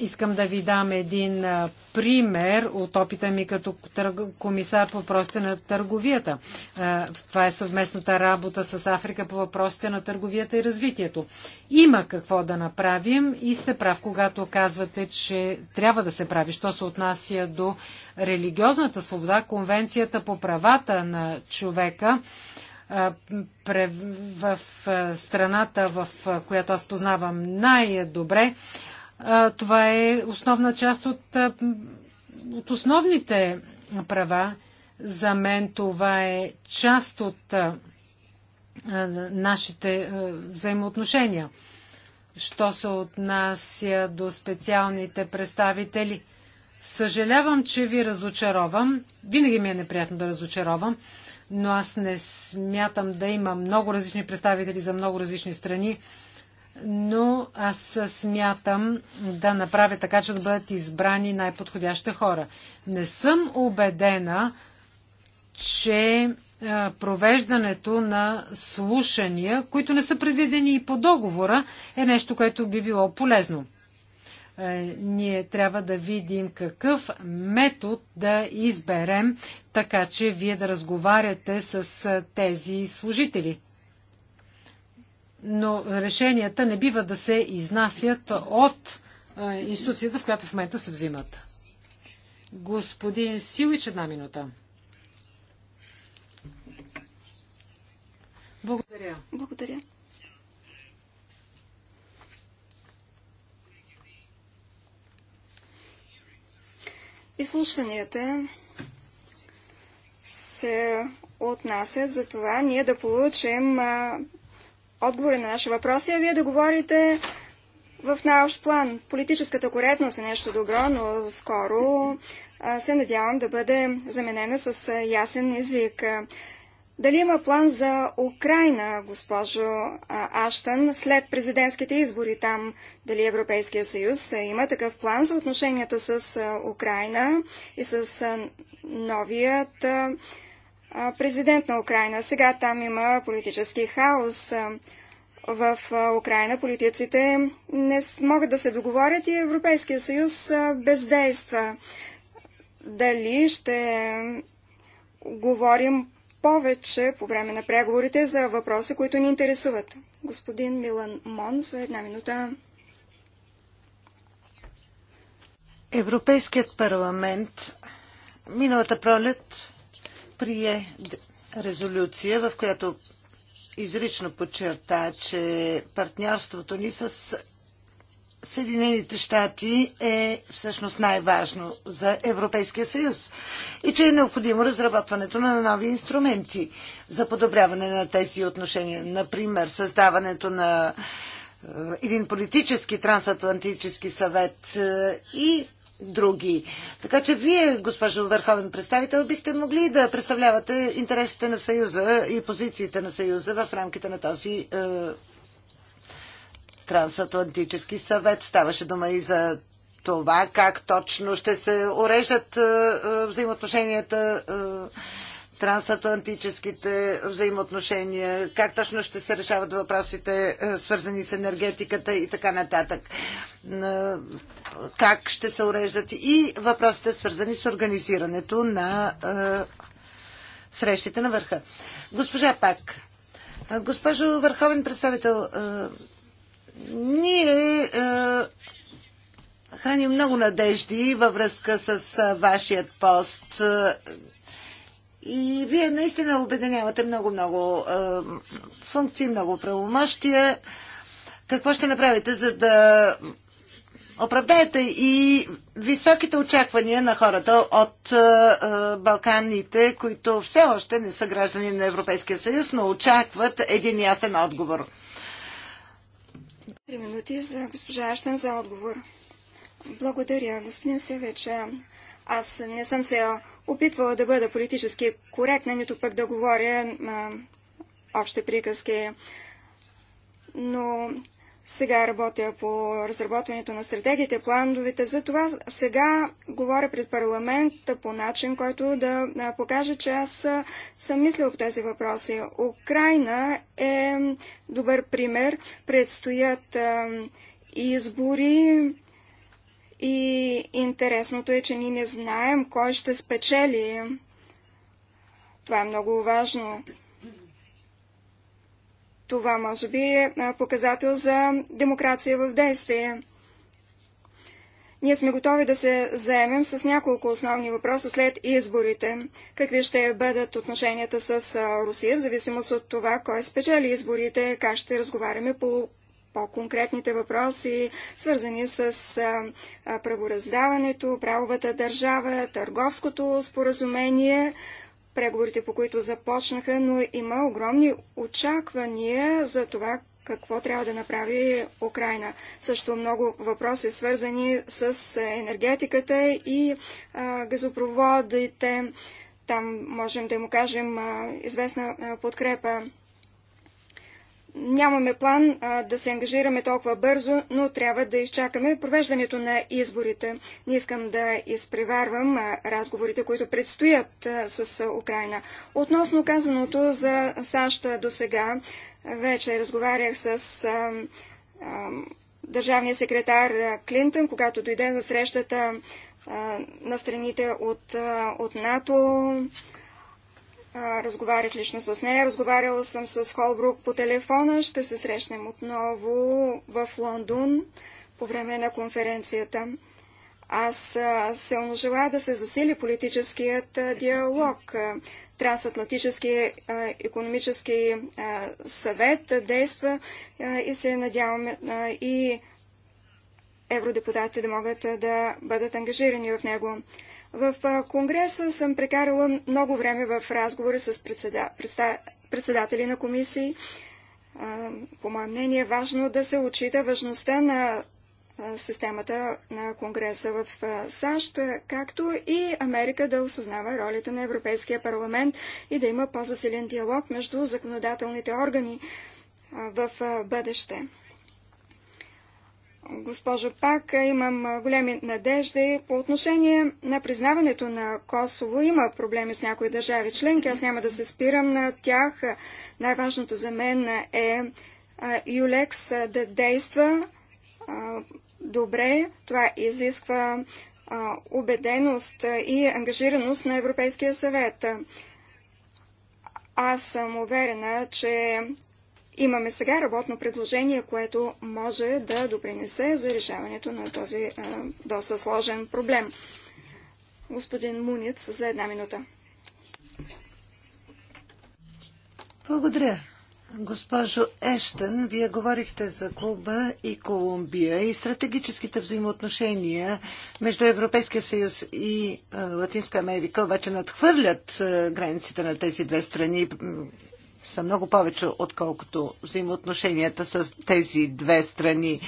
Искам да ви дам един пример от опита ми като комисар по въпросите на търговията. Това е съвместната работа с Африка по въпросите на търговията и развитието. Има какво да направим и сте прав, когато казвате, че трябва да се прави. Що се отнася до религиозната свобода, Конвенцията по правата на човека в страната, в която аз познавам най-добре, това е основна част от, от основните права. За мен това е част от нашите взаимоотношения. Що се отнася до специалните представители, съжалявам, че ви разочаровам. Винаги ми е неприятно да разочаровам, но аз не смятам да има много различни представители за много различни страни но аз смятам да направя така, че да бъдат избрани най-подходящите хора. Не съм убедена, че е, провеждането на слушания, които не са предвидени и по договора, е нещо, което би било полезно. Е, ние трябва да видим какъв метод да изберем, така че вие да разговаряте с е, тези служители но решенията не бива да се изнасят от институцията, в която в момента се взимат. Господин Силич, една минута. Благодаря. Благодаря. Изслушванията се отнасят за това ние да получим отговори на наши въпроси, а вие да говорите в най-общ план. Политическата коректност е нещо добро, но скоро се надявам да бъде заменена с ясен език. Дали има план за Украина, госпожо Аштън, след президентските избори там? Дали Европейския съюз има такъв план за отношенията с Украина и с новият президент на Украина. Сега там има политически хаос. В Украина политиците не могат да се договорят и Европейския съюз бездейства. Дали ще говорим повече по време на преговорите за въпроси, които ни интересуват? Господин Милан Мон за една минута. Европейският парламент миналата пролет прие резолюция, в която изрично подчерта, че партньорството ни с Съединените щати е всъщност най-важно за Европейския съюз и че е необходимо разработването на нови инструменти за подобряване на тези отношения. Например, създаването на е, един политически трансатлантически съвет е, и други. Така че вие, госпожо Върховен представител, бихте могли да представлявате интересите на Съюза и позициите на Съюза в рамките на този е, трансатлантически съвет. Ставаше дума и за това как точно ще се уреждат е, е взаимоотношенията. Е, трансатлантическите взаимоотношения, как точно ще се решават въпросите, е, свързани с енергетиката и така нататък. Е, как ще се уреждат и въпросите, свързани с организирането на е, срещите на върха. Госпожа Пак, госпожо Върховен представител, ние храним много надежди във връзка с вашият пост и вие наистина обединявате много-много функции, много правомощия. Какво ще направите, за да оправдаете и високите очаквания на хората от Балканите, които все още не са граждани на Европейския съюз, но очакват един ясен отговор? Три минути за госпожа Аштен за отговор. Благодаря, господин Севеча. Аз не съм се опитвала да бъда политически коректна, нито пък да говоря а, общи приказки. Но сега работя по разработването на стратегиите, плановете. Затова сега говоря пред парламента по начин, който да покаже, че аз съм мислил по тези въпроси. Украина е добър пример. Предстоят избори и интересното е, че ние не знаем кой ще спечели. Това е много важно. Това може би е показател за демокрация в действие. Ние сме готови да се заемем с няколко основни въпроса след изборите. Какви ще бъдат отношенията с Русия, в зависимост от това, кой спечели изборите, как ще разговаряме по по-конкретните въпроси, свързани с правораздаването, правовата държава, търговското споразумение, преговорите по които започнаха, но има огромни очаквания за това какво трябва да направи Украина. Също много въпроси свързани с енергетиката и а, газопроводите. Там можем да му кажем а, известна а, подкрепа нямаме план а, да се ангажираме толкова бързо, но трябва да изчакаме провеждането на изборите. Не искам да изпреварвам а, разговорите, които предстоят а, с Украина. Относно казаното за САЩ до сега, вече разговарях с а, а, държавния секретар Клинтън, когато дойде за срещата а, на страните от, а, от НАТО, разговарях лично с нея, разговаряла съм с Холбрук по телефона, ще се срещнем отново в Лондон по време на конференцията. Аз силно желая да се засили политическият диалог. Трансатлантически економически съвет действа и се надяваме и евродепутатите да могат да бъдат ангажирани в него. В Конгреса съм прекарала много време в разговори с председа... председатели на комисии. По мое мнение е важно да се отчита важността на системата на Конгреса в САЩ, както и Америка да осъзнава ролята на Европейския парламент и да има по-засилен диалог между законодателните органи в бъдеще госпожо Пак, имам големи надежди. По отношение на признаването на Косово има проблеми с някои държави членки. Аз няма да се спирам на тях. Най-важното за мен е Юлекс да действа добре. Това изисква убеденост и ангажираност на Европейския съвет. Аз съм уверена, че Имаме сега работно предложение, което може да допринесе за решаването на този а, доста сложен проблем. Господин Муниц, за една минута. Благодаря. Госпожо Ештън, вие говорихте за Куба и Колумбия и стратегическите взаимоотношения между Европейския съюз и Латинска Америка обаче надхвърлят границите на тези две страни са много повече, отколкото взаимоотношенията с тези две страни.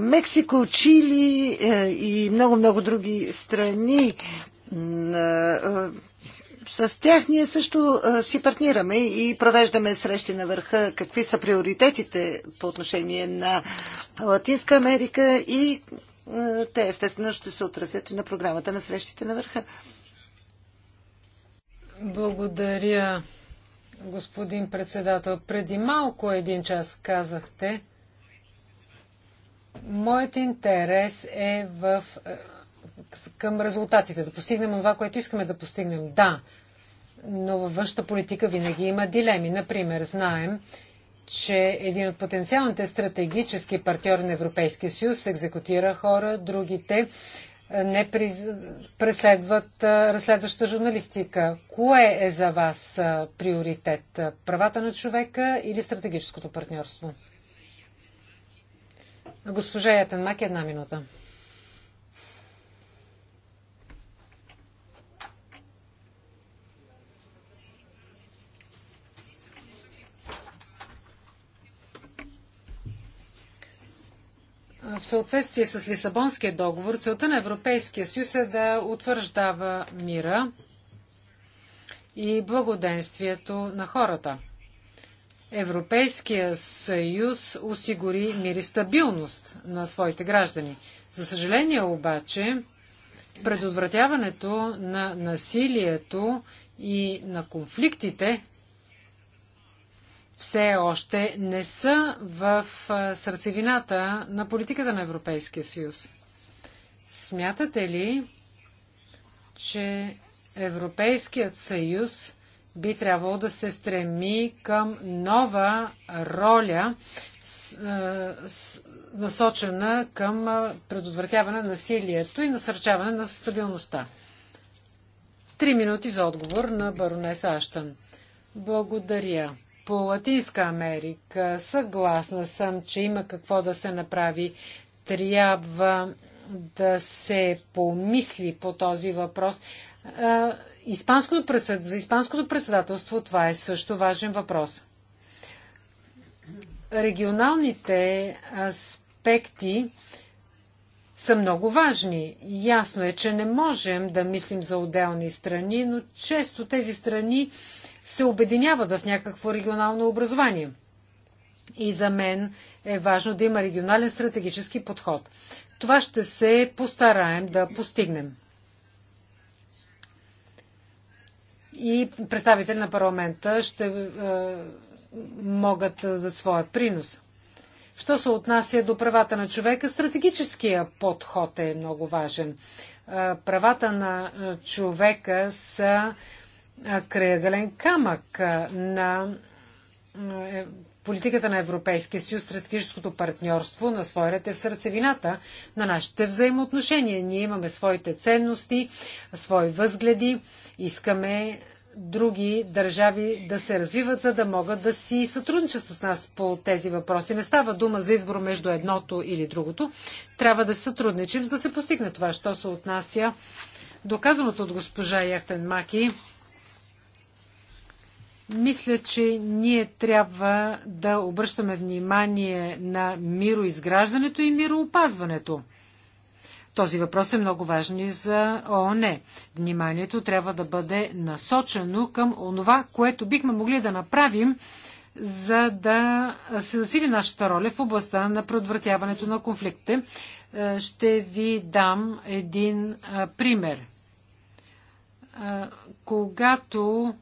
Мексико, Чили е, и много-много други страни. С тях ние също си партнираме и провеждаме срещи на върха. Какви са приоритетите по отношение на Латинска Америка и те естествено ще се отразят и на програмата на срещите на върха. Благодаря господин председател. Преди малко един час казахте, моят интерес е в, е, към резултатите, да постигнем това, което искаме да постигнем. Да, но във външната политика винаги има дилеми. Например, знаем, че един от потенциалните стратегически партньори на Европейския съюз екзекутира хора, другите е, не приз... преследват е, разследваща журналистика. Кое е за вас е, приоритет? Правата на човека или стратегическото партньорство? Госпожа Етенмак, една минута. в съответствие с Лисабонския договор, целта на Европейския съюз е да утвърждава мира и благоденствието на хората. Европейския съюз осигури мир и стабилност на своите граждани. За съжаление обаче, предотвратяването на насилието и на конфликтите все още не са в сърцевината на политиката на Европейския съюз. Смятате ли, че Европейският съюз би трябвало да се стреми към нова роля, насочена към предотвратяване на насилието и насърчаване на стабилността. Три минути за отговор на баронеса Аштън. Благодаря по Латинска Америка. Съгласна съм, че има какво да се направи. Трябва да се помисли по този въпрос. Испанското председ... За Испанското председателство това е също важен въпрос. Регионалните аспекти са много важни. Ясно е, че не можем да мислим за отделни страни, но често тези страни се обединяват в някакво регионално образование. И за мен е важно да има регионален стратегически подход. Това ще се постараем да постигнем. И представители на парламента ще е, могат да дадат своя принос. Що се отнася до правата на човека, стратегическия подход е много важен. Е, правата на е, човека са крайъгълен камък на е, политиката на Европейския съюз, стратегическото партньорство на своя е в сърцевината на нашите взаимоотношения. Ние имаме своите ценности, свои възгледи, искаме други държави да се развиват, за да могат да си сътрудничат с нас по тези въпроси. Не става дума за избор между едното или другото. Трябва да се сътрудничим, за да се постигне това, що се отнася доказаното от госпожа Яхтен Маки мисля, че ние трябва да обръщаме внимание на мироизграждането и мироопазването. Този въпрос е много важен и за ООН. Вниманието трябва да бъде насочено към онова, което бихме могли да направим, за да се засили нашата роля в областта на предотвратяването на конфликтите. Е, ще ви дам един е, пример. Е, когато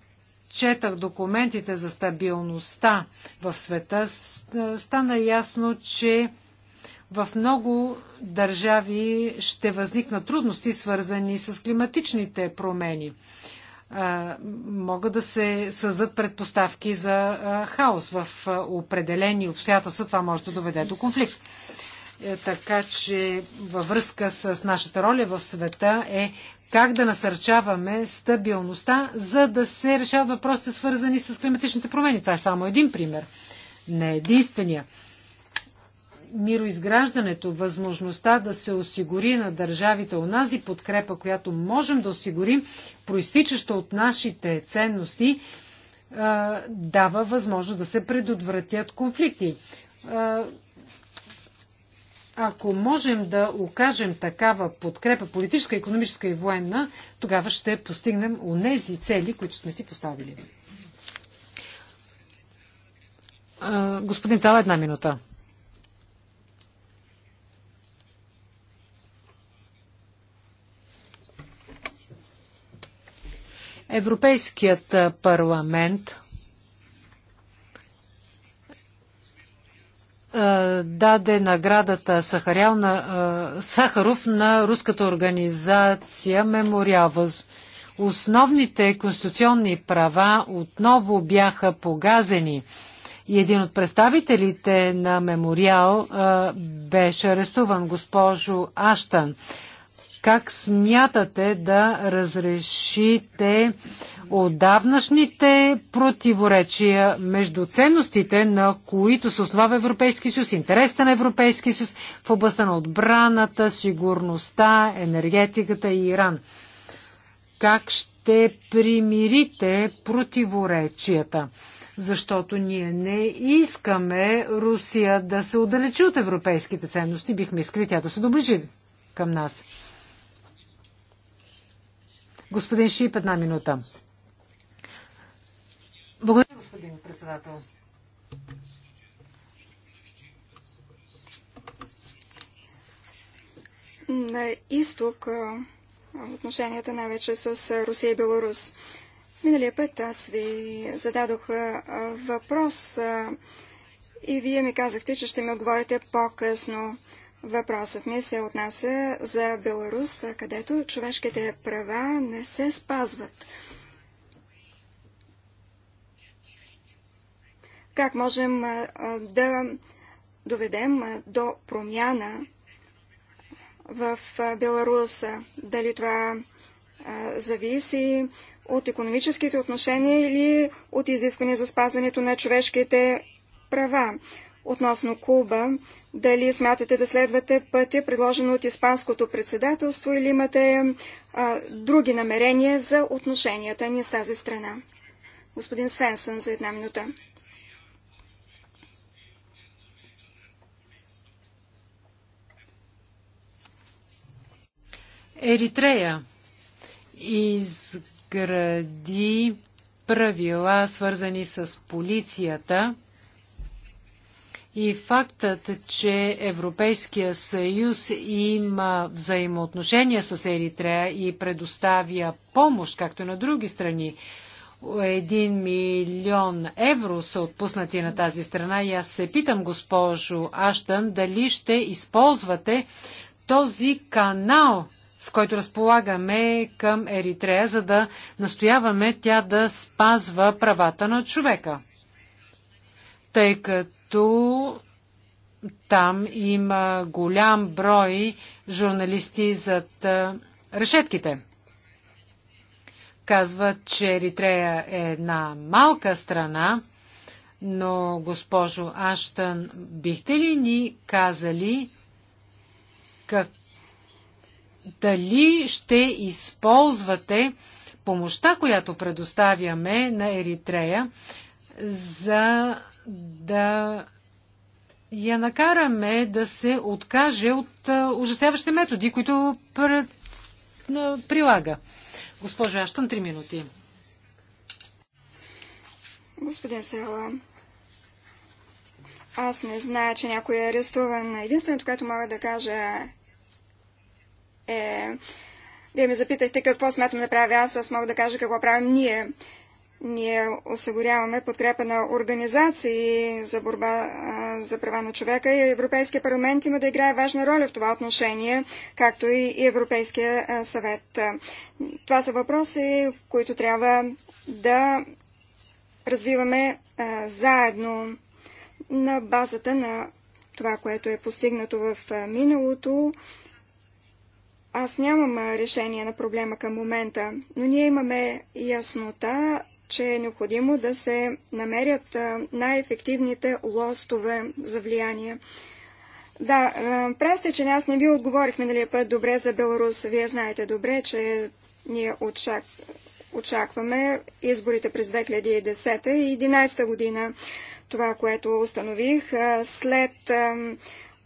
четах документите за стабилността в света, е, стана ясно, че в много държави ще възникнат трудности, свързани с климатичните промени. Е, могат да се създадат предпоставки за е, хаос в определени обстоятелства. Това може да доведе до конфликт. Така че във връзка с нашата роля в света е как да насърчаваме стабилността, за да се решават въпросите свързани с климатичните промени. Това е само един пример. Не е единствения. Мироизграждането, възможността да се осигури на държавите онази подкрепа, която можем да осигурим, проистичаща от нашите ценности, дава възможност да се предотвратят конфликти. Ако можем да окажем такава подкрепа, политическа, економическа и военна, тогава ще постигнем онези цели, които сме си поставили. Господин Цала, една минута. Европейският парламент Е, даде наградата Сахарял на, е, Сахаров на руската организация Мемориал. Основните конституционни права отново бяха погазени и един от представителите на Мемориал е, беше арестуван, госпожо Аштан. Как смятате да разрешите отдавнашните противоречия между ценностите, на които се основа Европейски съюз, интересите на Европейски съюз в областта на отбраната, сигурността, енергетиката и Иран? Как ще примирите противоречията? защото ние не искаме Русия да се отдалечи от европейските ценности, бихме искали тя да се доближи към нас. Господин Шип, една минута. Благодаря, господин председател. На изток отношенията най-вече с Русия и Беларус. Миналия път аз ви зададох въпрос и вие ми казахте, че ще ми отговорите по-късно. Въпросът ми се отнася за Беларус, където човешките права не се спазват. Как можем да доведем до промяна в Беларус? Дали това зависи от економическите отношения или от изискване за спазването на човешките права? Относно Куба, дали смятате да следвате пътя, предложен от Испанското председателство, или имате а, други намерения за отношенията ни с тази страна. Господин Свенсън, за една минута. Еритрея изгради правила, свързани с полицията и фактът, че Европейския съюз има взаимоотношения с Еритрея и предоставя помощ, както и на други страни, 1 милион евро са отпуснати на тази страна и аз се питам, госпожо Аштън, дали ще използвате този канал, с който разполагаме към Еритрея, за да настояваме тя да спазва правата на човека. Тъй като като там има голям брой журналисти зад решетките. Казва, че Еритрея е една малка страна, но, госпожо Аштън, бихте ли ни казали как, дали ще използвате помощта, която предоставяме на Еритрея за да я накараме да се откаже от ужасяващи методи, които прилага. Госпожо Аштан, три минути. Господин Села, аз не зная, че някой е арестуван. Единственото, което мога да кажа е... Вие ме запитахте какво смятам да правя аз, аз мога да кажа какво правим ние. Ние осигуряваме подкрепа на организации за борба а, за права на човека и Европейския парламент има да играе важна роля в това отношение, както и Европейския а, съвет. Това са въпроси, които трябва да развиваме а, заедно на базата на това, което е постигнато в миналото. Аз нямам решение на проблема към момента, но ние имаме яснота че е необходимо да се намерят най-ефективните лостове за влияние. Да, прави, сте, че аз не ви отговорих миналия път добре за Беларус. Вие знаете добре, че ние очак... очакваме изборите през 2010 и 2011 година. Това, което установих след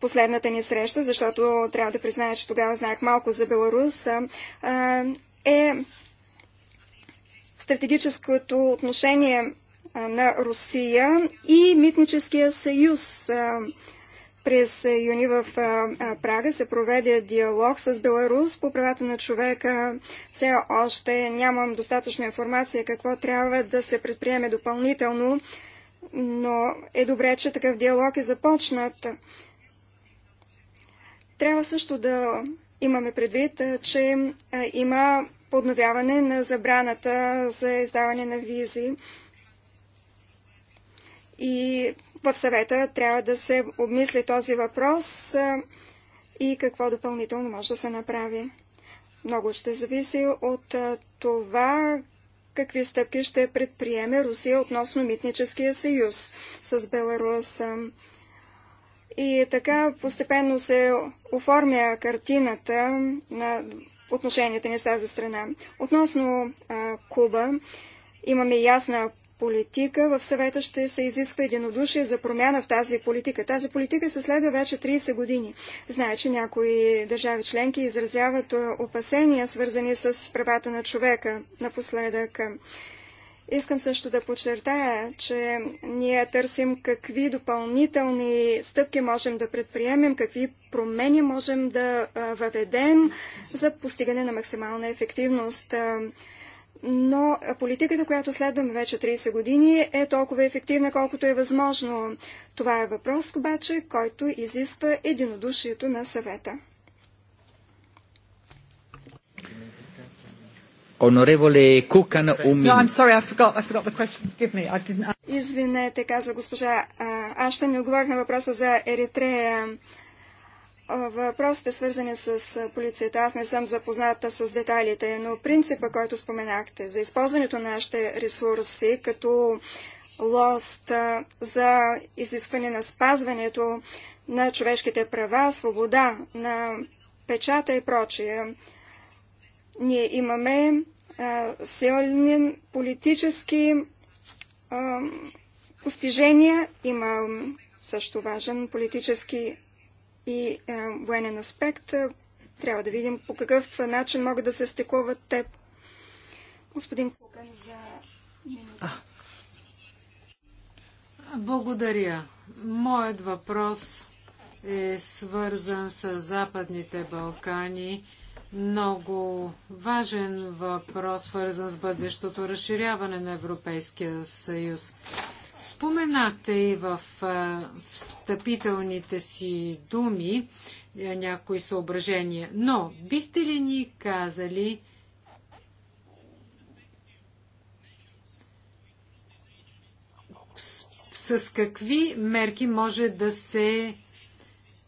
последната ни среща, защото трябва да призная, че тогава знаех малко за Беларус, е стратегическото отношение на Русия и Митническия съюз. През юни в Прага се проведе диалог с Беларус по правата на човека. Все още нямам достатъчно информация какво трябва да се предприеме допълнително, но е добре, че такъв диалог е започнат. Трябва също да имаме предвид, че има подновяване на забраната за издаване на визи. И в съвета трябва да се обмисли този въпрос и какво допълнително може да се направи. Много ще зависи от това какви стъпки ще предприеме Русия относно митническия съюз с Беларус. И така постепенно се оформя картината на отношенията ни с тази страна. Относно а, Куба, имаме ясна политика. В съвета ще се изисква единодушие за промяна в тази политика. Тази политика се следва вече 30 години. Знае, че някои държави членки изразяват опасения, свързани с правата на човека напоследък. Искам също да подчертая, че ние търсим какви допълнителни стъпки можем да предприемем, какви промени можем да въведем за постигане на максимална ефективност. Но политиката, която следваме вече 30 години, е толкова ефективна, колкото е възможно. Това е въпрос, обаче, който изисква единодушието на съвета. Honorable Kukan, un No, I'm sorry, I forgot, I forgot the question. Forgive me, I didn't... Извинете, каза госпожа. Аз ще ми отговорих на въпроса за Еритрея. Въпросите свързани с полицията, аз не съм запозната с детайлите, но принципа, който споменахте за използването на нашите ресурси като лост за изискване на спазването на човешките права, свобода на печата и прочие – ние имаме а, силни политически а, постижения, има също важен политически и а, военен аспект. Трябва да видим по какъв начин могат да се стекуват те. Господин Кукан за минута. Благодаря. Моят въпрос е свързан с Западните Балкани много важен въпрос, свързан с бъдещото разширяване на Европейския съюз. Споменахте и в встъпителните си думи някои съображения, но бихте ли ни казали с, с какви мерки може да се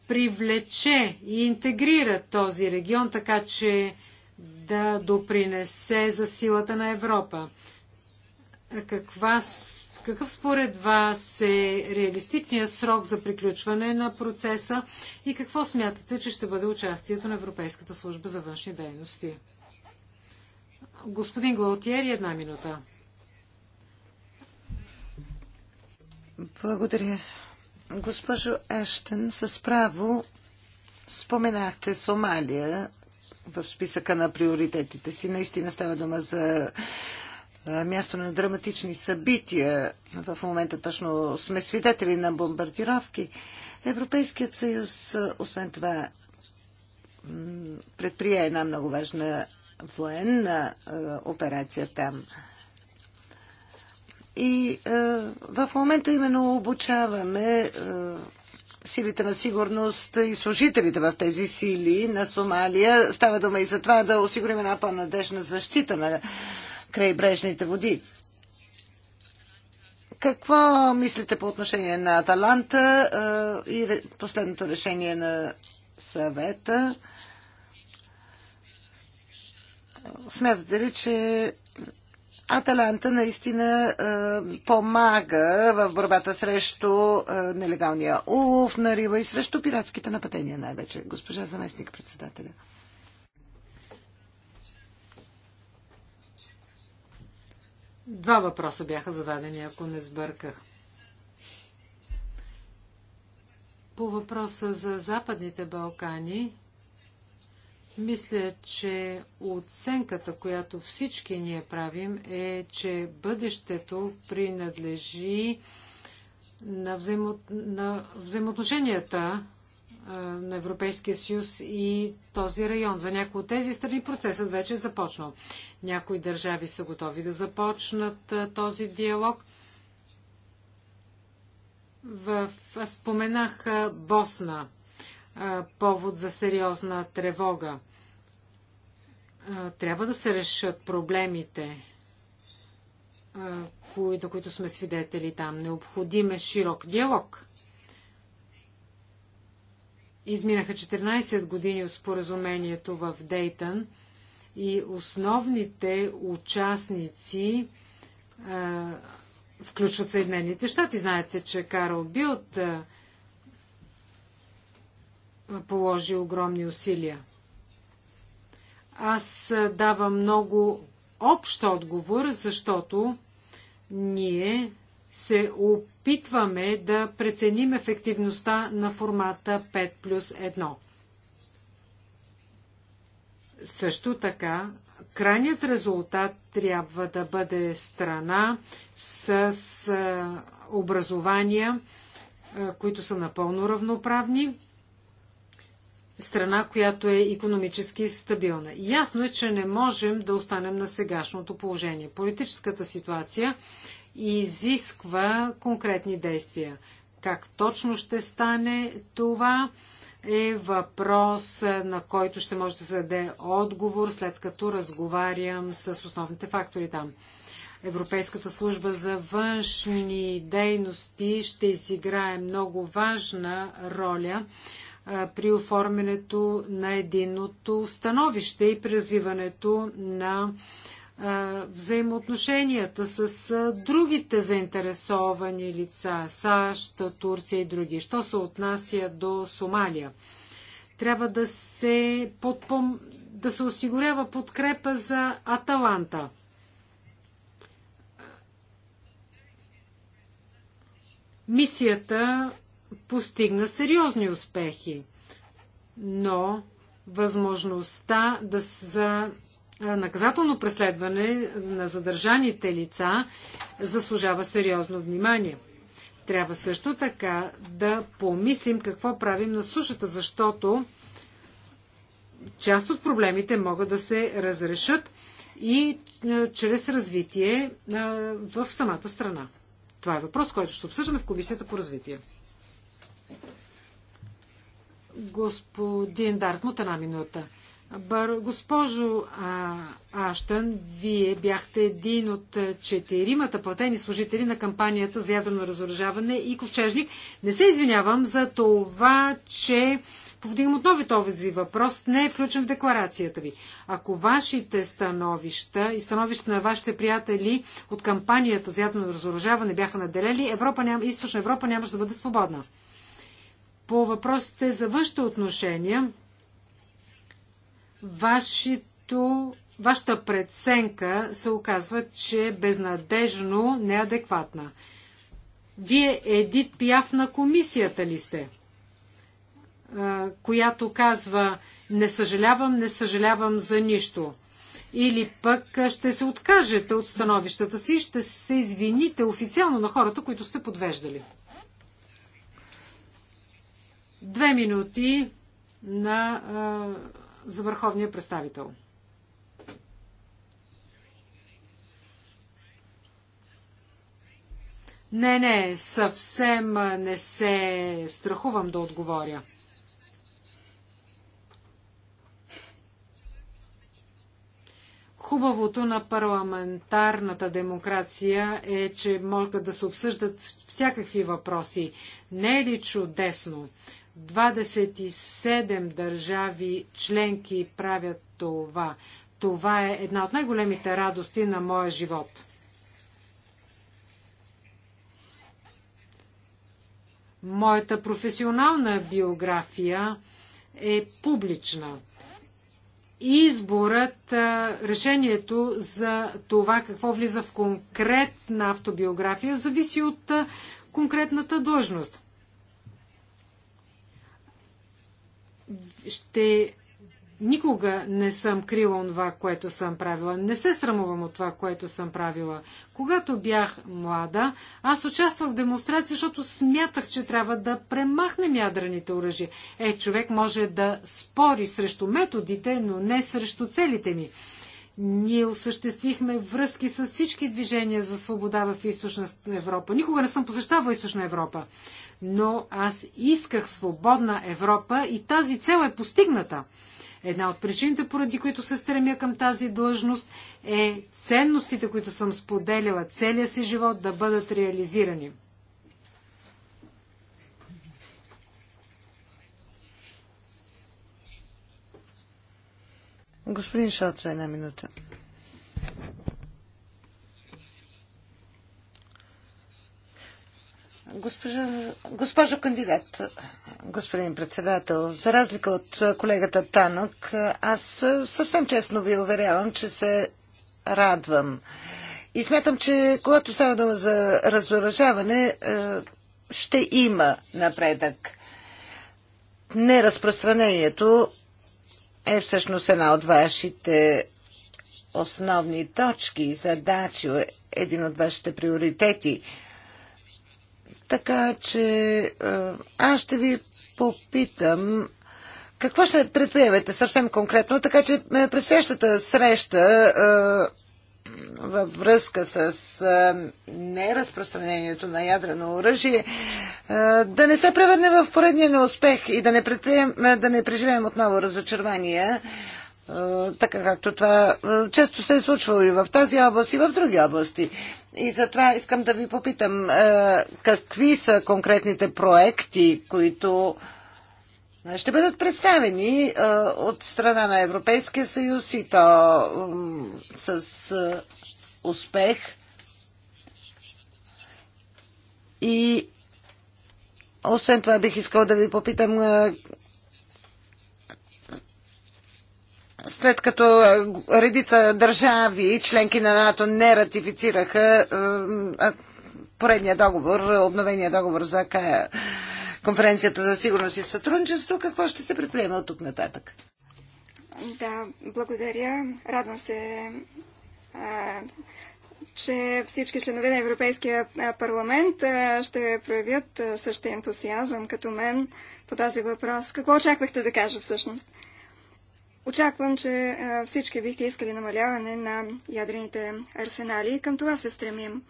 привлече и интегрира този регион, така че да допринесе за силата на Европа. Каква, какъв според вас е реалистичният срок за приключване на процеса и какво смятате, че ще бъде участието на Европейската служба за външни дейности? Господин Галтиери, една минута. Благодаря, Госпожо Ештен, с право споменахте Сомалия в списъка на приоритетите си. Наистина става дума за място на драматични събития. В момента точно сме свидетели на бомбардировки. Европейският съюз, освен това, предприе една много важна военна операция там. И е, в момента именно обучаваме е, силите на сигурност и служителите в тези сили на Сомалия. Става дума и за това да осигурим една по-надежна защита на крайбрежните води. Какво мислите по отношение на Аталанта е, и последното решение на съвета? Смятате ли, че Аталанта наистина а, помага в борбата срещу а, нелегалния улов на риба и срещу пиратските нападения най-вече. Госпожа заместник председателя. Два въпроса бяха зададени, ако не сбърках. По въпроса за Западните Балкани, мисля, че оценката, която всички ние правим, е, че бъдещето принадлежи на, взаимо... на взаимоотношенията на Европейския съюз и този район. За някои от тези страни процесът вече е започнал. Някои държави са готови да започнат този диалог. В... Споменах Босна повод за сериозна тревога трябва да се решат проблемите, на които сме свидетели там. Необходим е широк диалог. Изминаха 14 години от споразумението в Дейтън и основните участници а, включват Съединените щати. Знаете, че Карл Билт а, положи огромни усилия. Аз давам много общ отговор, защото ние се опитваме да преценим ефективността на формата 5 плюс 1. Също така, крайният резултат трябва да бъде страна с образования, които са напълно равноправни страна, която е економически стабилна. Ясно е, че не можем да останем на сегашното положение. Политическата ситуация изисква конкретни действия. Как точно ще стане това е въпрос, на който ще може да се даде отговор, след като разговарям с основните фактори там. Европейската служба за външни дейности ще изиграе много важна роля при оформянето на единното становище и при развиването на взаимоотношенията с другите заинтересовани лица САЩ, Турция и други. Що се отнася до Сомалия? Трябва да се, подпом... да се осигурява подкрепа за Аталанта. Мисията постигна сериозни успехи. Но възможността да за наказателно преследване на задържаните лица заслужава сериозно внимание. Трябва също така да помислим какво правим на сушата, защото част от проблемите могат да се разрешат и чрез развитие в самата страна. Това е въпрос, който ще обсъждаме в Комисията по развитие. Господин Дартмут, една минута. Бар, госпожо а, Аштън, вие бяхте един от четиримата платени служители на кампанията за ядрено разоръжаване и ковчежник. Не се извинявам за това, че повдигам отново този въпрос, не е включен в декларацията ви. Ако вашите становища и становища на вашите приятели от кампанията за ядрено разоръжаване бяха наделели, Европа ням, източна Европа нямаше да бъде свободна. По въпросите за външните отношения, вашето, вашата преценка се оказва, че е безнадежно неадекватна. Вие Едит Пияв на комисията ли сте? Която казва, не съжалявам, не съжалявам за нищо. Или пък ще се откажете от становищата си и ще се извините официално на хората, които сте подвеждали. Две минути на, а, за върховния представител. Не, не, съвсем не се страхувам да отговоря. Хубавото на парламентарната демокрация е, че могат да се обсъждат всякакви въпроси. Не е ли чудесно? 27 държави членки правят това. Това е една от най-големите радости на моя живот. Моята професионална биография е публична. Изборът, решението за това какво влиза в конкретна автобиография, зависи от конкретната длъжност. ще никога не съм крила това, което съм правила. Не се срамувам от това, което съм правила. Когато бях млада, аз участвах в демонстрации, защото смятах, че трябва да премахнем ядрените оръжия. Е, човек може да спори срещу методите, но не срещу целите ми. Ние осъществихме връзки с всички движения за свобода в Източна Европа. Никога не съм посещавал Източна Европа, но аз исках свободна Европа и тази цел е постигната. Една от причините, поради които се стремя към тази длъжност, е ценностите, които съм споделяла целия си живот да бъдат реализирани. Господин Шоца, една минута. Госпожа, госпожо кандидат, господин председател, за разлика от колегата Танок, аз съвсем честно ви уверявам, че се радвам. И смятам, че когато става дума за разоръжаване, е, ще има напредък. Неразпространението е всъщност една от вашите основни точки и задачи, един от вашите приоритети. Така че е, аз ще ви попитам какво ще предприемете съвсем конкретно, така че е, предстоящата среща е, във връзка с неразпространението на ядрено оръжие да не се превърне в поредния неуспех и да не, да не преживеем отново разочарования, така както това често се е случвало и в тази област, и в други области. И затова искам да ви попитам какви са конкретните проекти, които ще бъдат представени от страна на Европейския съюз и то с успех. И освен това бих искал да ви попитам след като редица държави, членки на НАТО, не ратифицираха поредния договор, обновения договор за Кая конференцията за сигурност и сътрудничество. Какво ще се предприема от тук нататък? Да, благодаря. Радвам се, че всички членове на Европейския парламент ще проявят същия ентусиазъм като мен по този въпрос. Какво очаквахте да кажа всъщност? Очаквам, че всички бихте искали намаляване на ядрените арсенали и към това се стремим.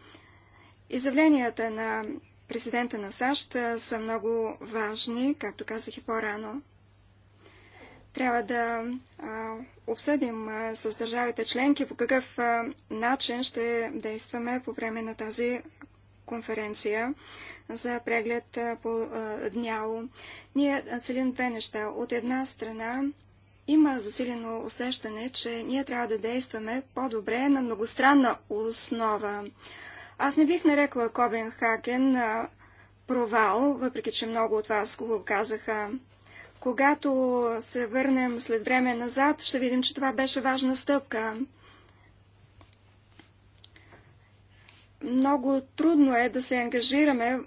Изявленията на президента на САЩ са много важни, както казах и по-рано. Трябва да а, обсъдим а, с държавите членки по какъв а, начин ще действаме по време на тази конференция за преглед а, по а, дняло. Ние целим две неща. От една страна има засилено усещане, че ние трябва да действаме по-добре на многостранна основа. Аз не бих нарекла Копенхаген а, провал, въпреки че много от вас го казаха. Когато се върнем след време назад, ще видим, че това беше важна стъпка. Много трудно е да се ангажираме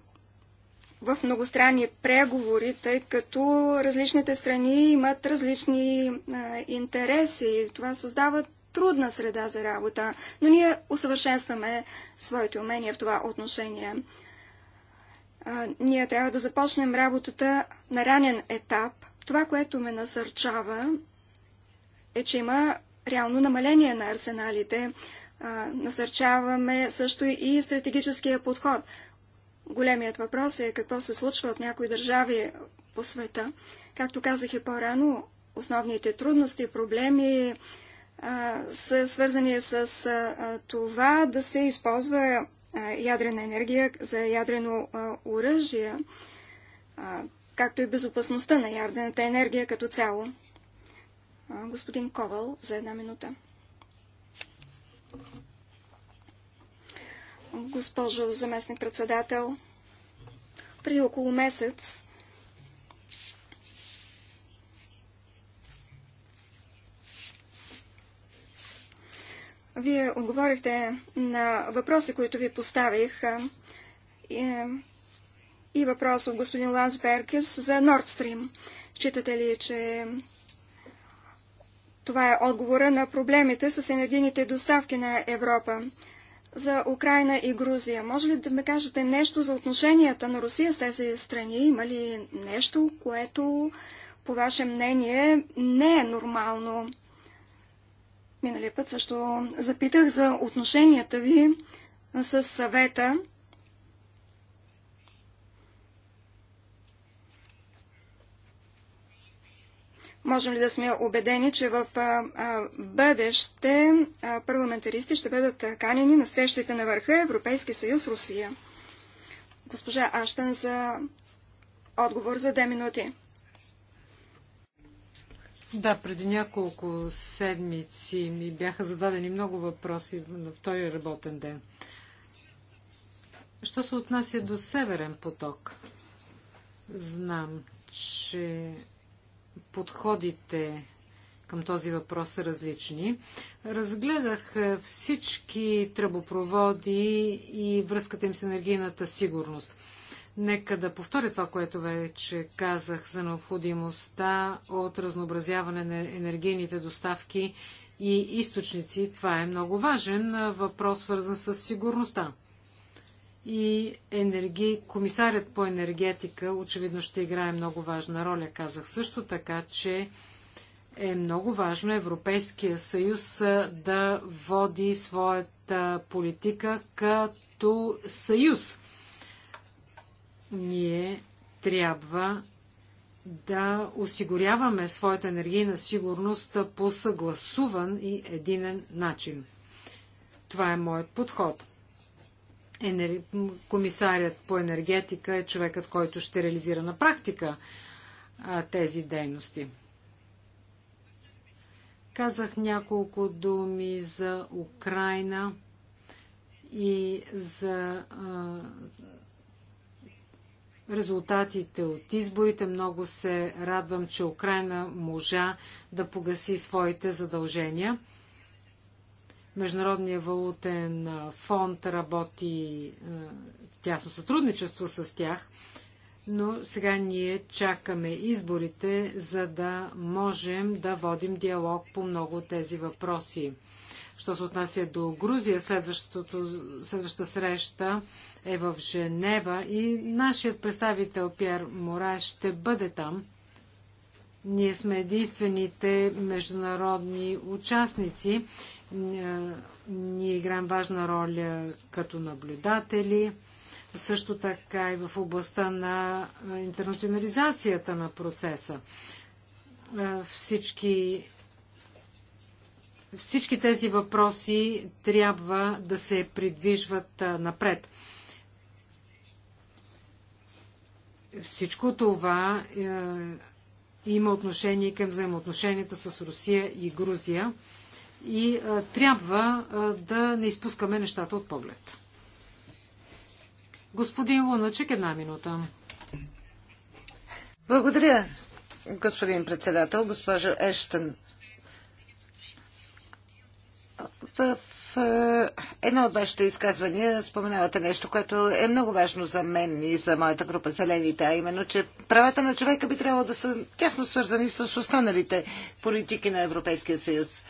в многостранни преговори, тъй като различните страни имат различни а, интереси. Това създават трудна среда за работа, но ние усъвършенстваме своите умения в това отношение. А, ние трябва да започнем работата на ранен етап. Това, което ме насърчава, е, че има реално намаление на арсеналите. А, насърчаваме също и стратегическия подход. Големият въпрос е какво се случва от някои държави по света. Както казах и по-рано, основните трудности, проблеми, са свързани с това да се използва ядрена енергия за ядрено оръжие, както и безопасността на ядрената енергия като цяло. Господин Ковал, за една минута. Госпожо заместник-председател, при около месец Вие отговорихте на въпроси, които ви поставих и, въпрос от господин Ланс Беркес за Nord Stream. Считате ли, че това е отговора на проблемите с енергийните доставки на Европа? За Украина и Грузия. Може ли да ме кажете нещо за отношенията на Русия с тези страни? Има ли нещо, което, по ваше мнение, не е нормално? Миналия път също запитах за отношенията ви с съвета. Можем ли да сме убедени, че в бъдеще парламентаристи ще бъдат канени на срещите на върха Европейски съюз Русия? Госпожа Аштан за отговор за две минути. Да, преди няколко седмици ми бяха зададени много въпроси на втория работен ден. Що се отнася до Северен поток? Знам, че подходите към този въпрос са различни. Разгледах е, всички тръбопроводи и връзката им с енергийната сигурност. Нека да повторя това, което вече казах за необходимостта от разнообразяване на енергийните доставки и източници. Това е много важен въпрос, свързан с сигурността. И енерги... комисарят по енергетика очевидно ще играе много важна роля. Казах също така, че е много важно Европейския съюз да води своята политика като съюз ние трябва да осигуряваме своята енергийна сигурност по съгласуван и единен начин. Това е моят подход. Енер... Комисарят по енергетика е човекът, който ще реализира на практика а, тези дейности. Казах няколко думи за Украина и за а, резултатите от изборите. Много се радвам, че Украина можа да погаси своите задължения. Международният валутен фонд работи в тясно сътрудничество с тях, но сега ние чакаме изборите, за да можем да водим диалог по много от тези въпроси. Що се отнася до Грузия, следващата среща е в Женева и нашият представител Пьер Мора ще бъде там. Ние сме единствените международни участници. Ние играем важна роля като наблюдатели, също така и в областта на интернационализацията на процеса. Всички всички тези въпроси трябва да се придвижват напред. Всичко това е, има отношение към взаимоотношенията с Русия и Грузия и е, трябва е, да не изпускаме нещата от поглед. Господин Луначек, една минута. Благодаря, господин председател, госпожо Ештън. В е, едно от вашите изказвания споменавате нещо, което е много важно за мен и за моята група Зелените, а именно, че правата на човека би трябвало да са тясно свързани с останалите политики на Европейския съюз.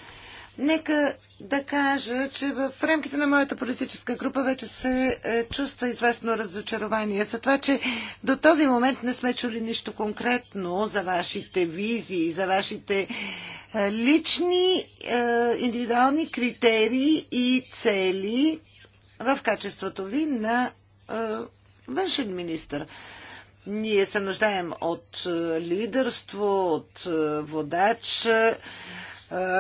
Нека да кажа, че в рамките на моята политическа група вече се е, чувства известно разочарование за това, че до този момент не сме чули нищо конкретно за вашите визии, за вашите е, лични е, индивидуални критерии и цели в качеството ви на външен министр. Ние се нуждаем от лидерство, от водач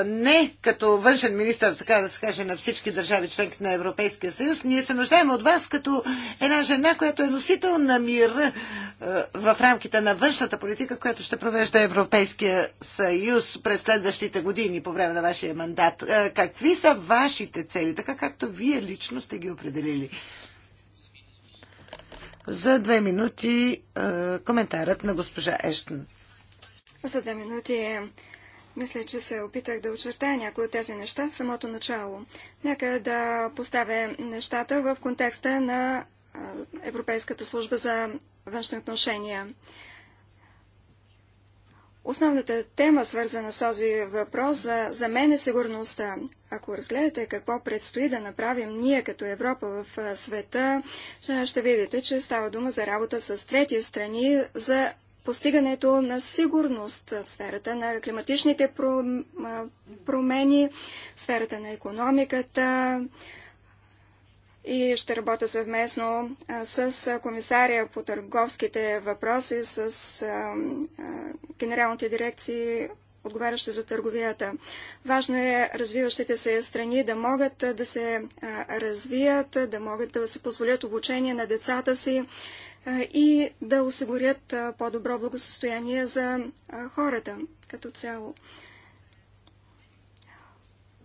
не като външен министр, така да се каже, на всички държави членки на Европейския съюз. Ние се нуждаем от вас като една жена, която е носител на мир в рамките на външната политика, която ще провежда Европейския съюз през следващите години по време на вашия мандат. Какви са вашите цели, така както вие лично сте ги определили? За две минути коментарът на госпожа Ештен. За две минути е мисля, че се опитах да очертая някои от тези неща в самото начало. Нека да поставя нещата в контекста на Европейската служба за външни отношения. Основната тема, свързана с този въпрос, за, за мен е сигурността. Ако разгледате какво предстои да направим ние като Европа в света, ще видите, че става дума за работа с трети страни за постигането на сигурност в сферата на климатичните промени, в сферата на економиката и ще работя съвместно с комисаря по търговските въпроси, с генералните дирекции отговарящи за търговията. Важно е развиващите се страни да могат да се развият, да могат да се позволят обучение на децата си и да осигурят по-добро благосостояние за хората като цяло.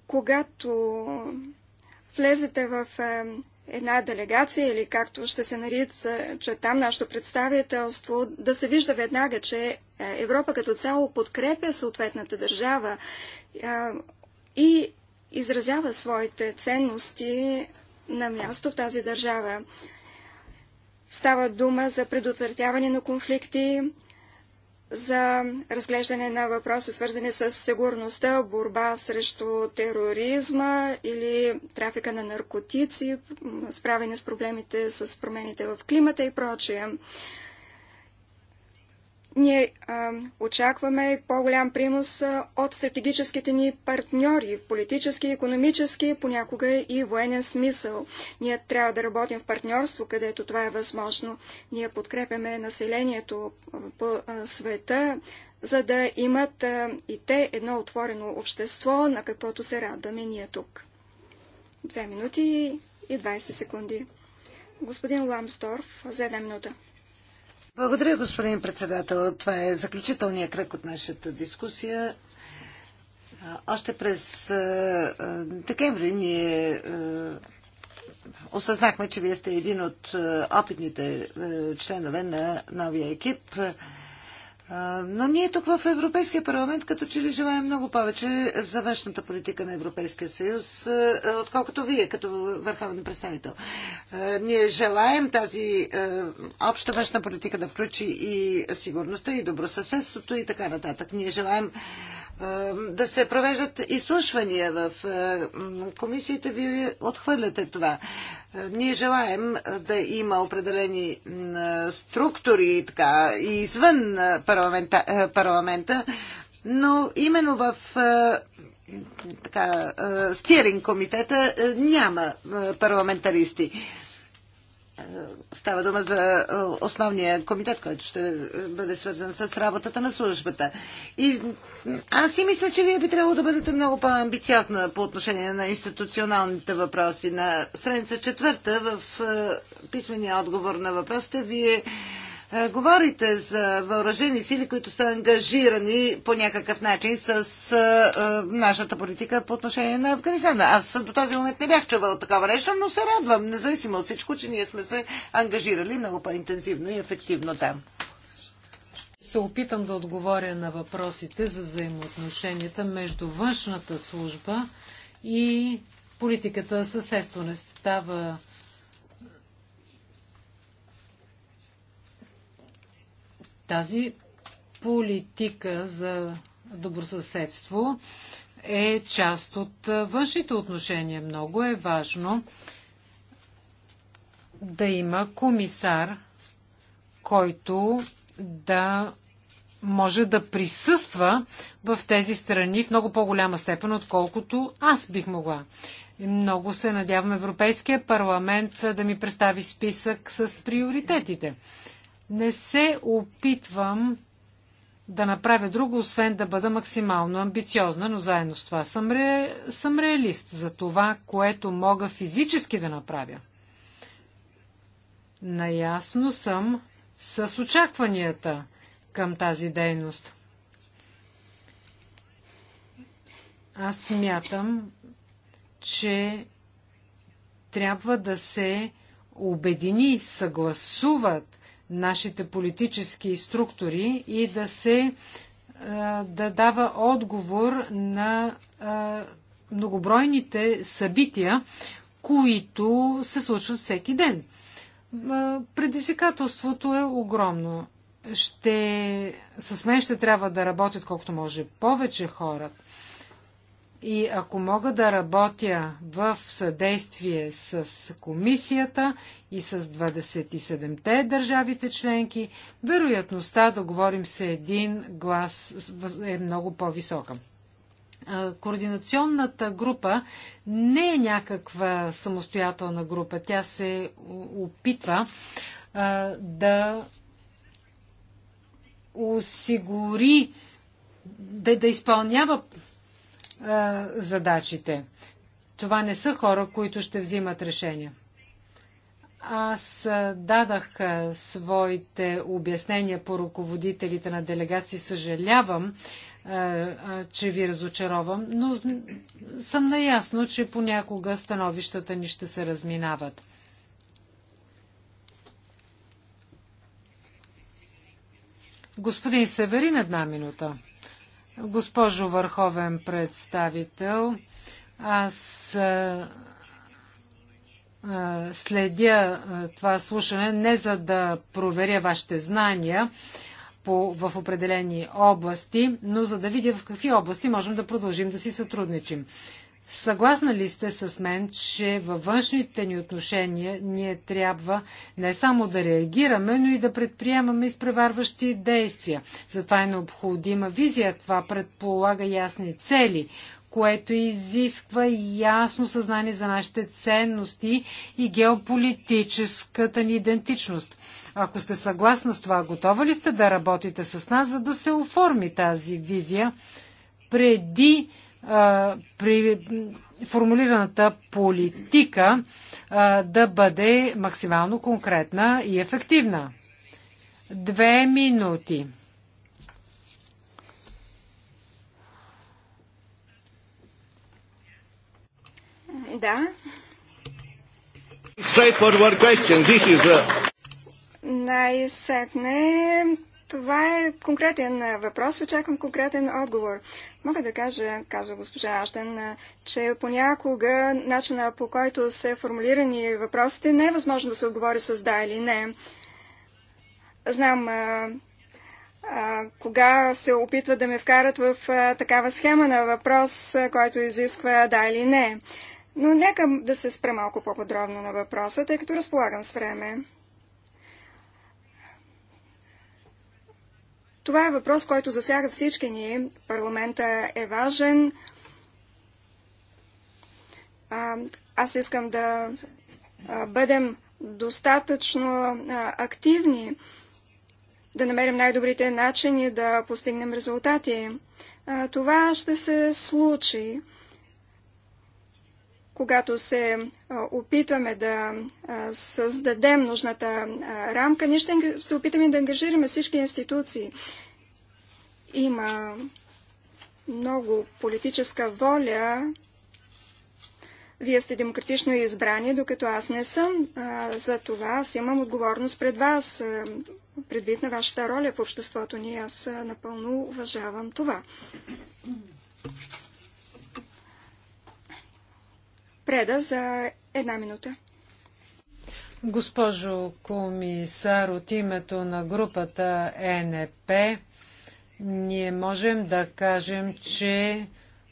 Когато влезете в една делегация или както ще се нарича, че там нашето представителство, да се вижда веднага, че е, Европа като цяло подкрепя съответната държава е, и изразява своите ценности на място в тази държава. Става дума за предотвратяване на конфликти, за разглеждане на въпроси, свързани с сигурността, борба срещу тероризма или трафика на наркотици, справяне с проблемите с промените в климата и прочие. Ние а, очакваме по-голям принос от стратегическите ни партньори в политически, економически, понякога и военен смисъл. Ние трябва да работим в партньорство, където това е възможно. Ние подкрепяме населението по света, за да имат а, и те едно отворено общество, на каквото се радваме ние тук. Две минути и 20 секунди. Господин Ламсторф, за една минута. Благодаря, господин председател. Това е заключителният кръг от нашата дискусия. Още през декември ние осъзнахме, че вие сте един от опитните членове на новия екип. Но ние тук в Европейския парламент като че ли желаем много повече за външната политика на Европейския съюз, отколкото вие като върховен представител. Ние желаем тази обща външна политика да включи и сигурността, и добросъседството и така нататък. Ние желаем да се провеждат изслушвания в е, комисията, вие отхвърляте това. Е, ние желаем е, да има определени структури така, и извън парламента, парламента, но именно в така, стиринг комитета няма парламентаристи. Става дума за е, основния комитет, който ще бъде свързан с работата на службата. И аз си мисля, че вие би трябвало да бъдете много по-амбициозна по отношение на институционалните въпроси. На страница четвърта в е, писмения отговор на въпросите вие е, говорите за въоръжени сили, които са ангажирани по някакъв начин с е, е, нашата политика по отношение на Афганистан. Аз до този момент не бях чувал такава нещо, но се радвам, независимо от всичко, че ние сме се ангажирали много по-интензивно и ефективно там. Се опитам да отговоря на въпросите за взаимоотношенията между външната служба и политиката съседство. Не става Тази политика за добросъседство е част от външните отношения. Много е важно да има комисар, който да може да присъства в тези страни в много по-голяма степен, отколкото аз бих могла. Много се надявам Европейския парламент да ми представи списък с приоритетите. Не се опитвам да направя друго, освен да бъда максимално амбициозна, но заедно с това съм, ре... съм реалист за това, което мога физически да направя. Наясно съм с очакванията към тази дейност. Аз смятам, че трябва да се обедини, съгласуват нашите политически структури и да се е, да дава отговор на е, многобройните събития, които се случват всеки ден. Е, предизвикателството е огромно. Ще, с мен ще трябва да работят колкото може повече хора. И ако мога да работя в съдействие с комисията и с 27-те държавите членки, вероятността да говорим с един глас е много по-висока. Координационната група не е някаква самостоятелна група. Тя се опитва да осигури да, да изпълнява а, задачите. Това не са хора, които ще взимат решения. Аз дадах своите обяснения по ръководителите на делегации. Съжалявам, че ви разочаровам, но съм наясно, че понякога становищата ни ще се разминават. Господин Северин, една минута. Госпожо Върховен представител, аз следя това слушане не за да проверя вашите знания по, в определени области, но за да видя в какви области можем да продължим да си сътрудничим. Съгласна ли сте с мен, че във външните ни отношения ние трябва не само да реагираме, но и да предприемаме изпреварващи действия? Затова е необходима визия. Това предполага ясни цели, което изисква ясно съзнание за нашите ценности и геополитическата ни идентичност. Ако сте съгласна с това, готова ли сте да работите с нас, за да се оформи тази визия преди при формулираната политика да бъде максимално конкретна и ефективна. Две минути. Да. Най-сетне това е конкретен въпрос. Очаквам конкретен отговор. Мога да кажа, казва госпожа Ашден, че понякога начина по който са формулирани въпросите не е възможно да се отговори с да или не. Знам а, а, кога се опитват да ме вкарат в а, такава схема на въпрос, а, който изисква да или не. Но нека да се спре малко по-подробно на въпроса, тъй като разполагам с време. Това е въпрос, който засяга всички ни. Парламента е важен. Аз искам да бъдем достатъчно активни, да намерим най-добрите начини да постигнем резултати. Това ще се случи когато се опитваме да създадем нужната рамка, ние ще се опитаме да ангажираме всички институции. Има много политическа воля. Вие сте демократично избрани, докато аз не съм. За това аз имам отговорност пред вас, предвид на вашата роля в обществото ни. Аз напълно уважавам това преда за една минута. Госпожо комисар, от името на групата ЕНП, ние можем да кажем, че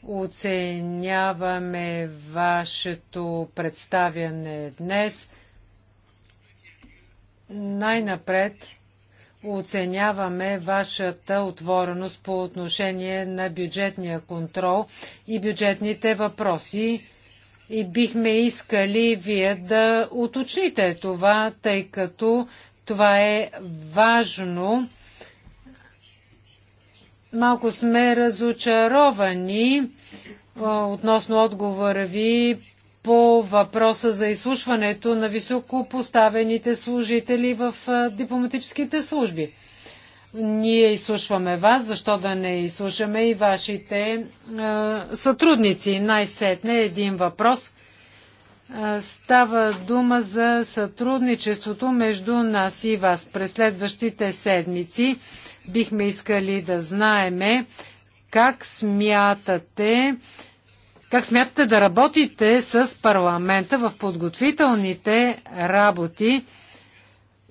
оценяваме вашето представяне днес. Най-напред оценяваме вашата отвореност по отношение на бюджетния контрол и бюджетните въпроси и бихме искали вие да уточните това, тъй като това е важно. Малко сме разочаровани относно отговора ви по въпроса за изслушването на високо поставените служители в дипломатическите служби. Ние изслушваме вас, защо да не изслушаме и вашите е, сътрудници? Най-сетне един въпрос. Е, става дума за сътрудничеството между нас и вас. През следващите седмици бихме искали да знаеме как смятате как смятате да работите с парламента в подготвителните работи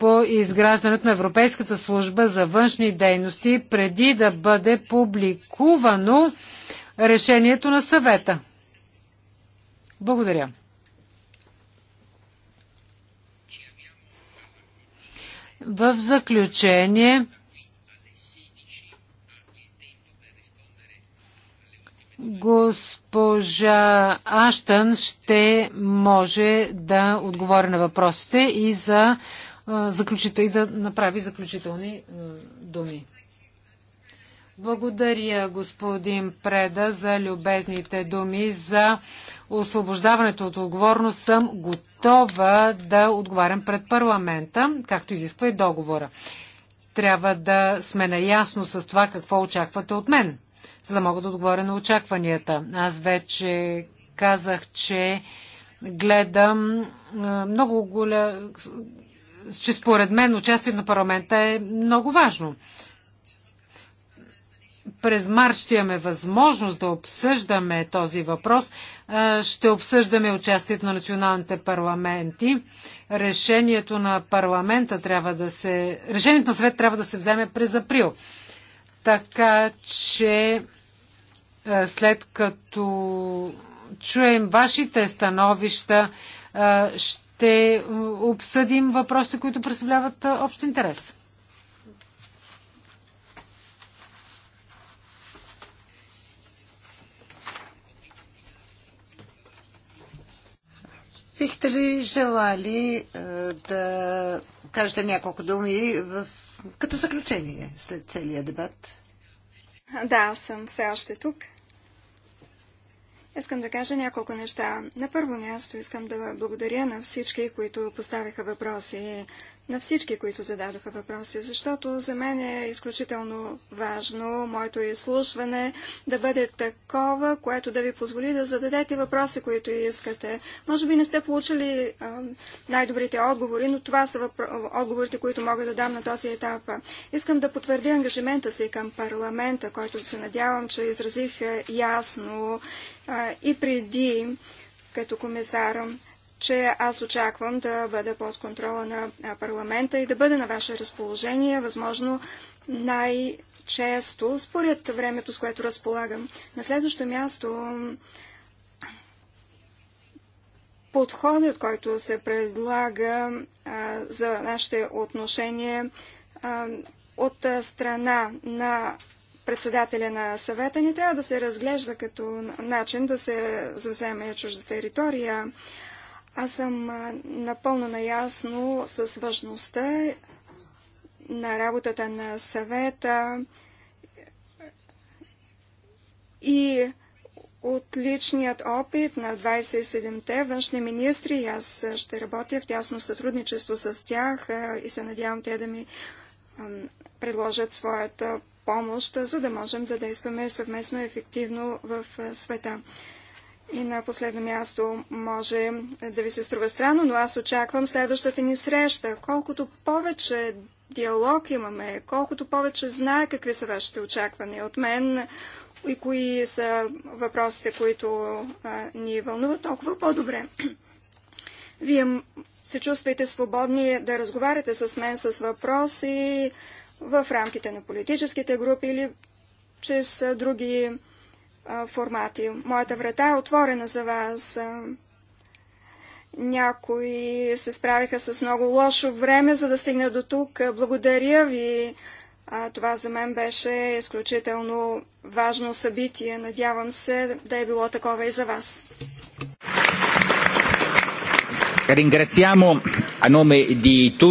по изграждането на Европейската служба за външни дейности преди да бъде публикувано решението на съвета. Благодаря. В заключение, госпожа Аштън ще може да отговори на въпросите и за заключите и да направи заключителни думи. Благодаря, господин Преда, за любезните думи, за освобождаването от отговорност. Съм готова да отговарям пред парламента, както изисква и договора. Трябва да сме наясно с това какво очаквате от мен, за да мога да отговоря на очакванията. Аз вече казах, че гледам много голя че според мен участието на парламента е много важно. През март ще имаме възможност да обсъждаме този въпрос. Ще обсъждаме участието на националните парламенти. Решението на парламента трябва да се... Решението на съвет трябва да се вземе през април. Така че след като чуем вашите становища, ще ще обсъдим въпросите, които представляват общ интерес. Бихте ли желали да кажете няколко думи в... като заключение след целия дебат? Да, аз съм все още тук. Искам да кажа няколко неща. На първо място искам да благодаря на всички, които поставиха въпроси на всички, които зададоха въпроси, защото за мен е изключително важно моето изслушване да бъде такова, което да ви позволи да зададете въпроси, които искате. Може би не сте получили най-добрите отговори, но това са въпро... отговорите, които мога да дам на този етап. Искам да потвърдя ангажимента си към парламента, който се надявам, че изразих ясно а, и преди като комисарам че аз очаквам да бъда под контрола на парламента и да бъда на ваше разположение, възможно най-често, според времето, с което разполагам. На следващо място, подходът, който се предлага а, за нашите отношения а, от страна на председателя на съвета, не трябва да се разглежда като начин да се завземе чужда територия. Аз съм напълно наясно с важността на работата на съвета и отличният опит на 27-те външни министри. Аз ще работя в тясно сътрудничество с тях и се надявам те да ми предложат своята помощ, за да можем да действаме съвместно и ефективно в света. И на последно място може да ви се струва странно, но аз очаквам следващата ни среща. Колкото повече диалог имаме, колкото повече знае какви са вашите очаквания от мен и кои са въпросите, които а, ни вълнуват, толкова по-добре. Вие се чувствайте свободни да разговаряте с мен с въпроси в рамките на политическите групи или чрез други формати. Моята врата е отворена за вас. Някои се справиха с много лошо време, за да стигна до тук. Благодаря ви. Това за мен беше изключително важно събитие. Надявам се да е било такова и за вас. Ringraziamo a nome di